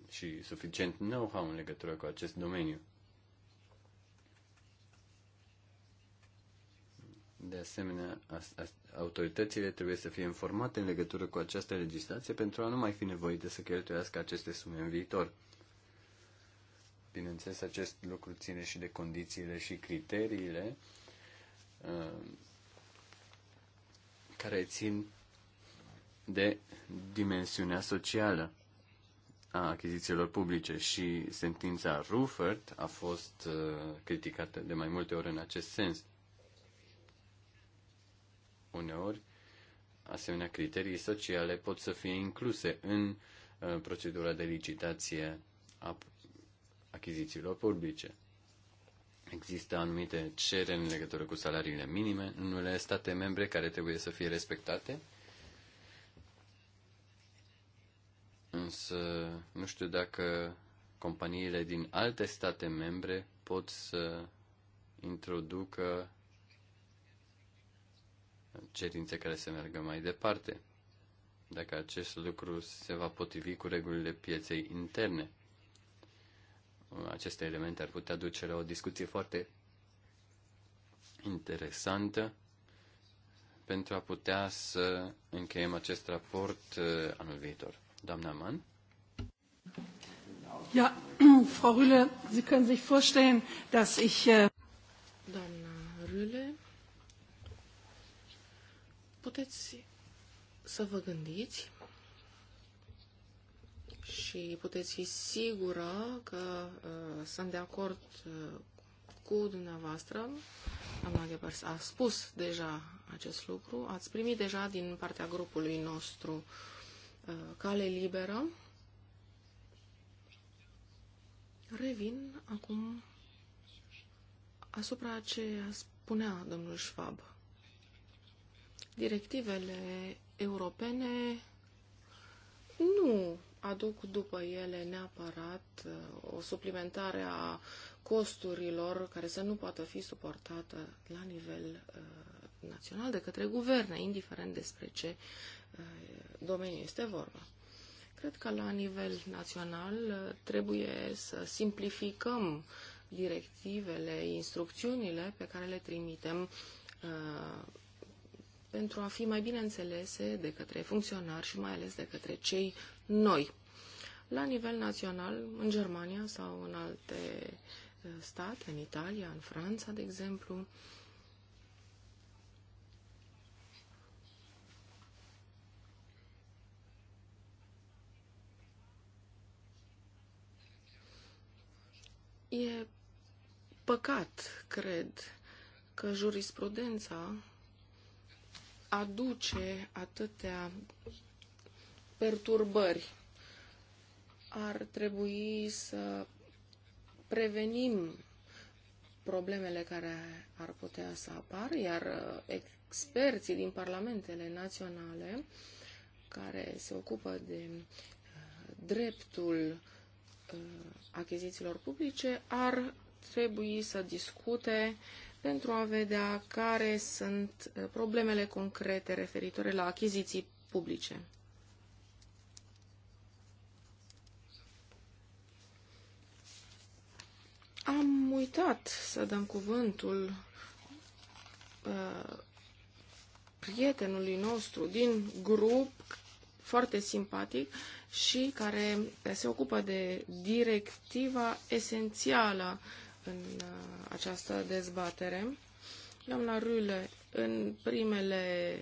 Speaker 3: și suficient know-how în legătură cu acest domeniu. De asemenea, autoritățile trebuie să fie informate în legătură cu această legislație pentru a nu mai fi nevoite să cheltuiască aceste sume în viitor. Bineînțeles, acest lucru ține și de condițiile și criteriile uh, care țin de dimensiunea socială a achizițiilor publice și sentința Rufert a fost uh, criticată de mai multe ori în acest sens uneori asemenea criterii sociale pot să fie incluse în uh, procedura de licitație a achizițiilor publice. Există anumite cereri în legătură cu salariile minime în unele state membre care trebuie să fie respectate, însă nu știu dacă companiile din alte state membre pot să introducă cerințe care să meargă mai departe, dacă acest lucru se va potrivi cu regulile pieței interne. Aceste elemente ar putea duce la o discuție foarte interesantă pentru a putea să încheiem acest raport uh, anul viitor. Doamna Mann?
Speaker 1: Ja,
Speaker 4: *clears throat* Frau Rühle, Sie können sich vorstellen, dass ich... Äh, puteți să vă gândiți și puteți fi sigură că uh, sunt de acord uh, cu dumneavoastră. Doamna Gebers a spus deja acest lucru. Ați primit deja din partea grupului nostru uh, cale liberă. Revin acum asupra ce spunea domnul Schwab directivele europene nu aduc după ele neapărat uh, o suplimentare a costurilor care să nu poată fi suportată la nivel uh, național de către guverne, indiferent despre ce uh, domeniu este vorba. Cred că la nivel național uh, trebuie să simplificăm directivele, instrucțiunile pe care le trimitem uh, pentru a fi mai bine înțelese de către funcționari și mai ales de către cei noi. La nivel național, în Germania sau în alte eh, state, în Italia, în Franța, de exemplu, E păcat, cred, că jurisprudența aduce atâtea perturbări. Ar trebui să prevenim problemele care ar putea să apară, iar uh, experții din parlamentele naționale care se ocupă de uh, dreptul uh, achizițiilor publice ar trebui să discute uh, pentru a vedea care sunt uh, problemele concrete referitoare la achiziții publice. Am uitat să dăm cuvântul uh, prietenului nostru din grup, foarte simpatic, și care se ocupă de directiva esențială uh, în uh, această dezbatere. Doamna Rule, în primele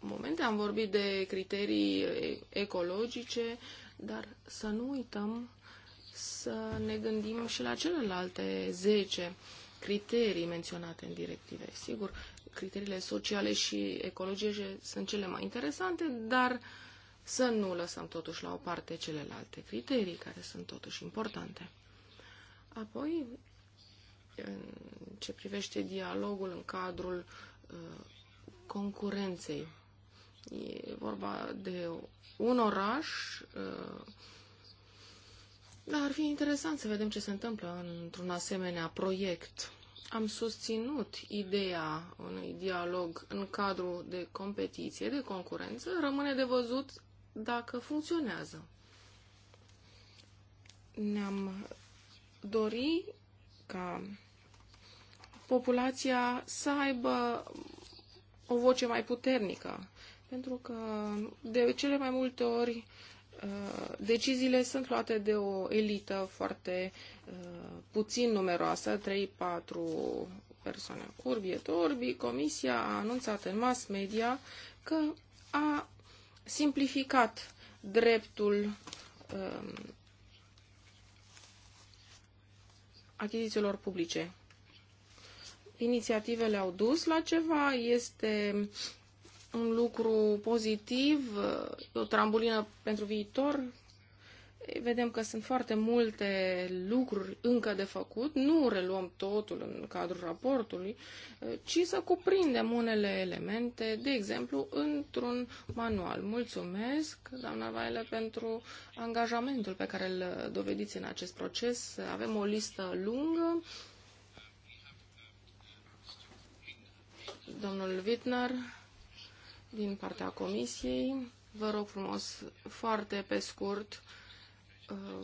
Speaker 4: momente am vorbit de criterii ecologice, dar să nu uităm să ne gândim și la celelalte 10 criterii menționate în directive. Sigur, criteriile sociale și ecologice sunt cele mai interesante, dar să nu lăsăm totuși la o parte celelalte criterii care sunt totuși importante. Apoi, în ce privește dialogul în cadrul uh, concurenței, e vorba de un oraș, uh, dar ar fi interesant să vedem ce se întâmplă într-un asemenea proiect. Am susținut ideea unui dialog în cadrul de competiție, de concurență. Rămâne de văzut dacă funcționează. Ne-am dori ca populația să aibă o voce mai puternică, pentru că de cele mai multe ori uh, deciziile sunt luate de o elită foarte uh, puțin numeroasă, 3-4 persoane. Curbie Torbi, comisia a anunțat în mass media că a simplificat dreptul uh, achizițiilor publice. Inițiativele au dus la ceva, este un lucru pozitiv, o trambulină pentru viitor, Vedem că sunt foarte multe lucruri încă de făcut, nu reluăm totul în cadrul raportului, ci să cuprindem unele elemente, de exemplu, într-un manual. Mulțumesc, doamna Vaile, pentru angajamentul pe care îl dovediți în acest proces. Avem o listă lungă. Domnul Wittner, din partea comisiei, vă rog frumos, foarte pe scurt,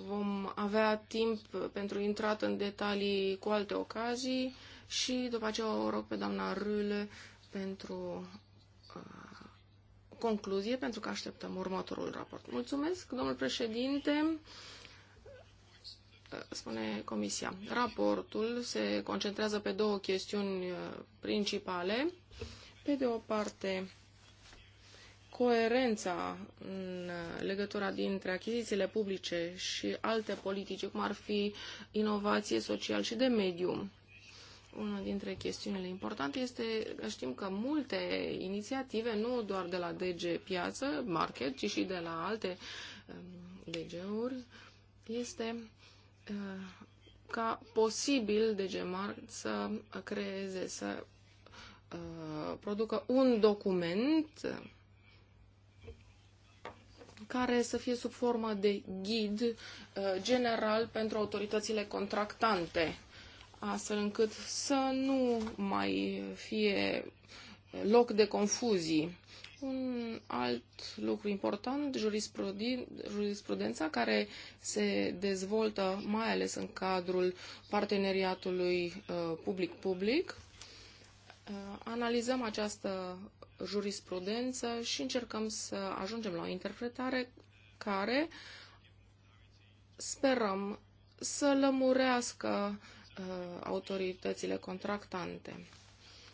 Speaker 4: Vom avea timp pentru intrat în detalii cu alte ocazii și după aceea o rog pe doamna Râle pentru uh, concluzie, pentru că așteptăm următorul raport. Mulțumesc, domnul președinte uh, spune Comisia. Raportul se concentrează pe două chestiuni uh, principale. Pe de o parte, coerența în uh, legătura dintre achizițiile publice și alte politici, cum ar fi inovație social și de mediu. Una dintre chestiunile importante este că știm că multe inițiative, nu doar de la DG Piață, Market, ci și de la alte um, DG-uri, este uh, ca posibil DG Market să creeze, să uh, producă un document care să fie sub formă de ghid uh, general pentru autoritățile contractante, astfel încât să nu mai fie loc de confuzii. Un alt lucru important, jurisprudența care se dezvoltă mai ales în cadrul parteneriatului uh, public-public. Uh, analizăm această jurisprudență și încercăm să ajungem la o interpretare care sperăm să lămurească uh, autoritățile contractante.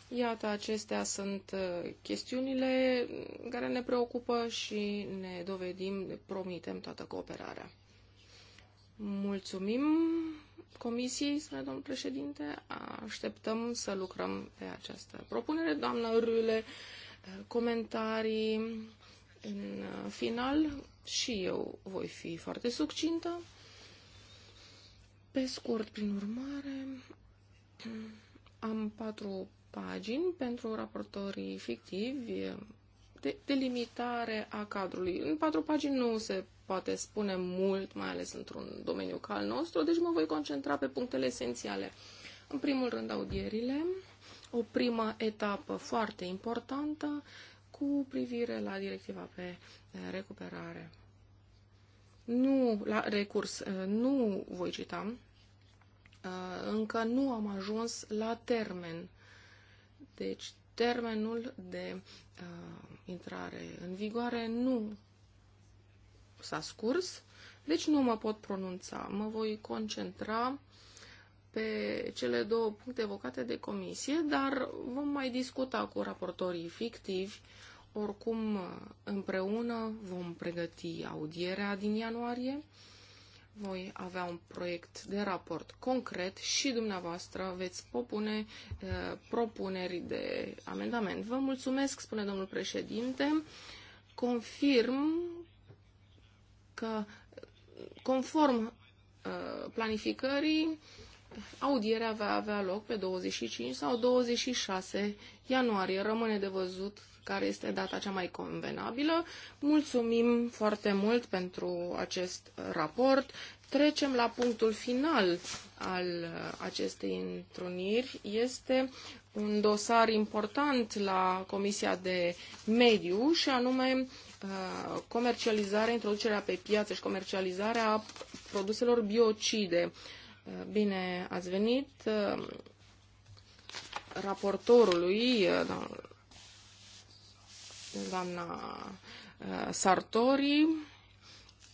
Speaker 4: Iată, acestea sunt uh, chestiunile care ne preocupă și ne dovedim, promitem toată cooperarea. Mulțumim comisiei, spune domnul președinte. Așteptăm să lucrăm pe această propunere. Doamnă Râle comentarii în final și eu voi fi foarte succintă. Pe scurt, prin urmare, am patru pagini pentru raportorii fictivi de delimitare a cadrului. În patru pagini nu se poate spune mult, mai ales într-un domeniu ca al nostru, deci mă voi concentra pe punctele esențiale. În primul rând, audierile o primă etapă foarte importantă cu privire la directiva pe eh, recuperare. Nu, la recurs, eh, nu voi cita, eh, încă nu am ajuns la termen. Deci termenul de uh, intrare în vigoare nu s-a scurs, deci nu mă pot pronunța. Mă voi concentra pe cele două puncte evocate de comisie, dar vom mai discuta cu raportorii fictivi. Oricum, împreună vom pregăti audierea din ianuarie. Voi avea un proiect de raport concret și dumneavoastră veți propune uh, eh, propuneri de amendament. Vă mulțumesc, spune domnul președinte. Confirm că, conform uh, planificării, uh, audierea va avea loc pe 25 sau 26 ianuarie. Rămâne de văzut care este data cea mai convenabilă. Mulțumim foarte mult pentru acest raport. Trecem la punctul final al acestei întruniri. Este un dosar important la Comisia de Mediu și anume uh, comercializarea, introducerea pe piață și comercializarea produselor biocide. Bine ați venit raportorului, da, doamna uh, Sartori,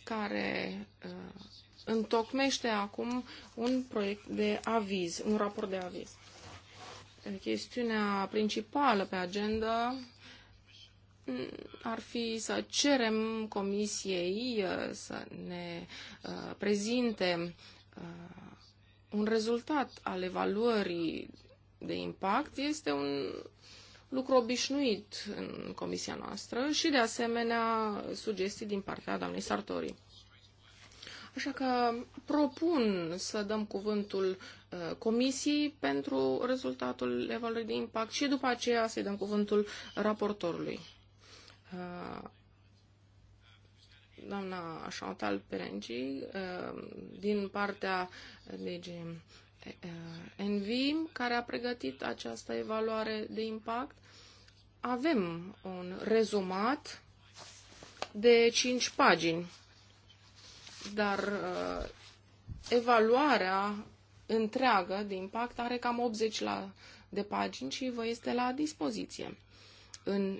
Speaker 4: care uh, întocmește acum un proiect de aviz, un raport de aviz. Chestiunea principală pe agenda mm, ar fi să cerem comisiei uh, să ne prezinte un rezultat al evaluării de impact este un lucru obișnuit în comisia noastră și, de asemenea, sugestii din partea doamnei Sartori. Așa că propun să dăm cuvântul uh, comisiei pentru rezultatul evaluării de impact și după aceea să-i dăm cuvântul raportorului. Uh, doamna Chantal Perenci uh, din partea legii uh, Envim, care a pregătit această evaluare de impact. Avem un rezumat de 5 pagini, dar uh, evaluarea întreagă de impact are cam 80 de pagini și vă este la dispoziție în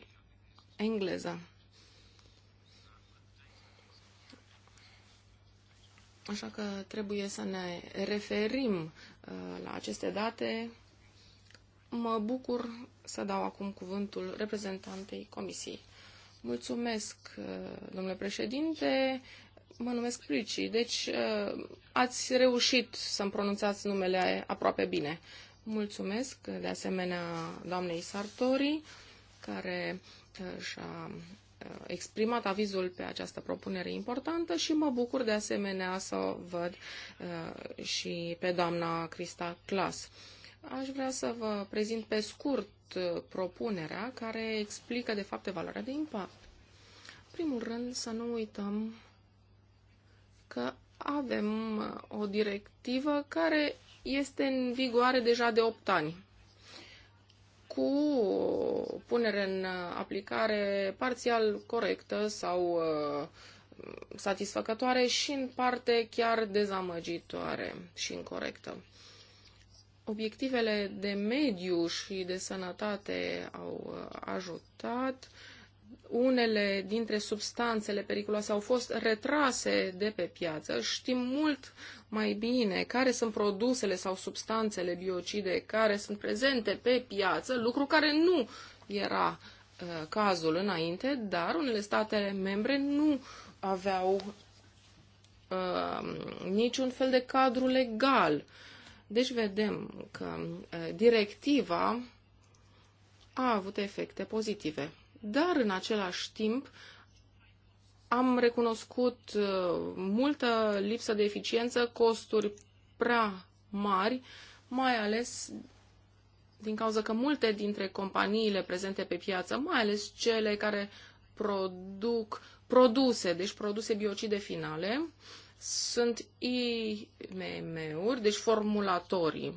Speaker 4: engleză. Așa că trebuie să ne referim uh, la aceste date. Mă bucur să dau acum cuvântul reprezentantei Comisiei. Mulțumesc, uh, domnule președinte. Mă numesc Plici, deci uh, ați reușit să-mi pronunțați numele aproape bine. Mulțumesc, de asemenea, doamnei Sartori, care și-a Uh, exprimat avizul pe această propunere importantă și mă bucur de asemenea să o văd uh, și pe doamna Crista Clas. Aș vrea să vă prezint pe scurt uh, propunerea care explică de fapt valoarea de impact. În primul rând să nu uităm că avem o directivă care este în vigoare deja de 8 ani cu punere în aplicare parțial corectă sau uh, satisfăcătoare și în parte chiar dezamăgitoare și incorrectă. Obiectivele de mediu și de sănătate au uh, ajutat unele dintre substanțele periculoase au fost retrase de pe piață. Știm mult mai bine care sunt produsele sau substanțele biocide care sunt prezente pe piață, lucru care nu era uh, cazul înainte, dar unele statele membre nu aveau uh, niciun fel de cadru legal. Deci vedem că uh, directiva a avut efecte pozitive dar în același timp am recunoscut uh, multă lipsă de eficiență, costuri prea mari, mai ales din cauza că multe dintre companiile prezente pe piață, mai ales cele care produc produse, deci produse biocide finale, sunt IMM-uri, deci formulatorii.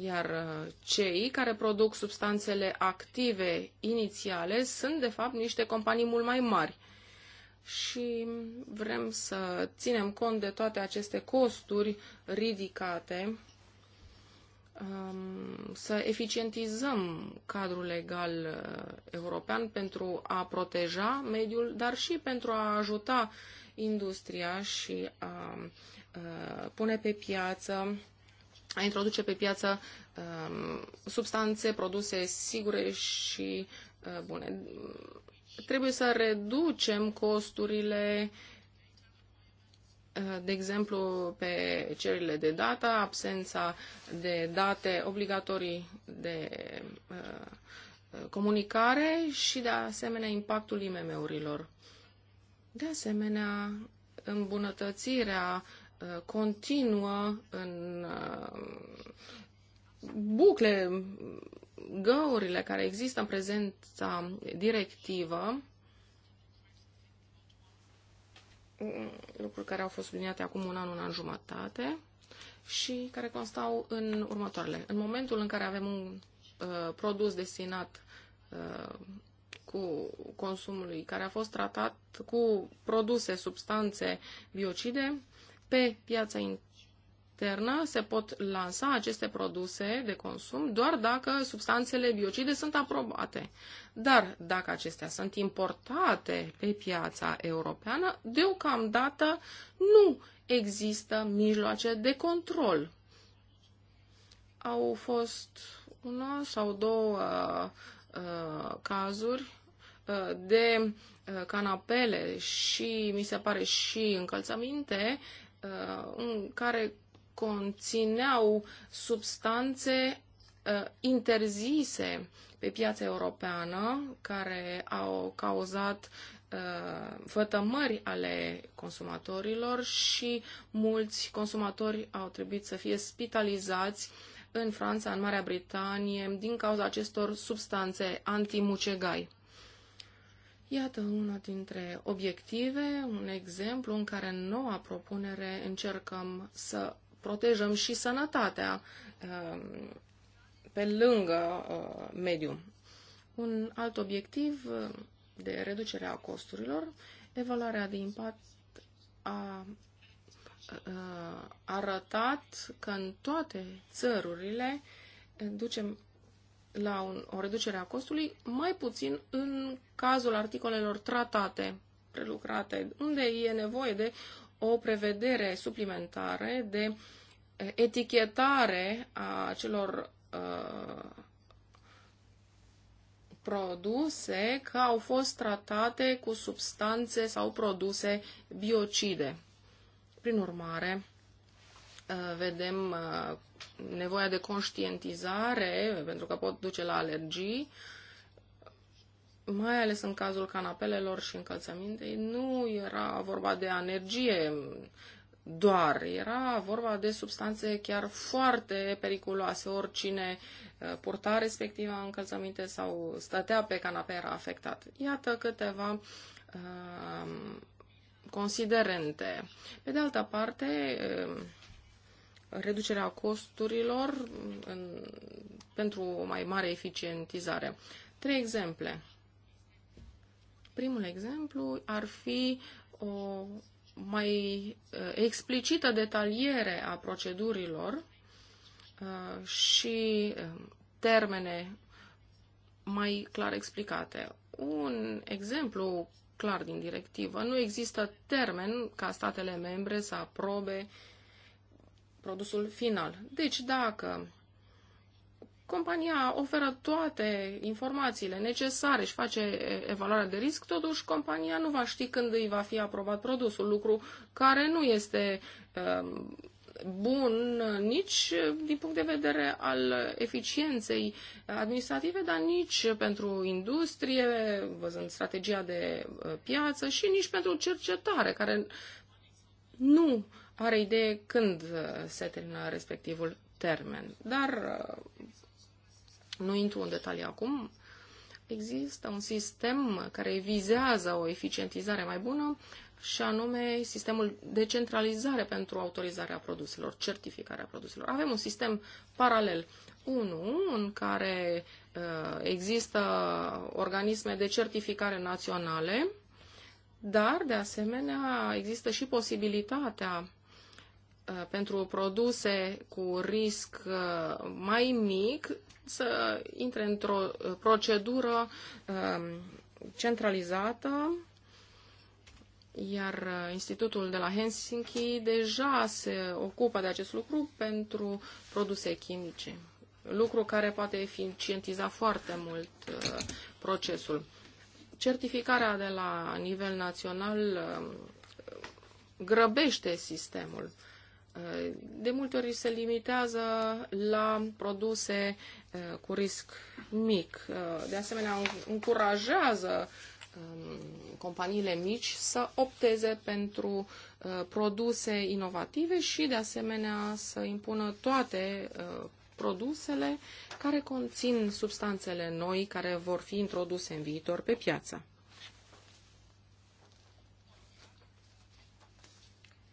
Speaker 4: Iar uh, cei care produc substanțele active inițiale sunt, de fapt, niște companii mult mai mari. Și vrem să ținem cont de toate aceste costuri ridicate, um, să eficientizăm cadrul legal uh, european pentru a proteja mediul, dar și pentru a ajuta industria și a uh, pune pe piață a introduce pe piață um, substanțe, produse sigure și uh, bune. Trebuie să reducem costurile, uh, de exemplu, pe cererile de data, absența de date obligatorii de uh, comunicare și, de asemenea, impactul IMM-urilor. De asemenea, îmbunătățirea uh, Uh, continuă în uh, bucle, găurile care există în prezența directivă, lucruri care au fost subliniate acum un an, un an jumătate și care constau în următoarele. În momentul în care avem un uh, produs destinat uh, cu consumului, care a fost tratat cu produse, substanțe biocide, pe piața internă se pot lansa aceste produse de consum doar dacă substanțele biocide sunt aprobate. Dar dacă acestea sunt importate pe piața europeană, deocamdată nu există mijloace de control. Au fost una sau două uh, uh cazuri uh, de uh, canapele și, mi se pare, și încălțăminte în uh, care conțineau substanțe uh, interzise pe piața europeană, care au cauzat uh, fătămări ale consumatorilor și mulți consumatori au trebuit să fie spitalizați în Franța, în Marea Britanie, din cauza acestor substanțe antimucegai. Iată una dintre obiective, un exemplu în care în noua propunere încercăm să protejăm și sănătatea ehm, pe lângă eh, mediu. Un alt obiectiv eh, de reducere a costurilor, evaluarea de impact a eh, arătat că în toate țărurile ducem la un, o reducere a costului, mai puțin în cazul articolelor tratate, prelucrate, unde e nevoie de o prevedere suplimentare de etichetare a celor uh, produse că au fost tratate cu substanțe sau produse biocide. Prin urmare, Uh, vedem uh, nevoia de conștientizare, pentru că pot duce la alergii, mai ales în cazul canapelelor și încălțămintei, nu era vorba de energie doar, era vorba de substanțe chiar foarte periculoase. Oricine uh, purta respectiva încălțăminte sau stătea pe canapea era afectat. Iată câteva considerente. Pe de altă parte, reducerea costurilor în, pentru o mai mare eficientizare. Trei exemple. Primul exemplu ar fi o mai eh, explicită detaliere a procedurilor eh, și eh, termene mai clar explicate. Un exemplu clar din directivă, nu există termen ca statele membre să aprobe produsul final. Deci dacă compania oferă toate informațiile necesare și face evaluarea de risc, totuși compania nu va ști când îi va fi aprobat produsul, lucru care nu este um, bun nici din punct de vedere al eficienței administrative, dar nici pentru industrie, văzând strategia de uh, piață și nici pentru cercetare, care nu are idee când uh, se termină respectivul termen. Dar uh, nu intru în detalii acum. Există un sistem care vizează o eficientizare mai bună și anume sistemul de centralizare pentru autorizarea produselor, certificarea produselor. Avem un sistem paralel. Unul în care uh, există organisme de certificare naționale, dar, de asemenea, există și posibilitatea Uh, pentru produse cu risc uh, mai mic să intre într-o uh, procedură um, centralizată, iar Institutul de la Helsinki deja se ocupă de acest lucru pentru produse chimice, lucru care poate eficientiza foarte mult procesul. Certificarea de la nivel național um, grăbește sistemul de multe ori se limitează la produse eh, cu risc mic. Eh, de asemenea, încurajează ehm, companiile mici să opteze pentru eh, produse inovative și, de asemenea, să impună toate produsele care conțin substanțele noi care vor fi introduse în viitor pe piață.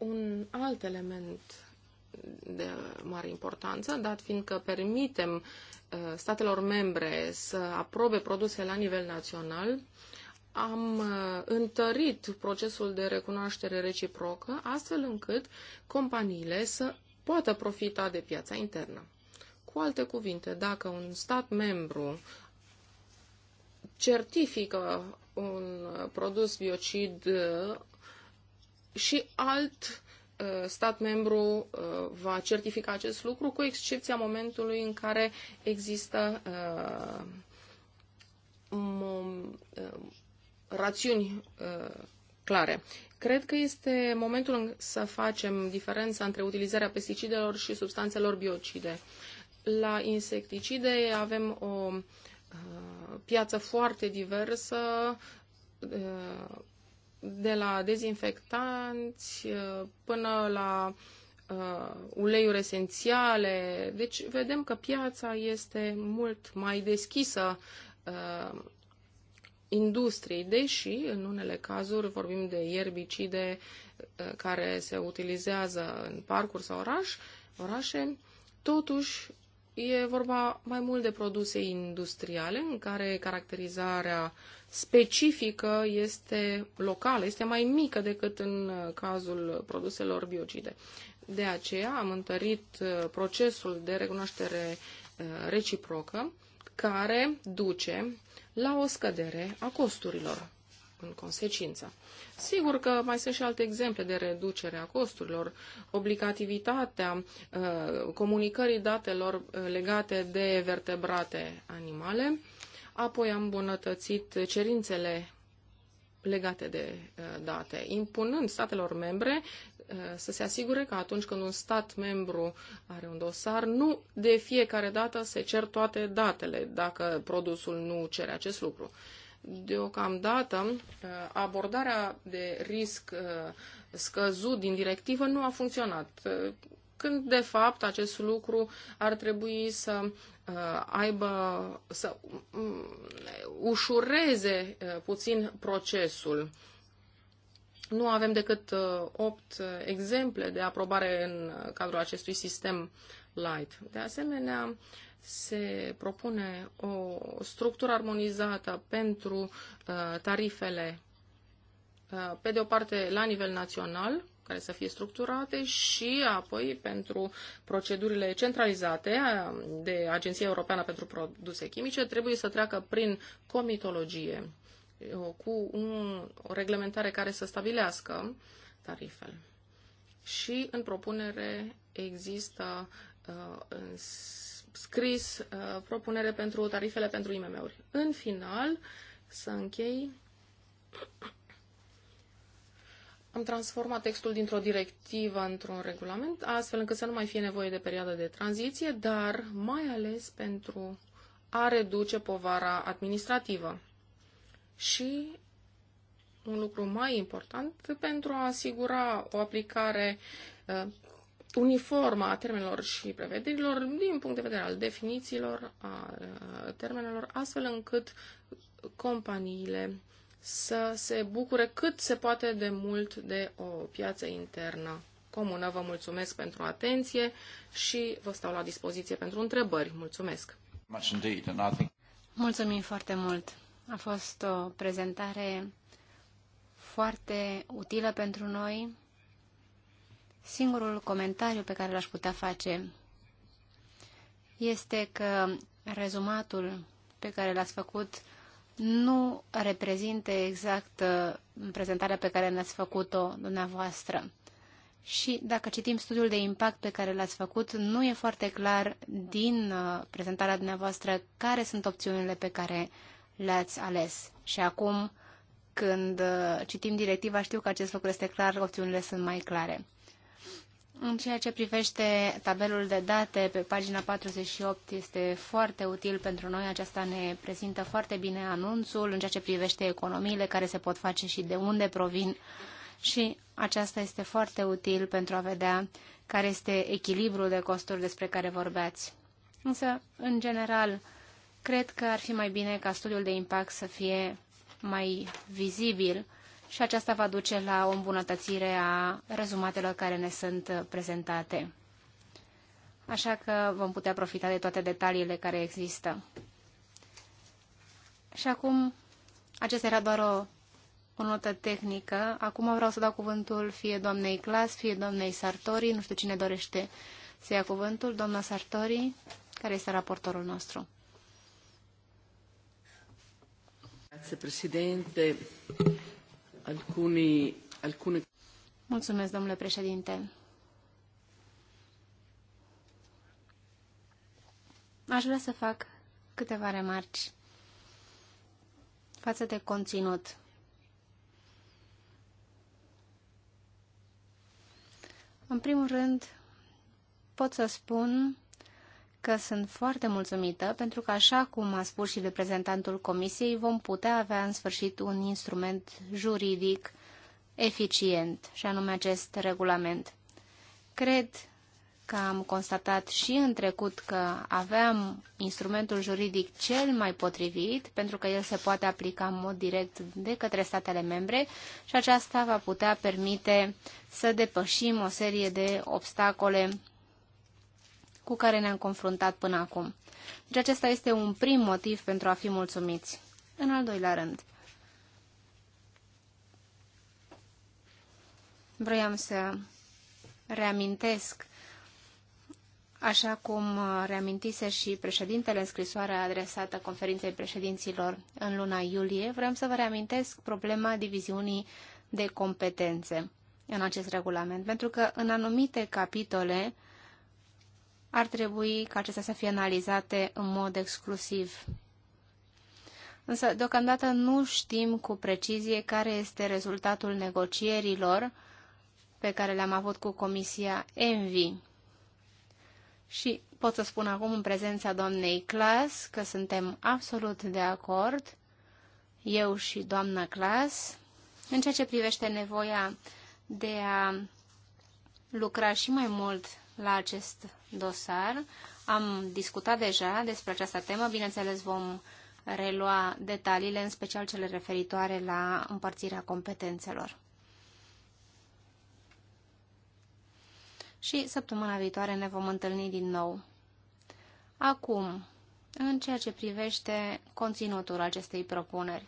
Speaker 4: un alt element de mare importanță, dat fiindcă permitem uh, statelor membre să aprobe produse la nivel național, am uh, întărit procesul de recunoaștere reciprocă, astfel încât companiile să poată profita de piața internă. Cu alte cuvinte, dacă un stat membru certifică un produs biocid uh, și alt uh, stat membru uh, va certifica acest lucru, cu excepția momentului în care există uh, rațiuni clare. Cred că este momentul să facem diferența între utilizarea pesticidelor și substanțelor biocide. La insecticide avem o piață foarte diversă de la dezinfectanți uh, până la uh, uleiuri esențiale. Deci vedem că piața este mult mai deschisă uh, industriei, deși în unele cazuri vorbim de ierbicide uh, care se utilizează în parcuri sau oraș, orașe, totuși e vorba mai mult de produse industriale în care caracterizarea specifică este locală, este mai mică decât în uh, cazul produselor biocide. De aceea am întărit uh, procesul de recunoaștere uh, reciprocă care duce la o scădere a costurilor în consecință. Sigur că mai sunt și alte exemple de reducere a costurilor, obligativitatea comunicării datelor legate de vertebrate animale, Apoi am îmbunătățit cerințele legate de uh, date, impunând statelor membre uh, să se asigure că atunci când un stat membru are un dosar, nu de fiecare dată se cer toate datele, dacă produsul nu cere acest lucru. Deocamdată, uh, abordarea de risc scăzut din directivă nu a funcționat când de fapt acest lucru ar trebui să uh, aibă, să mm, ușureze uh, puțin procesul. Nu avem decât uh, opt exemple de aprobare în cadrul acestui sistem light. De asemenea, se propune o structură armonizată pentru tarifele, pe de o parte, la nivel național, care să fie structurate și apoi pentru procedurile centralizate de Agenția Europeană pentru Produse Chimice trebuie să treacă prin comitologie cu un, o reglementare care să stabilească tarifele. Și în propunere există uh, scris uh, propunere pentru tarifele pentru IMM-uri. În final, să închei am transformat textul dintr-o directivă într-un regulament, astfel încât să nu mai fie nevoie de perioadă de tranziție, dar mai ales pentru a reduce povara administrativă. Și un lucru mai important pentru a asigura o aplicare uh, uniformă a termenilor și prevederilor din punct de vedere al definițiilor, a uh, termenelor, astfel încât companiile să se bucure cât se poate de mult de o piață internă comună. Vă mulțumesc pentru atenție și vă stau la dispoziție pentru întrebări. Mulțumesc! Mulțumim foarte mult! A fost o prezentare
Speaker 2: foarte utilă pentru noi. Singurul comentariu pe care l-aș putea face este că rezumatul pe care l-ați făcut nu reprezintă exact uh, prezentarea pe care ne-ați făcut-o dumneavoastră. Și dacă citim studiul de impact pe care l-ați făcut, nu e foarte clar din uh, prezentarea dumneavoastră care sunt opțiunile pe care le-ați ales. Și acum, când uh, citim directiva, știu că acest lucru este clar, opțiunile sunt mai clare. În ceea ce privește tabelul de date pe pagina 48 este foarte util pentru noi. Aceasta ne prezintă foarte bine anunțul în ceea ce privește economiile care se pot face și de unde provin și aceasta este foarte util pentru a vedea care este echilibrul de costuri despre care vorbeați. Însă, în general, cred că ar fi mai bine ca studiul de impact să fie mai vizibil și aceasta va duce la o îmbunătățire a rezumatelor care ne sunt prezentate. Așa că vom putea profita de toate detaliile care există. Și acum, acesta era doar o, o notă tehnică. Acum vreau să dau cuvântul fie doamnei Clas, fie doamnei Sartori. Nu știu cine dorește să ia cuvântul. Doamna Sartori, care este raportorul nostru.
Speaker 4: Grazie, Presidente alcuni,
Speaker 2: Mulțumesc, domnule președinte. Aș vrea să fac câteva remarci față de conținut. În primul rând, pot să spun că sunt foarte mulțumită pentru că, așa cum a spus și reprezentantul Comisiei, vom putea avea în sfârșit un instrument juridic eficient, și anume acest regulament. Cred că am constatat și în trecut că aveam instrumentul juridic cel mai potrivit, pentru că el se poate aplica în mod direct de către statele membre și aceasta va putea permite să depășim o serie de obstacole cu care ne-am confruntat până acum. Deci acesta este un prim motiv pentru a fi mulțumiți. În al doilea rând, vroiam să reamintesc, așa cum reamintise și președintele în scrisoarea adresată conferinței președinților în luna iulie, vreau să vă reamintesc problema diviziunii de competențe în acest regulament, pentru că în anumite capitole ar trebui ca acestea să fie analizate în mod exclusiv. Însă, deocamdată nu știm cu precizie care este rezultatul negocierilor pe care le-am avut cu Comisia ENVI. Și pot să spun acum în prezența doamnei Clas că suntem absolut de acord, eu și doamna Clas, în ceea ce privește nevoia de a lucra și mai mult la acest dosar. Am discutat deja despre această temă, bineînțeles vom relua detaliile, în special cele referitoare la împărțirea competențelor. Și săptămâna viitoare ne vom întâlni din nou. Acum, în ceea ce privește conținutul acestei propuneri,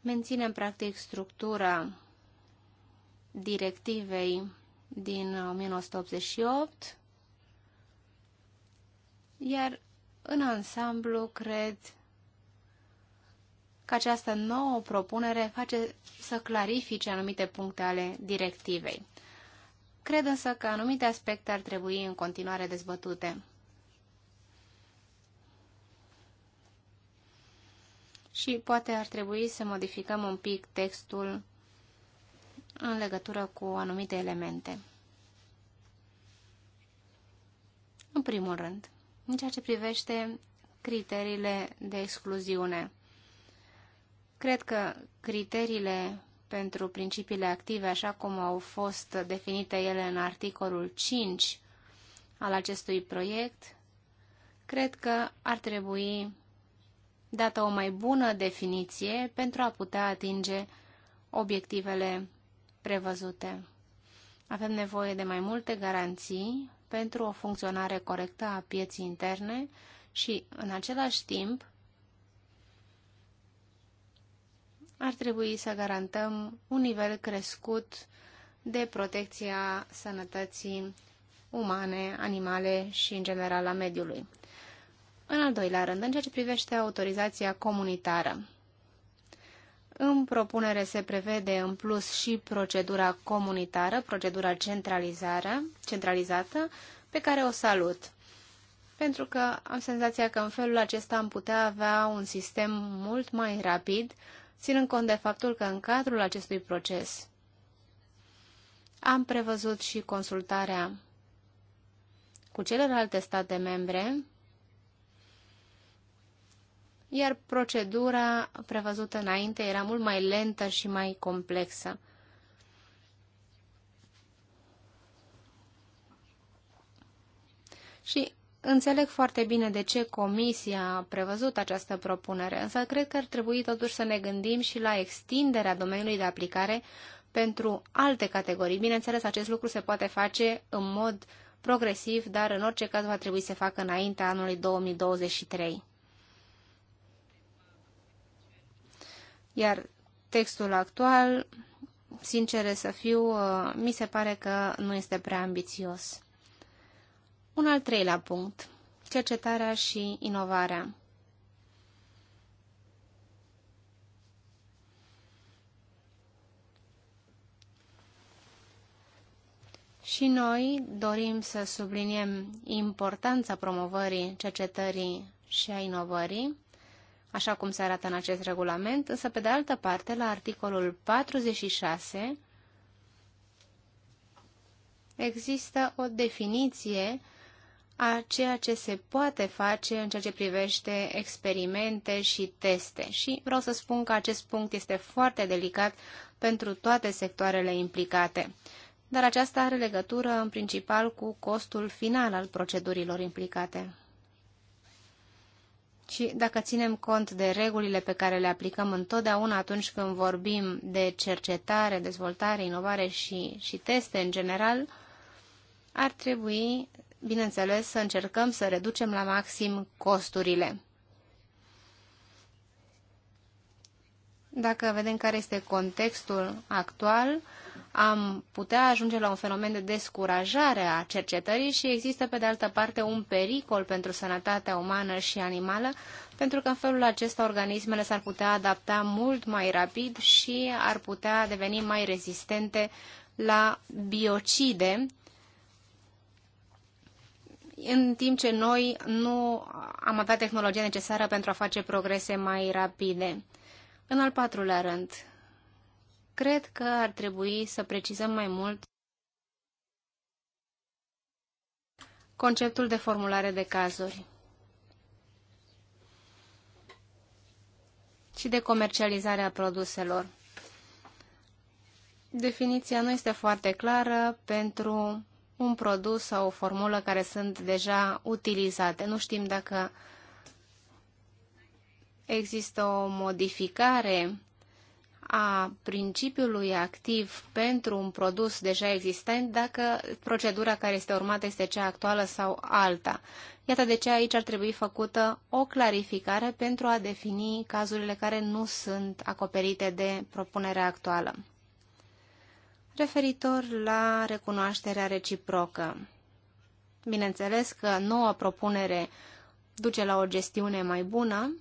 Speaker 2: menținem practic structura directivei din 1988, uh, iar în ansamblu cred că această nouă propunere face să clarifice anumite puncte ale directivei. Cred însă că anumite aspecte ar trebui în continuare dezbătute. Și poate ar trebui să modificăm un pic textul în legătură cu anumite elemente. În primul rând, în ceea ce privește criteriile de excluziune. Cred că criteriile pentru principiile active, așa cum au fost definite ele în articolul 5 al acestui proiect, cred că ar trebui dată o mai bună definiție pentru a putea atinge obiectivele prevăzute. Avem nevoie de mai multe garanții pentru o funcționare corectă a pieții interne și, în același timp, ar trebui să garantăm un nivel crescut de protecția sănătății umane, animale și, în general, a mediului. În al doilea rând, în ceea ce privește autorizația comunitară, în propunere se prevede în plus și procedura comunitară, procedura centralizată, pe care o salut. Pentru că am senzația că în felul acesta am putea avea un sistem mult mai rapid, ținând cont de faptul că în cadrul acestui proces am prevăzut și consultarea cu celelalte state membre iar procedura prevăzută înainte era mult mai lentă și mai complexă. Și înțeleg foarte bine de ce Comisia a prevăzut această propunere, însă cred că ar trebui totuși să ne gândim și la extinderea domeniului de aplicare pentru alte categorii. Bineînțeles, acest lucru se poate face în mod progresiv, dar în orice caz va trebui să se facă înaintea anului 2023. Iar textul actual, sincer să fiu, uh, mi se pare că nu este prea ambițios. Un al treilea punct. Cercetarea și inovarea. Și noi dorim să subliniem importanța promovării cercetării și a inovării așa cum se arată în acest regulament, însă pe de altă parte, la articolul 46 există o definiție a ceea ce se poate face în ceea ce privește experimente și teste. Și vreau să spun că acest punct este foarte delicat pentru toate sectoarele implicate. Dar aceasta are legătură în principal cu costul final al procedurilor implicate ci dacă ținem cont de regulile pe care le aplicăm întotdeauna atunci când vorbim de cercetare, dezvoltare, inovare și, și teste în general, ar trebui, bineînțeles, să încercăm să reducem la maxim costurile. Dacă vedem care este contextul actual, am putea ajunge la un fenomen de descurajare a cercetării și există, pe de altă parte, un pericol pentru sănătatea umană și animală, pentru că în felul acesta organismele s-ar putea adapta mult mai rapid și ar putea deveni mai rezistente la biocide, în timp ce noi nu am avea tehnologia necesară pentru a face progrese mai rapide. În al patrulea rând, cred că ar trebui să precizăm mai mult conceptul de formulare de cazuri și de comercializare a produselor. Definiția nu este foarte clară pentru un produs sau o formulă care sunt deja utilizate. Nu știm dacă există o modificare a principiului activ pentru un produs deja existent dacă procedura care este urmată este cea actuală sau alta. Iată de ce aici ar trebui făcută o clarificare pentru a defini cazurile care nu sunt acoperite de propunerea actuală. Referitor la recunoașterea reciprocă. Bineînțeles că noua propunere duce la o gestiune mai bună,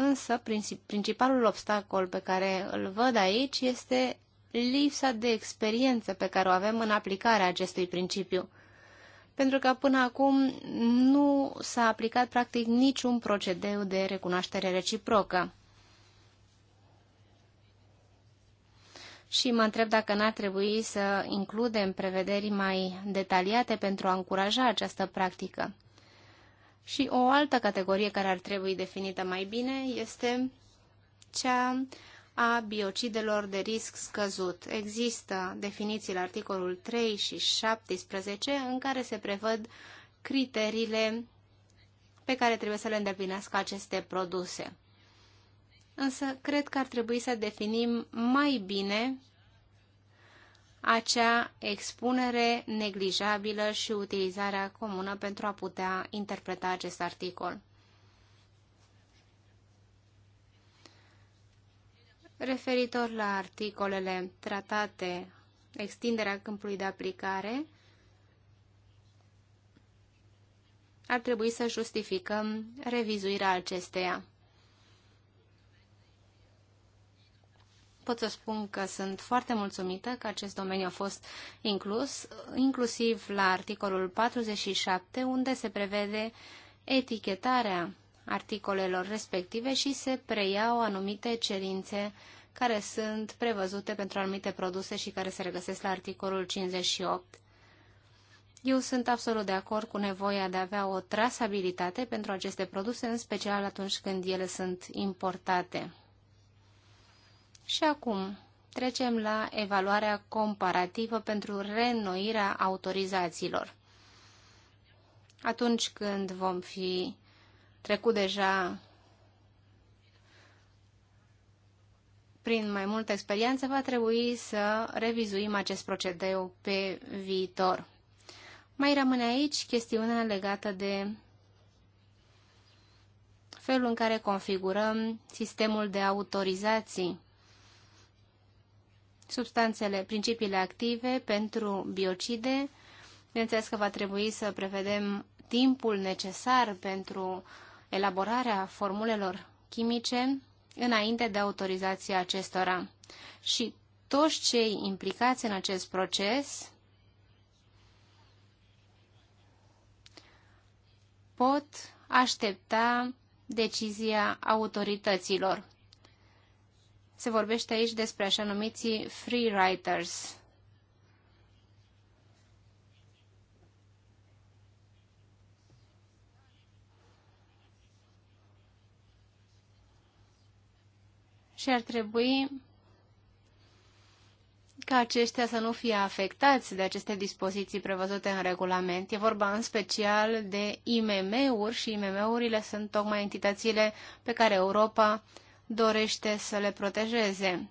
Speaker 2: Însă, principalul obstacol pe care îl văd aici este lipsa de experiență pe care o avem în aplicarea acestui principiu. Pentru că până acum nu s-a aplicat practic niciun procedeu de recunoaștere reciprocă. Și mă întreb dacă n-ar trebui să includem prevederi mai detaliate pentru a încuraja această practică. Și o altă categorie care ar trebui definită mai bine este cea a biocidelor de risc scăzut. Există definiții la articolul 3 și 17 în care se prevăd criteriile pe care trebuie să le îndeplinească aceste produse. Însă, cred că ar trebui să definim mai bine acea expunere neglijabilă și utilizarea comună pentru a putea interpreta acest articol. Referitor la articolele tratate, extinderea câmpului de aplicare, ar trebui să justificăm revizuirea acesteia. pot să spun că sunt foarte mulțumită că acest domeniu a fost inclus, inclusiv la articolul 47, unde se prevede etichetarea articolelor respective și se preiau anumite cerințe care sunt prevăzute pentru anumite produse și care se regăsesc la articolul 58. Eu sunt absolut de acord cu nevoia de a avea o trasabilitate pentru aceste produse, în special atunci când ele sunt importate. Și acum trecem la evaluarea comparativă pentru reînnoirea autorizațiilor. Atunci când vom fi trecut deja prin mai multă experiență, va trebui să revizuim acest procedeu pe viitor. Mai rămâne aici chestiunea legată de felul în care configurăm sistemul de autorizații substanțele, principiile active pentru biocide. Bineînțeles că va trebui să prevedem timpul necesar pentru elaborarea formulelor chimice înainte de autorizația acestora. Și toți cei implicați în acest proces pot aștepta decizia autorităților. Se vorbește aici despre așa numiții free writers. Și ar trebui ca aceștia să nu fie afectați de aceste dispoziții prevăzute în regulament. E vorba în special de IMM-uri și IMM-urile sunt tocmai entitățile pe care Europa dorește să le protejeze.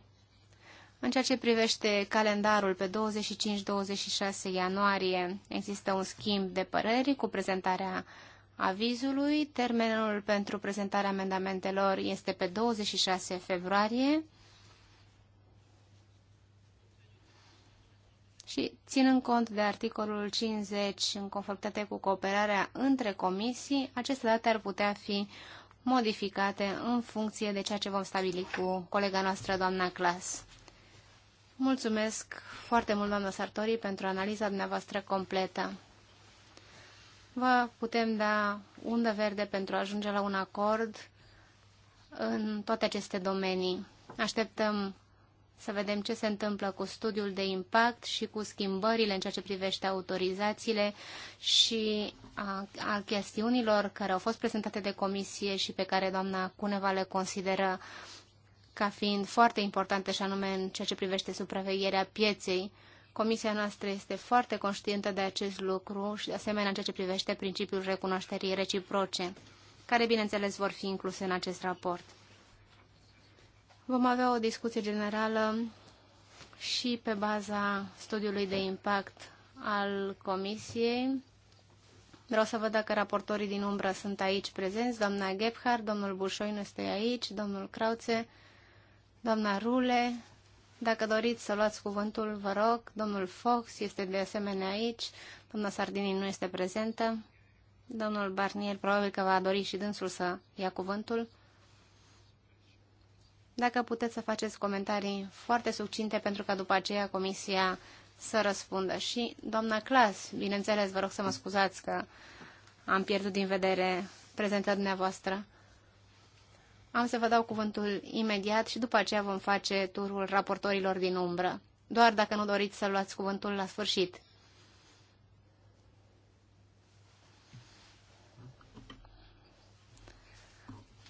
Speaker 2: În ceea ce privește calendarul, pe 25-26 ianuarie există un schimb de păreri cu prezentarea avizului. Termenul pentru prezentarea amendamentelor este pe 26 februarie. Și ținând cont de articolul 50, în conformitate cu cooperarea între comisii, aceste date ar putea fi modificate în funcție de ceea ce vom stabili cu colega noastră, doamna Clas. Mulțumesc foarte mult, doamna Sartori, pentru analiza dumneavoastră completă. Vă putem da undă verde pentru a ajunge la un acord în toate aceste domenii. Așteptăm să vedem ce se întâmplă cu studiul de impact și cu schimbările în ceea ce privește autorizațiile și a, a chestiunilor care au fost prezentate de comisie și pe care doamna Cuneva le consideră ca fiind foarte importante și anume în ceea ce privește supravegherea pieței. Comisia noastră este foarte conștientă de acest lucru și de asemenea în ceea ce privește principiul recunoașterii reciproce, care bineînțeles vor fi incluse în acest raport. Vom avea o discuție generală și pe baza studiului de impact al Comisiei. Vreau să văd dacă raportorii din umbră sunt aici prezenți. Doamna Gebhardt, domnul Bușoi nu este aici, domnul Crauțe, doamna Rule. Dacă doriți să luați cuvântul, vă rog. Domnul Fox este de asemenea aici. Doamna Sardini nu este prezentă. Domnul Barnier probabil că va dori și dânsul să ia cuvântul. Dacă puteți să faceți comentarii foarte succinte pentru ca după aceea comisia să răspundă. Și doamna Clas, bineînțeles, vă rog să mă scuzați că am pierdut din vedere prezentarea dumneavoastră. Am să vă dau cuvântul imediat și după aceea vom face turul raportorilor din umbră. Doar dacă nu doriți să luați cuvântul la sfârșit.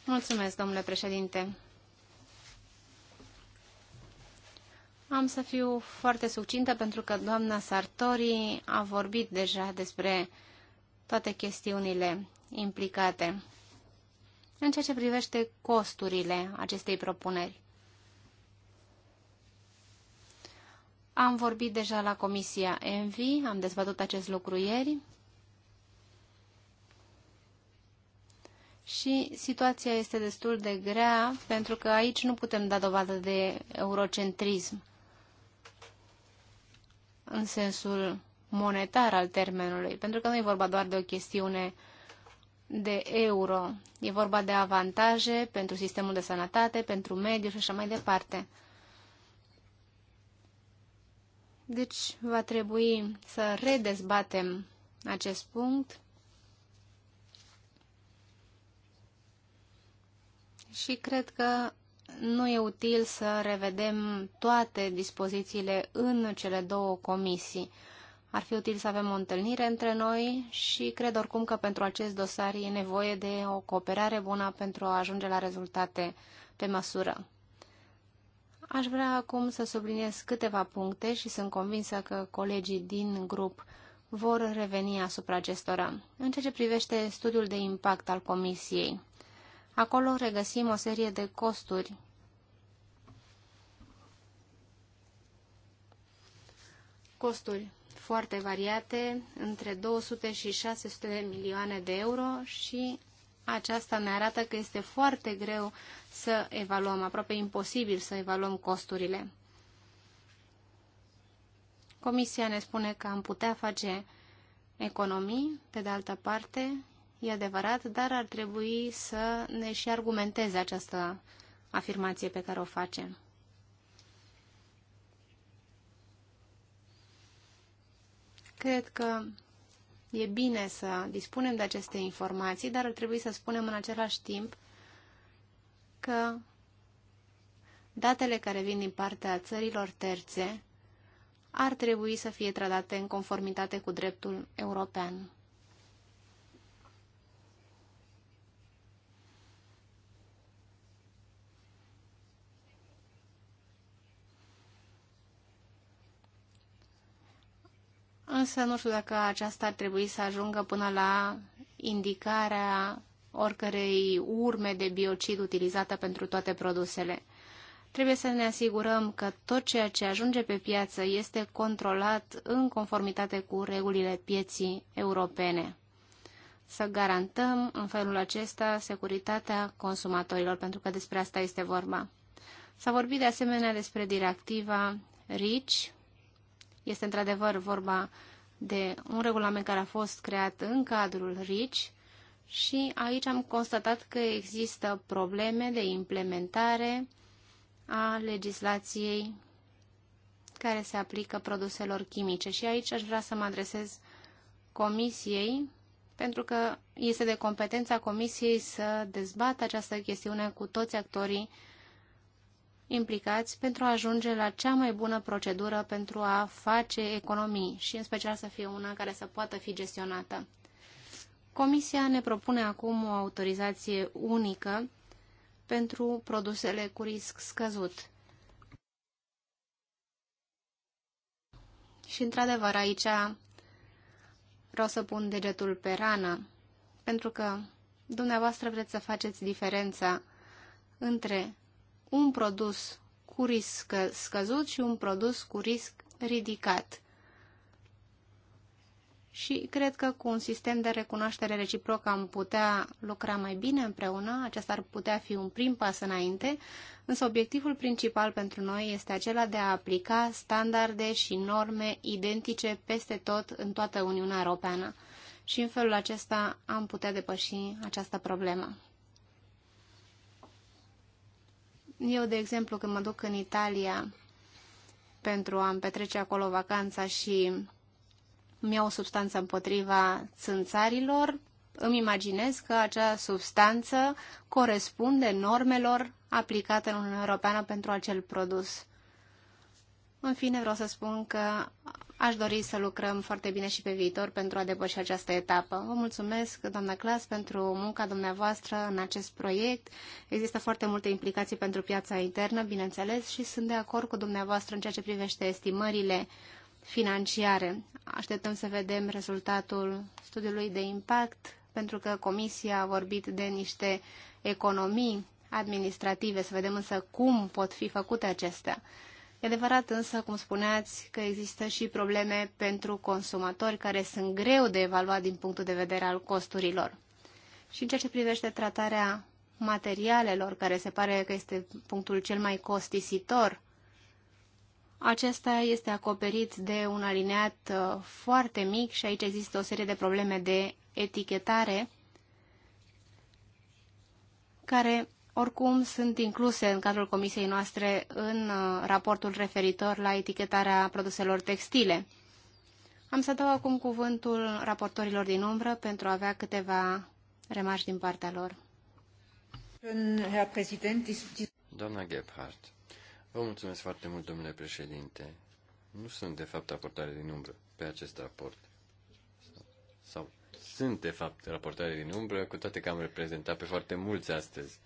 Speaker 2: Mulțumesc, domnule președinte. Am să fiu foarte succintă pentru că doamna Sartori a vorbit deja despre toate chestiunile implicate în ceea ce privește costurile acestei propuneri. Am vorbit deja la Comisia ENVI, am dezbătut acest lucru ieri și situația este destul de grea pentru că aici nu putem da dovadă de eurocentrism în sensul monetar al termenului, pentru că nu e vorba doar de o chestiune de euro, e vorba de avantaje pentru sistemul de sănătate, pentru mediu și așa mai departe. Deci va trebui să redezbatem acest punct și cred că nu e util să revedem toate dispozițiile în cele două comisii. Ar fi util să avem o întâlnire între noi și cred oricum că pentru acest dosar e nevoie de o cooperare bună pentru a ajunge la rezultate pe măsură. Aș vrea acum să subliniez câteva puncte și sunt convinsă că colegii din grup vor reveni asupra acestora. În ceea ce privește studiul de impact al Comisiei, Acolo regăsim o serie de costuri costuri foarte variate, între 200 și 600 de milioane de euro și aceasta ne arată că este foarte greu să evaluăm, aproape imposibil să evaluăm costurile. Comisia ne spune că am putea face economii, pe de altă parte, e adevărat, dar ar trebui să ne și argumenteze această afirmație pe care o facem. Cred că e bine să dispunem de aceste informații, dar ar trebui să spunem în același timp că datele care vin din partea țărilor terțe ar trebui să fie tratate în conformitate cu dreptul european. Însă nu știu dacă aceasta ar trebui să ajungă până la indicarea oricărei urme de biocid utilizată pentru toate produsele. Trebuie să ne asigurăm că tot ceea ce ajunge pe piață este controlat în conformitate cu regulile pieții europene. Să garantăm în felul acesta securitatea consumatorilor, pentru că despre asta este vorba. S-a vorbit de asemenea despre directiva RICI, este într-adevăr vorba de un regulament care a fost creat în cadrul RICI și aici am constatat că există probleme de implementare a legislației care se aplică produselor chimice. Și aici aș vrea să mă adresez Comisiei, pentru că este de competența Comisiei să dezbată această chestiune cu toți actorii implicați pentru a ajunge la cea mai bună procedură pentru a face economii și în special să fie una care să poată fi gestionată. Comisia ne propune acum o autorizație unică pentru produsele cu risc scăzut. Și într-adevăr aici vreau să pun degetul pe rană, pentru că dumneavoastră vreți să faceți diferența între un produs cu risc scăzut și un produs cu risc ridicat. Și cred că cu un sistem de recunoaștere reciproc am putea lucra mai bine împreună, acesta ar putea fi un prim pas înainte, însă obiectivul principal pentru noi este acela de a aplica standarde și norme identice peste tot în toată Uniunea Europeană. Și în felul acesta am putea depăși această problemă. Eu, de exemplu, când mă duc în Italia pentru a-mi petrece acolo vacanța și îmi iau o substanță împotriva țânțarilor, îmi imaginez că acea substanță corespunde normelor aplicate în Uniunea Europeană pentru acel produs. În fine, vreau să spun că Aș dori să lucrăm foarte bine și pe viitor pentru a depăși această etapă. Vă mulțumesc, doamna Clas, pentru munca dumneavoastră în acest proiect. Există foarte multe implicații pentru piața internă, bineînțeles, și sunt de acord cu dumneavoastră în ceea ce privește estimările financiare. Așteptăm să vedem rezultatul studiului de impact, pentru că Comisia a vorbit de niște economii administrative, să vedem însă cum pot fi făcute acestea. E adevărat însă, cum spuneați, că există și probleme pentru consumatori care sunt greu de evaluat din punctul de vedere al costurilor. Și în ceea ce privește tratarea materialelor, care se pare că este punctul cel mai costisitor, acesta este acoperit de un alineat uh, foarte mic și aici există o serie de probleme de etichetare care oricum sunt incluse în cadrul comisiei noastre în uh, raportul referitor la etichetarea produselor textile. Am să dau acum cuvântul raportorilor din umbră pentru a avea câteva remarci din partea lor.
Speaker 3: Doamna Gebhardt, vă mulțumesc foarte mult, domnule președinte. Nu sunt, de fapt, raportare din umbră pe acest raport. Sau sunt, de fapt, raportare din umbră, cu toate că am reprezentat pe foarte mulți astăzi.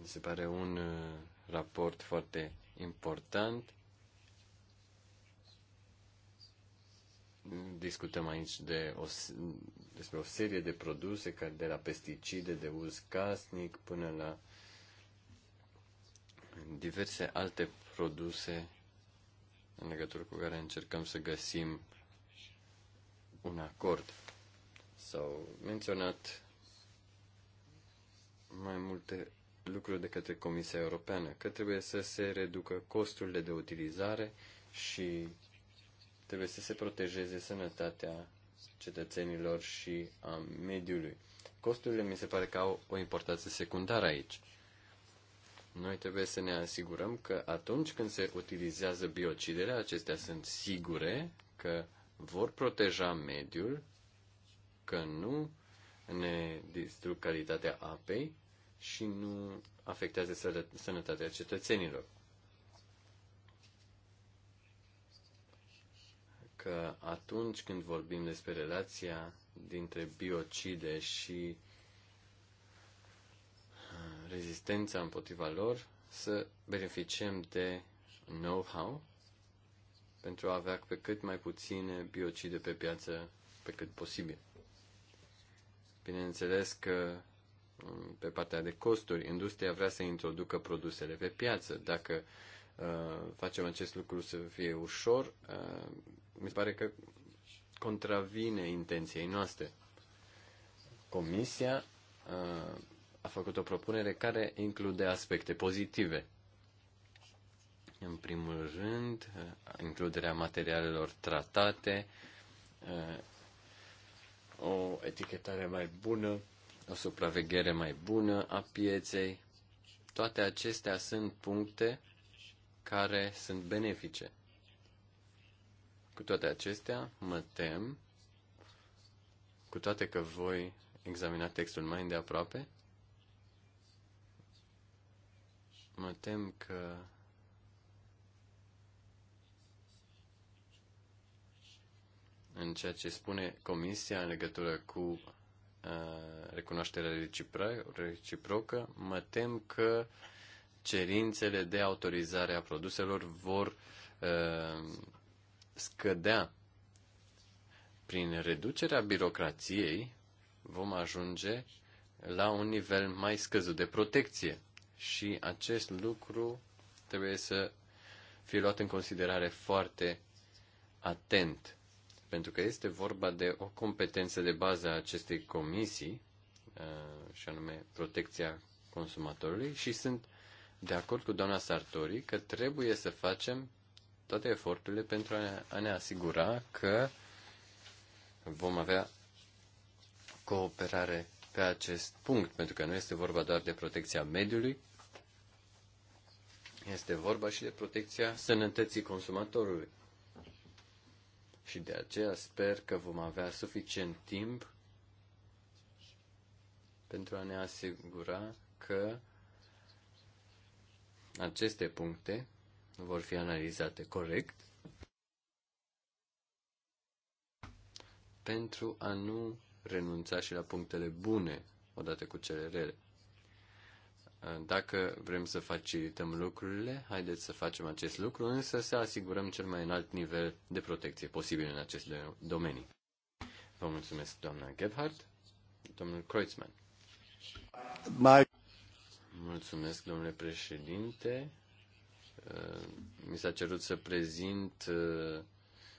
Speaker 3: Mi se pare un uh, raport foarte important. Discutăm aici de o, despre o serie de produse, care de la pesticide de uz casnic până la diverse alte produse în legătură cu care încercăm să găsim un acord. S-au menționat mai multe lucru de către Comisia Europeană, că trebuie să se reducă costurile de utilizare și trebuie să se protejeze sănătatea cetățenilor și a mediului. Costurile mi se pare că au o importanță secundară aici. Noi trebuie să ne asigurăm că atunci când se utilizează biocidele, acestea sunt sigure că vor proteja mediul, că nu ne distrug calitatea apei și nu afectează sănătatea cetățenilor. Că atunci când vorbim despre relația dintre biocide și uh, rezistența împotriva lor, să beneficiem de know-how pentru a avea pe cât mai puține biocide pe piață pe cât posibil. Bineînțeles că pe partea de costuri. Industria vrea să introducă produsele pe piață. Dacă uh, facem acest lucru să fie ușor, uh, mi se pare că contravine intenției noastre. Comisia uh, a făcut o propunere care include aspecte pozitive. În primul rând, uh, includerea materialelor tratate, uh, o etichetare mai bună o supraveghere mai bună a pieței. Toate acestea sunt puncte care sunt benefice. Cu toate acestea, mă tem, cu toate că voi examina textul mai îndeaproape, mă tem că în ceea ce spune Comisia în legătură cu recunoaștere reciprocă, mă tem că cerințele de autorizare a produselor vor scădea. Prin reducerea birocrației vom ajunge la un nivel mai scăzut de protecție și acest lucru trebuie să fie luat în considerare foarte atent pentru că este vorba de o competență de bază a acestei comisii, și anume protecția consumatorului, și sunt de acord cu doamna Sartori că trebuie să facem toate eforturile pentru a ne asigura că vom avea cooperare pe acest punct, pentru că nu este vorba doar de protecția mediului, este vorba și de protecția sănătății consumatorului și de aceea sper că vom avea suficient timp pentru a ne asigura că aceste puncte vor fi analizate corect pentru a nu renunța și la punctele bune odată cu cele rele. Dacă vrem să facilităm lucrurile, haideți să facem acest lucru, însă să asigurăm cel mai înalt nivel de protecție posibil în aceste domenii. Vă mulțumesc, doamna Gebhardt. Domnul Kreutzmann. Mai... Mulțumesc, domnule președinte. Uh, mi s-a cerut să prezint uh,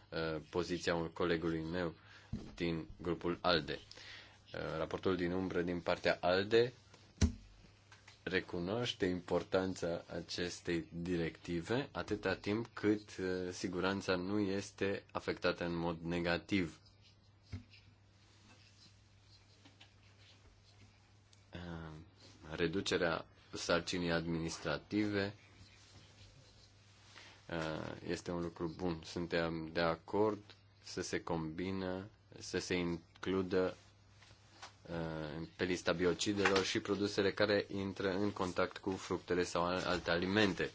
Speaker 3: uh, poziția colegului meu din grupul ALDE. Raportul din umbră din partea ALDE recunoaște importanța acestei directive atâta timp cât uh, siguranța nu este afectată în mod negativ. Uh, reducerea sarcinii administrative uh, este un lucru bun. Suntem de acord să se combină, să se includă Uh, pe lista biocidelor și produsele care intră în contact cu fructele sau alte alimente.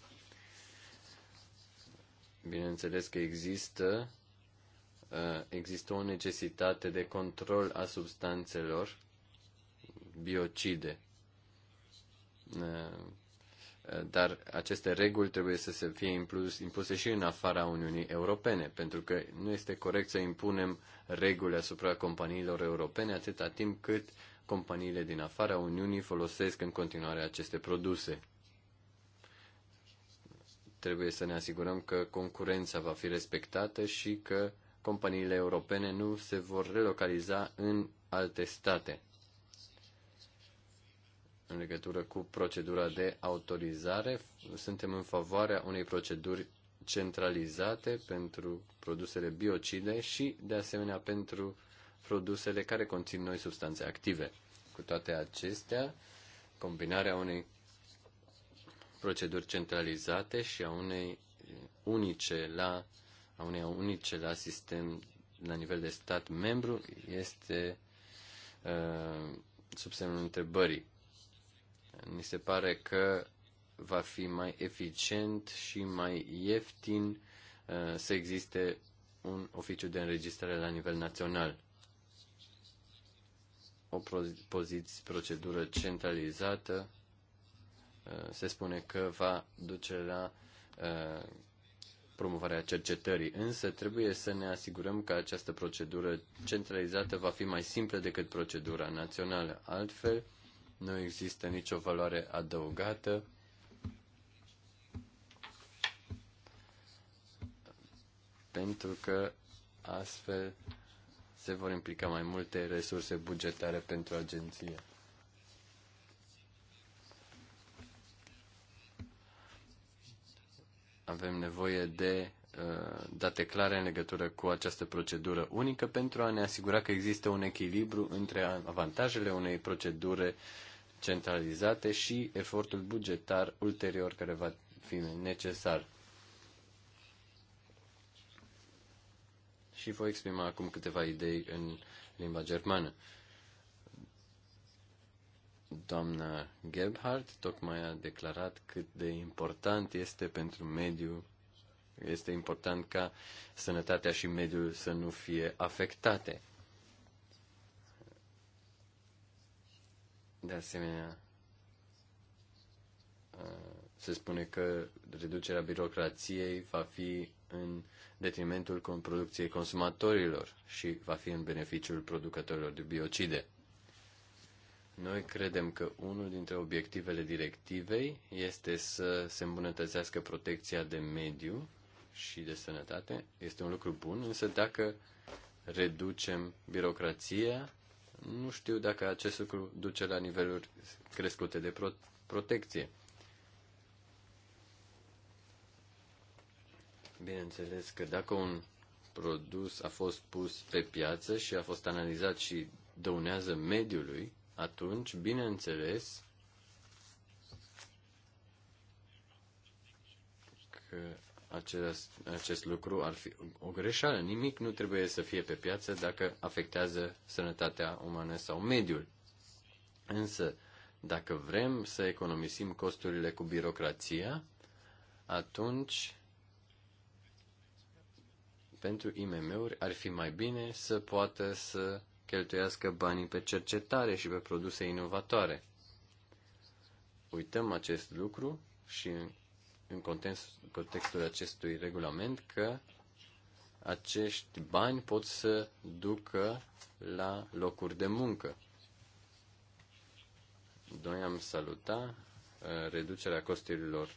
Speaker 3: Bineînțeles că există, uh, există o necesitate de control a substanțelor biocide uh, dar aceste reguli trebuie să se fie impus, impuse și în afara Uniunii Europene, pentru că nu este corect să impunem reguli asupra companiilor europene atâta timp cât companiile din afara Uniunii folosesc în continuare aceste produse. Trebuie să ne asigurăm că concurența va fi respectată și că companiile europene nu se vor relocaliza în alte state în legătură cu procedura de autorizare. Suntem în favoarea unei proceduri centralizate pentru produsele biocide și, de asemenea, pentru produsele care conțin noi substanțe active. Cu toate acestea, combinarea unei proceduri centralizate și a unei unice la, a unei unice la sistem la nivel de stat membru este uh, sub semnul întrebării ni se pare că va fi mai eficient și mai ieftin uh, să existe un oficiu de înregistrare la nivel național. O poziție, procedură centralizată uh, se spune că va duce la uh, promovarea cercetării, însă trebuie să ne asigurăm că această procedură centralizată va fi mai simplă decât procedura națională. Altfel, nu există nicio valoare adăugată. Pentru că astfel se vor implica mai multe resurse bugetare pentru agenție. Avem nevoie de Uh, date clare în legătură cu această procedură unică pentru a ne asigura că există un echilibru între avantajele unei procedure centralizate și efortul bugetar ulterior care va fi necesar. Și voi exprima acum câteva idei în limba germană. Doamna Gebhardt tocmai a declarat cât de important este pentru mediul este important ca sănătatea și mediul să nu fie afectate. De asemenea, se spune că reducerea birocrației va fi în detrimentul producției consumatorilor și va fi în beneficiul producătorilor de biocide. Noi credem că unul dintre obiectivele directivei este să se îmbunătățească protecția de mediu și de sănătate este un lucru bun, însă dacă reducem birocrația, nu știu dacă acest lucru duce la niveluri crescute de pro- protecție. Bineînțeles că dacă un produs a fost pus pe piață și a fost analizat și dăunează mediului, atunci, bineînțeles, că acest, acest lucru ar fi o greșeală. Nimic nu trebuie să fie pe piață dacă afectează sănătatea umană sau mediul. Însă, dacă vrem să economisim costurile cu birocrația, atunci pentru IMM-uri ar fi mai bine să poată să cheltuiască banii pe cercetare și pe produse inovatoare. Uităm acest lucru și în contextul acestui regulament că acești bani pot să ducă la locuri de muncă. Noi am salutat uh, reducerea costurilor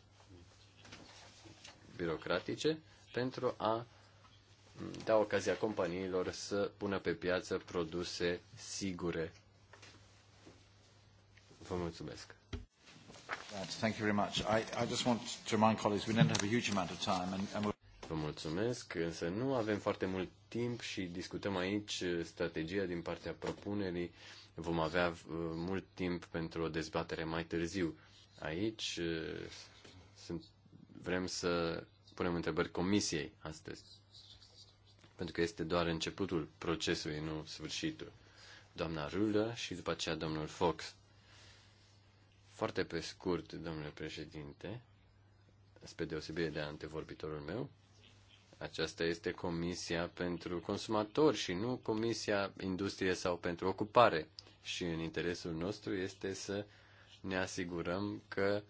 Speaker 3: birocratice pentru a mm, da ocazia companiilor să pună pe piață produse sigure. Vă mulțumesc! Thank you very much. I, I just want to remind colleagues we have a huge amount of time and, and Vă mulțumesc, însă nu avem foarte mult timp și discutăm aici uh, strategia din partea propunerii. Vom avea uh, mult timp pentru o dezbatere mai târziu. Aici uh, sunt, vrem să punem întrebări comisiei astăzi, pentru că este doar începutul procesului, nu sfârșitul. Doamna Rulă și după aceea domnul Fox. Foarte pe scurt, domnule președinte, spre deosebire de antevorbitorul meu, aceasta este Comisia pentru Consumatori și nu Comisia Industrie sau pentru Ocupare. Și în interesul nostru este să ne asigurăm că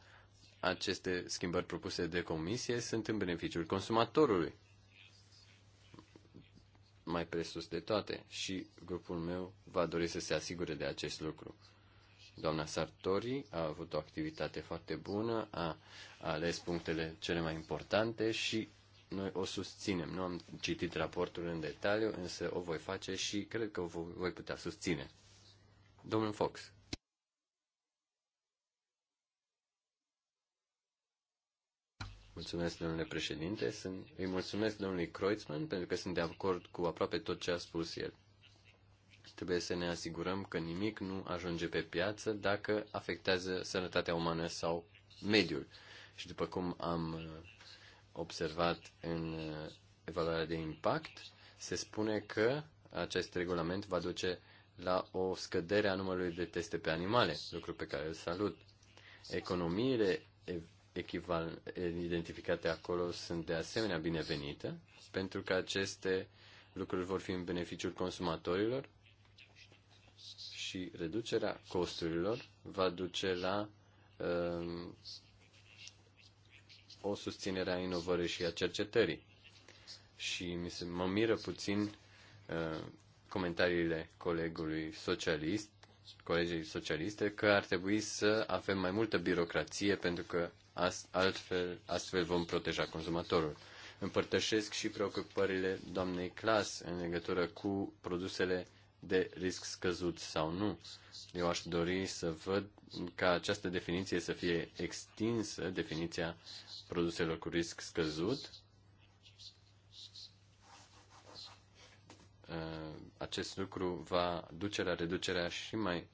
Speaker 3: aceste schimbări propuse de Comisie sunt în beneficiul consumatorului. Mai presus de toate. Și grupul meu va dori să se asigure de acest lucru. Doamna Sartori a avut o activitate foarte bună, a, ales punctele cele mai importante și noi o susținem. Nu am citit raportul în detaliu, însă o voi face și cred că o voi putea susține. Domnul Fox. Mulțumesc, domnule președinte. Sunt, îi mulțumesc domnului Kreutzmann pentru că sunt de acord cu aproape tot ce a spus el. Trebuie să ne asigurăm că nimic nu ajunge pe piață dacă afectează sănătatea umană sau mediul. Și după cum am uh, observat în uh, evaluarea de impact, se spune că acest regulament va duce la o scădere a numărului de teste pe animale, lucru pe care îl salut. Economiile echival, identificate acolo sunt de asemenea binevenite, pentru că aceste lucruri vor fi în beneficiul consumatorilor și reducerea costurilor va duce la um, o susținere a inovării și a cercetării. Și mi se, mă miră puțin uh, comentariile colegului socialist, colegii socialiste, că ar trebui să avem mai multă birocrație pentru că ast, altfel, astfel vom proteja consumatorul. Împărtășesc și preocupările doamnei Clas în legătură cu produsele de risc scăzut sau nu. Eu aș dori să văd ca această definiție să fie extinsă, definiția produselor cu risc scăzut. Uh, acest lucru va duce la reducerea și mai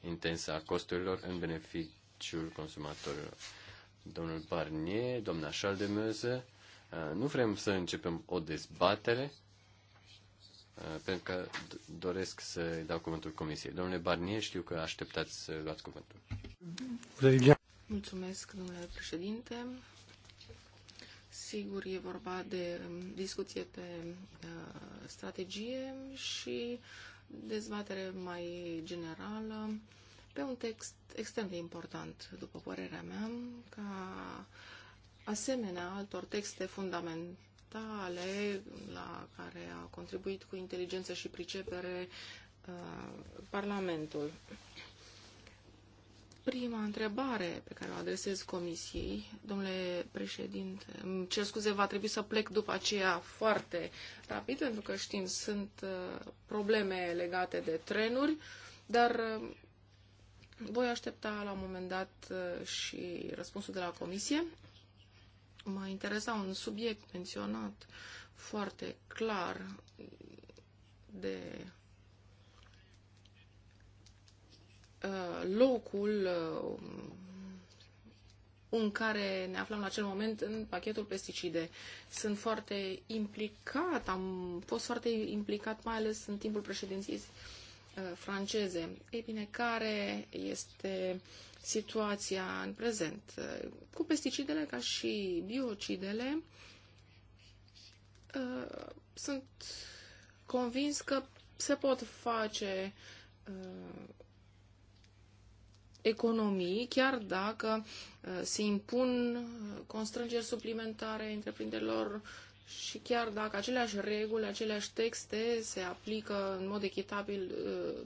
Speaker 3: intensă a costurilor în beneficiul consumatorilor. Domnul Barnier, doamna Schaldemöse, uh, nu vrem să începem o dezbatere, Uh, pentru că doresc să dau cuvântul Comisiei. Domnule Barnier, știu că așteptați să luați cuvântul.
Speaker 4: Mulțumesc, domnule președinte. Sigur, e vorba de um, discuție pe uh, strategie și dezbatere mai generală pe un text extrem de important, după părerea mea, ca asemenea altor texte fundamentale tale la care a contribuit cu inteligență și pricepere uh, Parlamentul. Prima întrebare pe care o adresez comisiei, domnule președinte, îmi cer scuze, va trebui să plec după aceea foarte rapid, pentru că știm, sunt uh, probleme legate de trenuri, dar uh, voi aștepta la un moment dat uh, și răspunsul de la comisie m-a interesat un subiect menționat foarte clar de uh, locul uh, în care ne aflam la acel moment în pachetul pesticide. Sunt foarte implicat, am fost foarte implicat mai ales în timpul președinției uh, franceze. Ei bine, care este uh, situația în prezent. Eh, cu pesticidele ca și biocidele, eh, sunt convins că se pot face eh, economii, chiar dacă se impun constrângeri suplimentare întreprinderilor și chiar dacă aceleași reguli, aceleași texte se aplică în mod echitabil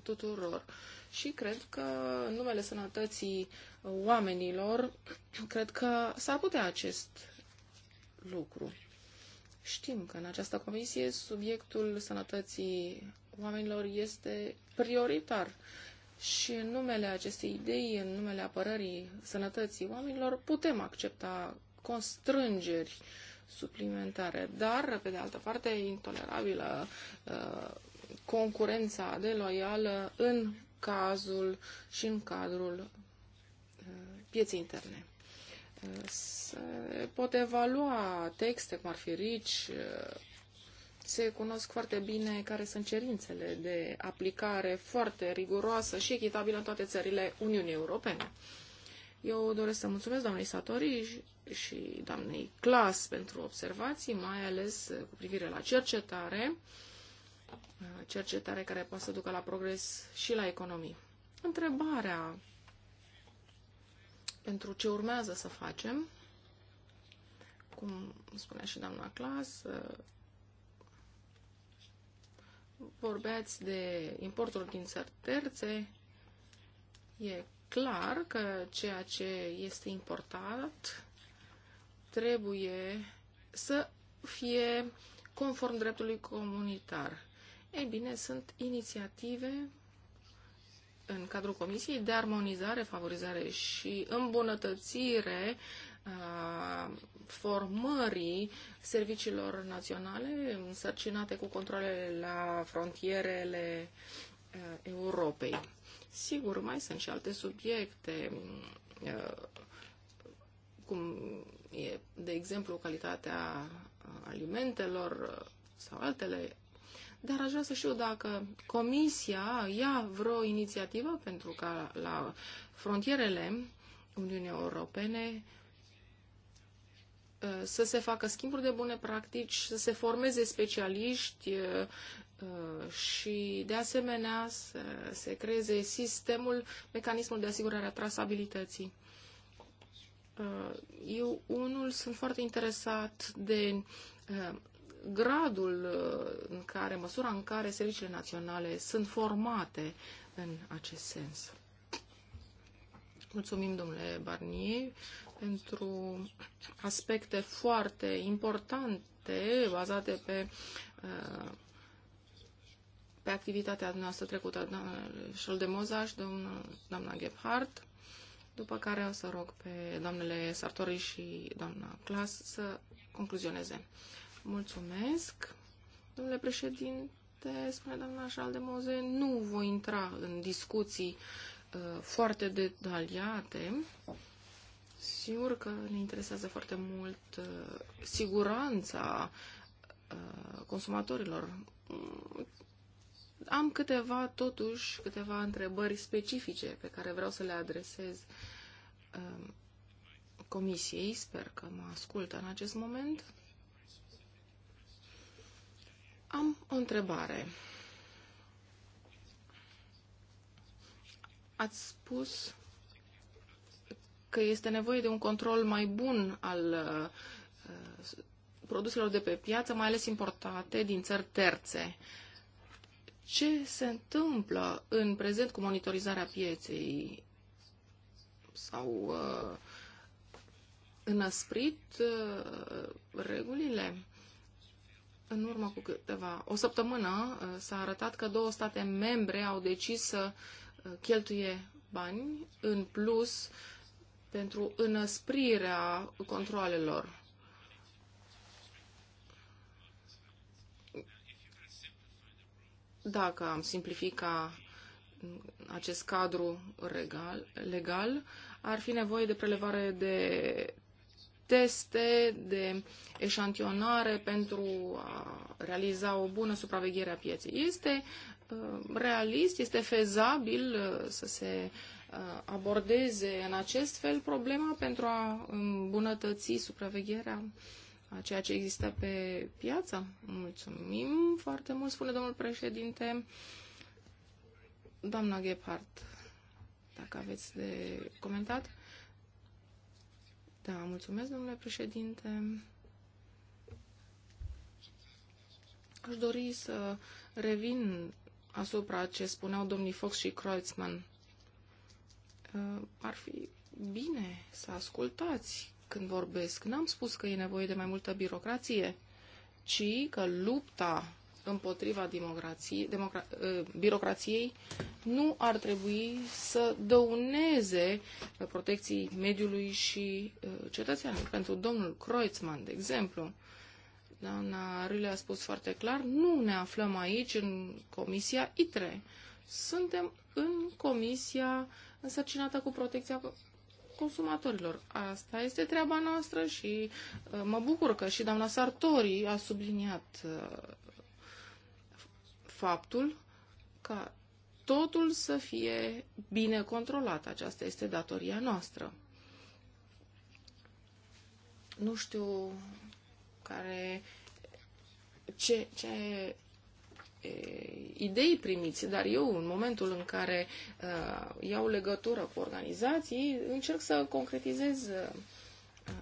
Speaker 4: tuturor. Uh, și cred că în numele sănătății uh, oamenilor, *clears throat* cred că s-ar putea acest lucru. Știm că în această comisie subiectul sănătății oamenilor este prioritar și în numele acestei idei, în numele apărării sănătății oamenilor, putem accepta constrângeri suplimentare, dar, pe de altă parte, intolerabilă uh, concurența de loială în cazul și în cadrul uh, pieței interne. Uh, se pot evalua texte, cum ar fi RICI, uh, se cunosc foarte bine care sunt cerințele de aplicare foarte riguroasă și echitabilă în toate țările Uniunii Europene. Eu doresc să mulțumesc doamnei Satori și doamnei Clas pentru observații, mai ales cu privire la cercetare cercetare care poate să ducă la progres și la economii. Întrebarea pentru ce urmează să facem, cum spunea și doamna Clas, vorbeați de importuri din țări terțe, e clar că ceea ce este importat trebuie să fie conform dreptului comunitar. Ei bine, sunt inițiative în cadrul Comisiei de armonizare, favorizare și îmbunătățire a formării serviciilor naționale însărcinate cu controlele la frontierele Europei. Sigur, mai sunt și alte subiecte, cum e, de exemplu, calitatea alimentelor sau altele dar aș vrea să știu dacă Comisia ia vreo inițiativă pentru ca la frontierele Uniunii Europene uh, să se facă schimburi de bune practici, să se formeze specialiști uh, uh, și, de asemenea, să se creeze sistemul, mecanismul de asigurare a trasabilității. Eu, unul, sunt foarte interesat de gradul uh, în care, măsura în care serviciile naționale sunt formate în acest sens. Mulțumim, domnule Barnier, pentru aspecte foarte importante bazate pe, uh, pe activitatea noastră trecută, domnul Moza și doamna Gebhardt. După care o să rog pe doamnele Sartori și doamna Clas să concluzioneze. Mulțumesc. Domnule președinte, spune doamna Moze, nu voi intra în discuții uh, foarte detaliate. Sigur că ne interesează foarte mult uh, siguranța uh, consumatorilor. Am câteva, totuși, câteva întrebări specifice pe care vreau să le adresez uh, comisiei. Sper că mă ascultă în acest moment. Am o întrebare. Ați spus că este nevoie de un control mai bun al uh, uh, produselor de pe piață, mai ales importate din țări terțe. Ce se întâmplă în prezent cu monitorizarea pieței? Sau uh, înăsprit uh, regulile? în urmă cu câteva, o săptămână, uh, s-a arătat că două state membre au decis să uh, cheltuie bani în plus pentru înăsprirea controalelor. Dacă am simplifica acest cadru legal, ar fi nevoie de prelevare de teste, de eșantionare pentru a realiza o bună supraveghere a pieței. Este uh, realist, este fezabil uh, să se uh, abordeze în acest fel problema pentru a îmbunătăți supravegherea a ceea ce există pe piață. Mulțumim foarte mult, spune domnul președinte. Doamna Gephardt, dacă aveți de comentat. Da, mulțumesc, domnule președinte. Aș dori să revin asupra ce spuneau domnii Fox și Kreutzmann. Uh, ar fi bine să ascultați când vorbesc. N-am spus că e nevoie de mai multă birocrație, ci că lupta împotriva democrației, ă, birocrației nu ar trebui să dăuneze ă, protecției mediului și ă, cetățeanului. Pentru domnul Kreutzmann, de exemplu, doamna Râle a spus foarte clar, nu ne aflăm aici în Comisia ITRE. Suntem în Comisia însărcinată cu protecția consumatorilor. Asta este treaba noastră și mă bucur că și doamna Sartori a subliniat faptul ca totul să fie bine controlat. Aceasta este datoria noastră. Nu știu care ce, ce idei primiți, dar eu în momentul în care uh, iau legătură cu organizații, încerc să concretizez uh,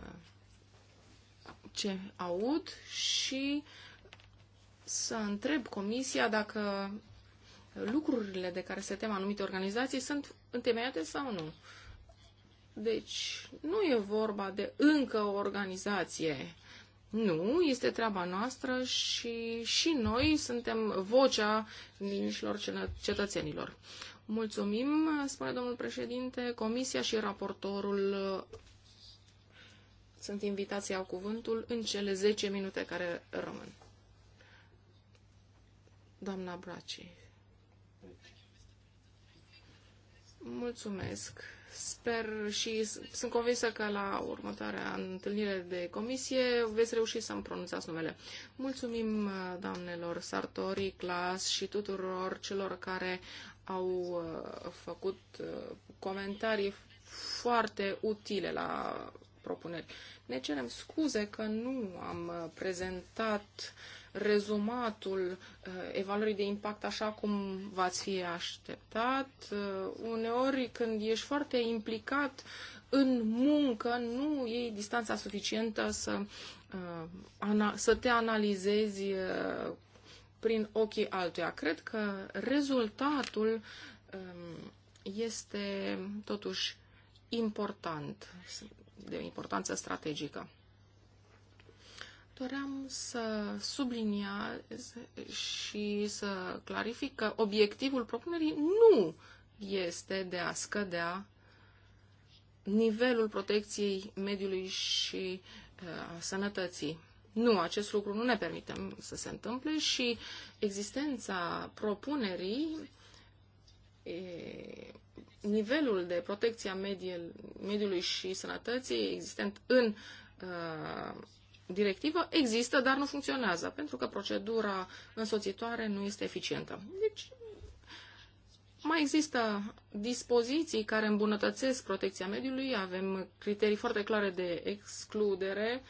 Speaker 4: ce aud și să întreb Comisia dacă lucrurile de care se tem anumite organizații sunt întemeiate sau nu. Deci, nu e vorba de încă o organizație. Nu, este treaba noastră și și noi suntem vocea liniștilor cetățenilor. Mulțumim, spune domnul președinte, comisia și raportorul uh, sunt invitați iau cuvântul în cele 10 minute care rămân doamna Braci. Mulțumesc. Sper și sunt convinsă că la următoarea întâlnire de comisie veți reuși să-mi pronunțați numele. Mulțumim uh, doamnelor Sartori, Clas și tuturor celor care au uh, făcut uh, comentarii foarte utile la propuneri. Ne cerem scuze că nu am prezentat uh, rezumatul uh, evaluării de impact așa cum v-ați fi așteptat. Uh, uneori, când ești foarte implicat în muncă, nu iei distanța suficientă să, uh, să te analizezi prin ochii altuia. Cred că rezultatul um, este totuși important, de importanță strategică doream să subliniez și să clarific că obiectivul propunerii nu este de a scădea nivelul protecției mediului și uh, a sănătății. Nu, acest lucru nu ne permitem să se întâmple și existența propunerii, nivelul de protecție a mediului și sănătății existent în uh, directivă există, dar nu funcționează, pentru că procedura însoțitoare nu este eficientă. Deci, mai există dispoziții care îmbunătățesc protecția mediului, avem criterii foarte clare de excludere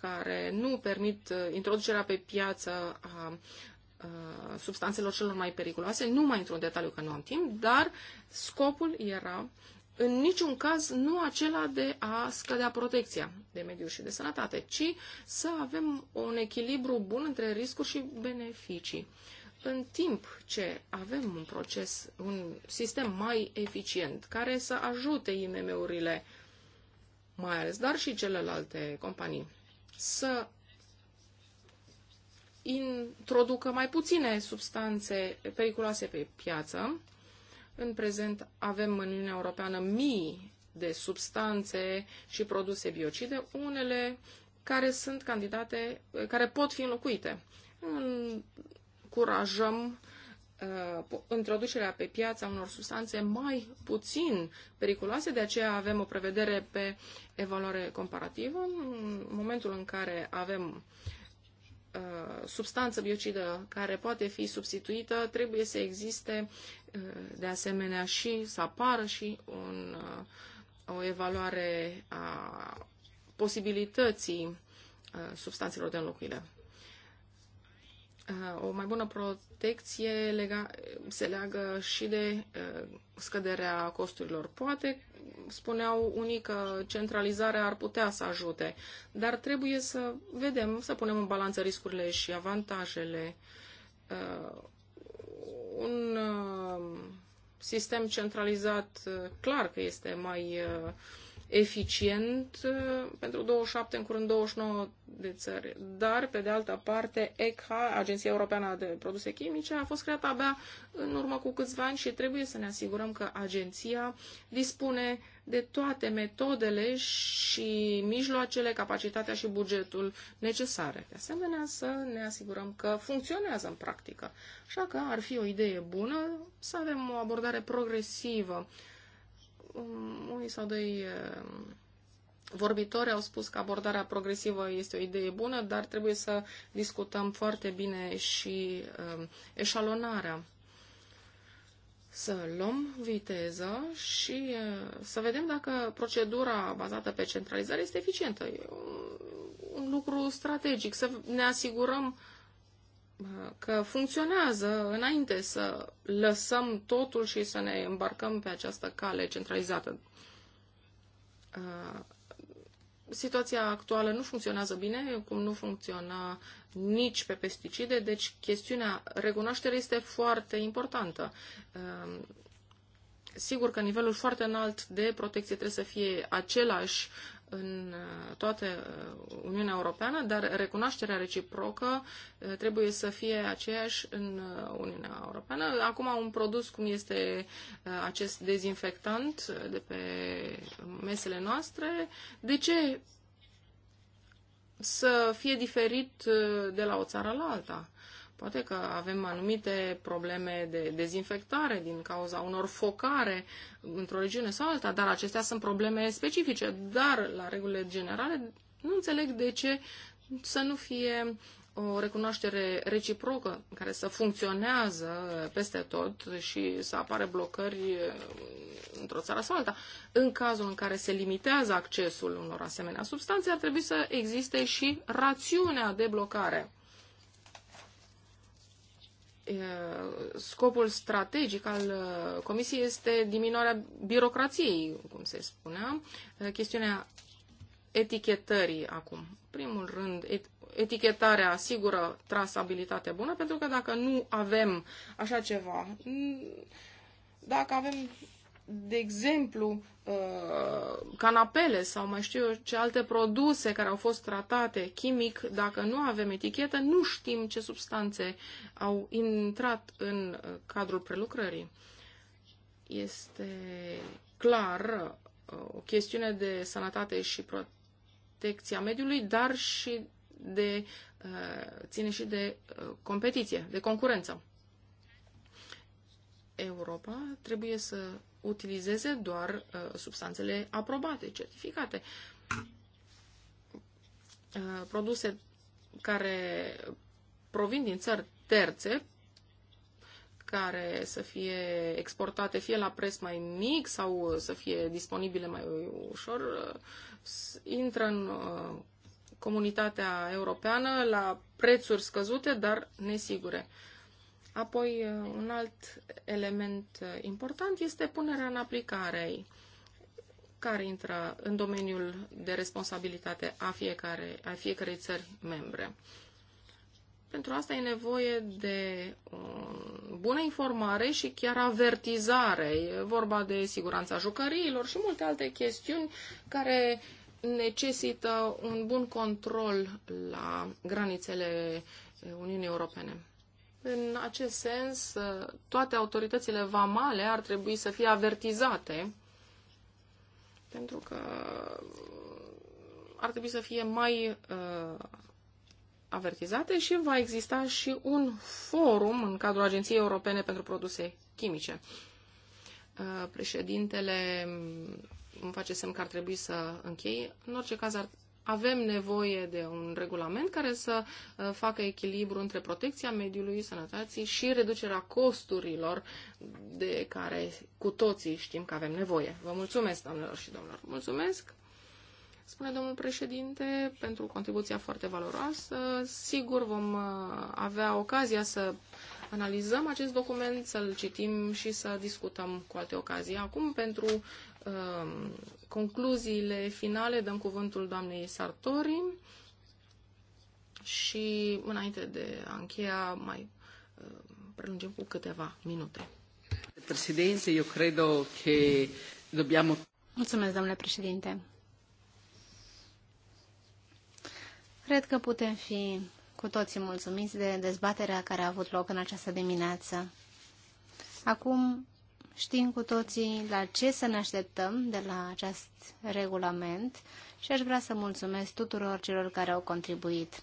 Speaker 4: care nu permit uh, introducerea pe piață a uh, substanțelor celor mai periculoase. Nu mai intru în detaliu că nu am timp, dar scopul era în niciun caz nu acela de a scădea protecția de mediu și de sănătate, ci să avem un echilibru bun între riscuri și beneficii. În timp ce avem un proces, un sistem mai eficient, care să ajute IMM-urile, mai ales, dar și celelalte companii, să introducă mai puține substanțe periculoase pe piață, în prezent avem în Uniunea Europeană mii de substanțe și produse biocide, unele care sunt candidate, care pot fi înlocuite. Încurajăm uh, introducerea pe piața unor substanțe mai puțin periculoase, de aceea avem o prevedere pe evaluare comparativă. În momentul în care avem uh, Uh, substanță biocidă care poate fi substituită, trebuie să existe uh, de asemenea și să apară și un, uh, o evaluare a posibilității substanțelor de înlocuire o mai bună protecție lega, se leagă și de scăderea costurilor. Poate spuneau unii că centralizarea ar putea să ajute, dar trebuie să vedem, să punem în balanță riscurile și avantajele. Un sistem centralizat clar că este mai uh, eficient uh, pentru 27, în curând 29 de țări. Dar, pe de altă parte, ECHA, Agenția Europeană de Produse Chimice, a fost creată abia în urmă cu câțiva ani și trebuie să ne asigurăm că agenția dispune de toate metodele și mijloacele, capacitatea și bugetul necesare. De asemenea, să ne asigurăm că funcționează în practică. Așa că ar fi o idee bună să avem o abordare progresivă Um, unii sau doi uh, vorbitori au spus că abordarea progresivă este o idee bună, dar trebuie să discutăm foarte bine și um, eșalonarea. Să luăm viteză și uh, să vedem dacă procedura bazată pe centralizare este eficientă. E un lucru strategic, să ne asigurăm că funcționează înainte să lăsăm totul și să ne îmbarcăm pe această cale centralizată. Uh, situația actuală nu funcționează bine, cum nu funcționa nici pe pesticide, deci chestiunea recunoașterii este foarte importantă. Uh, sigur că nivelul foarte înalt de protecție trebuie să fie același în uh, toată uh, Uniunea Europeană, dar recunoașterea reciprocă uh, trebuie să fie aceeași în Uniunea Europeană. Acum un produs cum este acest dezinfectant de pe mesele noastre, de ce să fie diferit de la o țară la alta? Poate că avem anumite probleme de dezinfectare din cauza unor focare într-o regiune sau alta, dar acestea sunt probleme specifice. Dar la regulile generale nu înțeleg de ce să nu fie o recunoaștere reciprocă care să funcționează peste tot și să apare blocări uh, într-o țară sau alta. În cazul în care se limitează accesul unor asemenea substanțe, ar trebui să existe și rațiunea de blocare scopul strategic al Comisiei este diminuarea birocrației, cum se spunea, chestiunea etichetării acum. Primul rând, etichetarea asigură trasabilitate bună, pentru că dacă nu avem așa ceva, dacă avem de exemplu, uh, canapele sau mai știu eu ce alte produse care au fost tratate chimic, dacă nu avem etichetă, nu știm ce substanțe au intrat în uh, cadrul prelucrării. Este clar uh, o chestiune de sănătate și protecția mediului, dar și de ține și de competiție, de concurență. Europa trebuie să utilizeze doar uh, substanțele aprobate, certificate. Uh, produse care provin din țări terțe, care să fie exportate fie la preț mai mic sau să fie disponibile mai ușor, uh, intră în uh, comunitatea europeană la prețuri scăzute, dar nesigure. Uh, Apoi, uh, un alt element uh, important este punerea în aplicare care intră în domeniul de responsabilitate a, fiecare, a fiecarei țări membre. Pentru asta e nevoie de uh, bună informare și chiar avertizare. E vorba de siguranța jucăriilor și multe alte chestiuni care necesită un bun control la granițele Uniunii Europene. În acest sens, toate autoritățile vamale ar trebui să fie avertizate, pentru că ar trebui să fie mai uh, avertizate și va exista și un forum în cadrul Agenției Europene pentru Produse Chimice. Uh, președintele mm, îmi face semn că ar trebui să închei. În orice caz, ar, avem nevoie de un regulament care să uh, facă echilibru între protecția mediului, sănătății și reducerea costurilor de care cu toții știm că avem nevoie. Vă mulțumesc, doamnelor și domnilor. Mulțumesc! spune domnul președinte, pentru contribuția foarte valoroasă. Sigur vom uh, avea ocazia să analizăm acest document, să-l citim și să discutăm cu alte ocazii. Acum, pentru Um, concluziile finale dăm cuvântul doamnei Sartori și înainte de a încheia mai uh, prelungim cu câteva minute. Președinte, eu cred că dobbiamo... Mulțumesc, domnule președinte.
Speaker 2: Cred că putem fi cu toții mulțumiți de dezbaterea care a avut loc în această dimineață. Acum Știm cu toții la ce să ne așteptăm de la acest regulament și aș vrea să mulțumesc tuturor celor care au contribuit.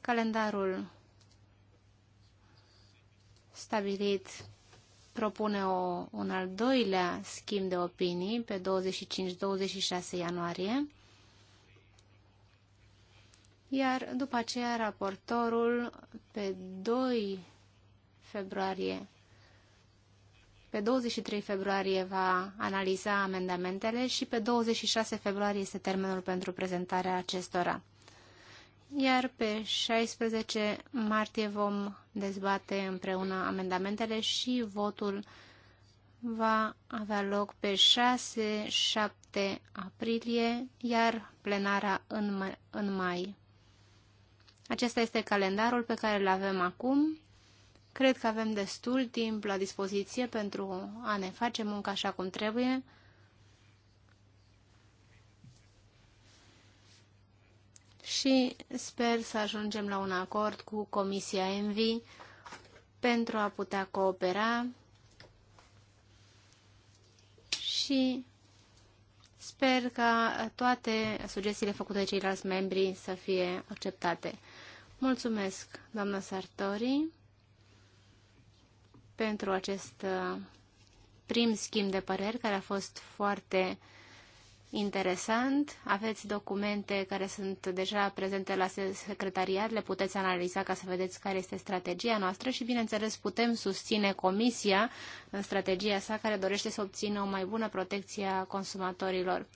Speaker 2: Calendarul stabilit propune o, un al doilea schimb de opinii pe 25-26 ianuarie, iar după aceea raportorul pe 2 februarie pe 23 februarie va analiza amendamentele și pe 26 februarie este termenul pentru prezentarea acestora. Iar pe 16 martie vom dezbate împreună amendamentele și votul va avea loc pe 6-7 aprilie, iar plenara în, în mai. Acesta este calendarul pe care îl avem acum Cred că avem destul timp la dispoziție pentru a ne face munca așa cum trebuie. Și sper să ajungem la un acord cu Comisia Envi pentru a putea coopera și sper ca toate sugestiile făcute de ceilalți membri să fie acceptate. Mulțumesc, doamna Sartori pentru acest uh, prim schimb de păreri, care a fost foarte interesant. Aveți documente care sunt deja prezente la secretariat, le puteți analiza ca să vedeți care este strategia noastră și, bineînțeles, putem susține Comisia în strategia sa care dorește să obțină o mai bună protecție a consumatorilor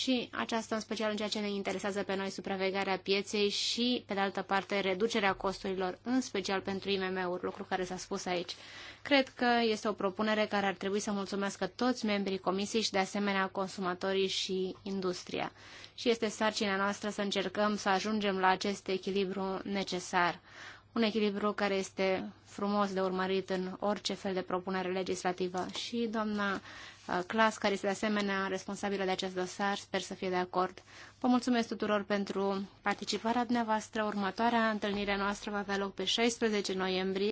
Speaker 2: și aceasta în special în ceea ce ne interesează pe noi supravegarea pieței și, pe de altă parte, reducerea costurilor, în special pentru IMM-uri, lucru care s-a spus aici. Cred că este o propunere care ar trebui să mulțumească toți membrii comisiei și, de asemenea, consumatorii și industria. Și este sarcina noastră să încercăm să ajungem la acest echilibru necesar un echilibru care este frumos de urmărit în orice fel de propunere legislativă. Și doamna uh, Clas, care este de asemenea responsabilă de acest dosar, sper să fie de acord. Vă mulțumesc tuturor pentru participarea dumneavoastră. Următoarea întâlnire noastră va avea loc pe 16 noiembrie.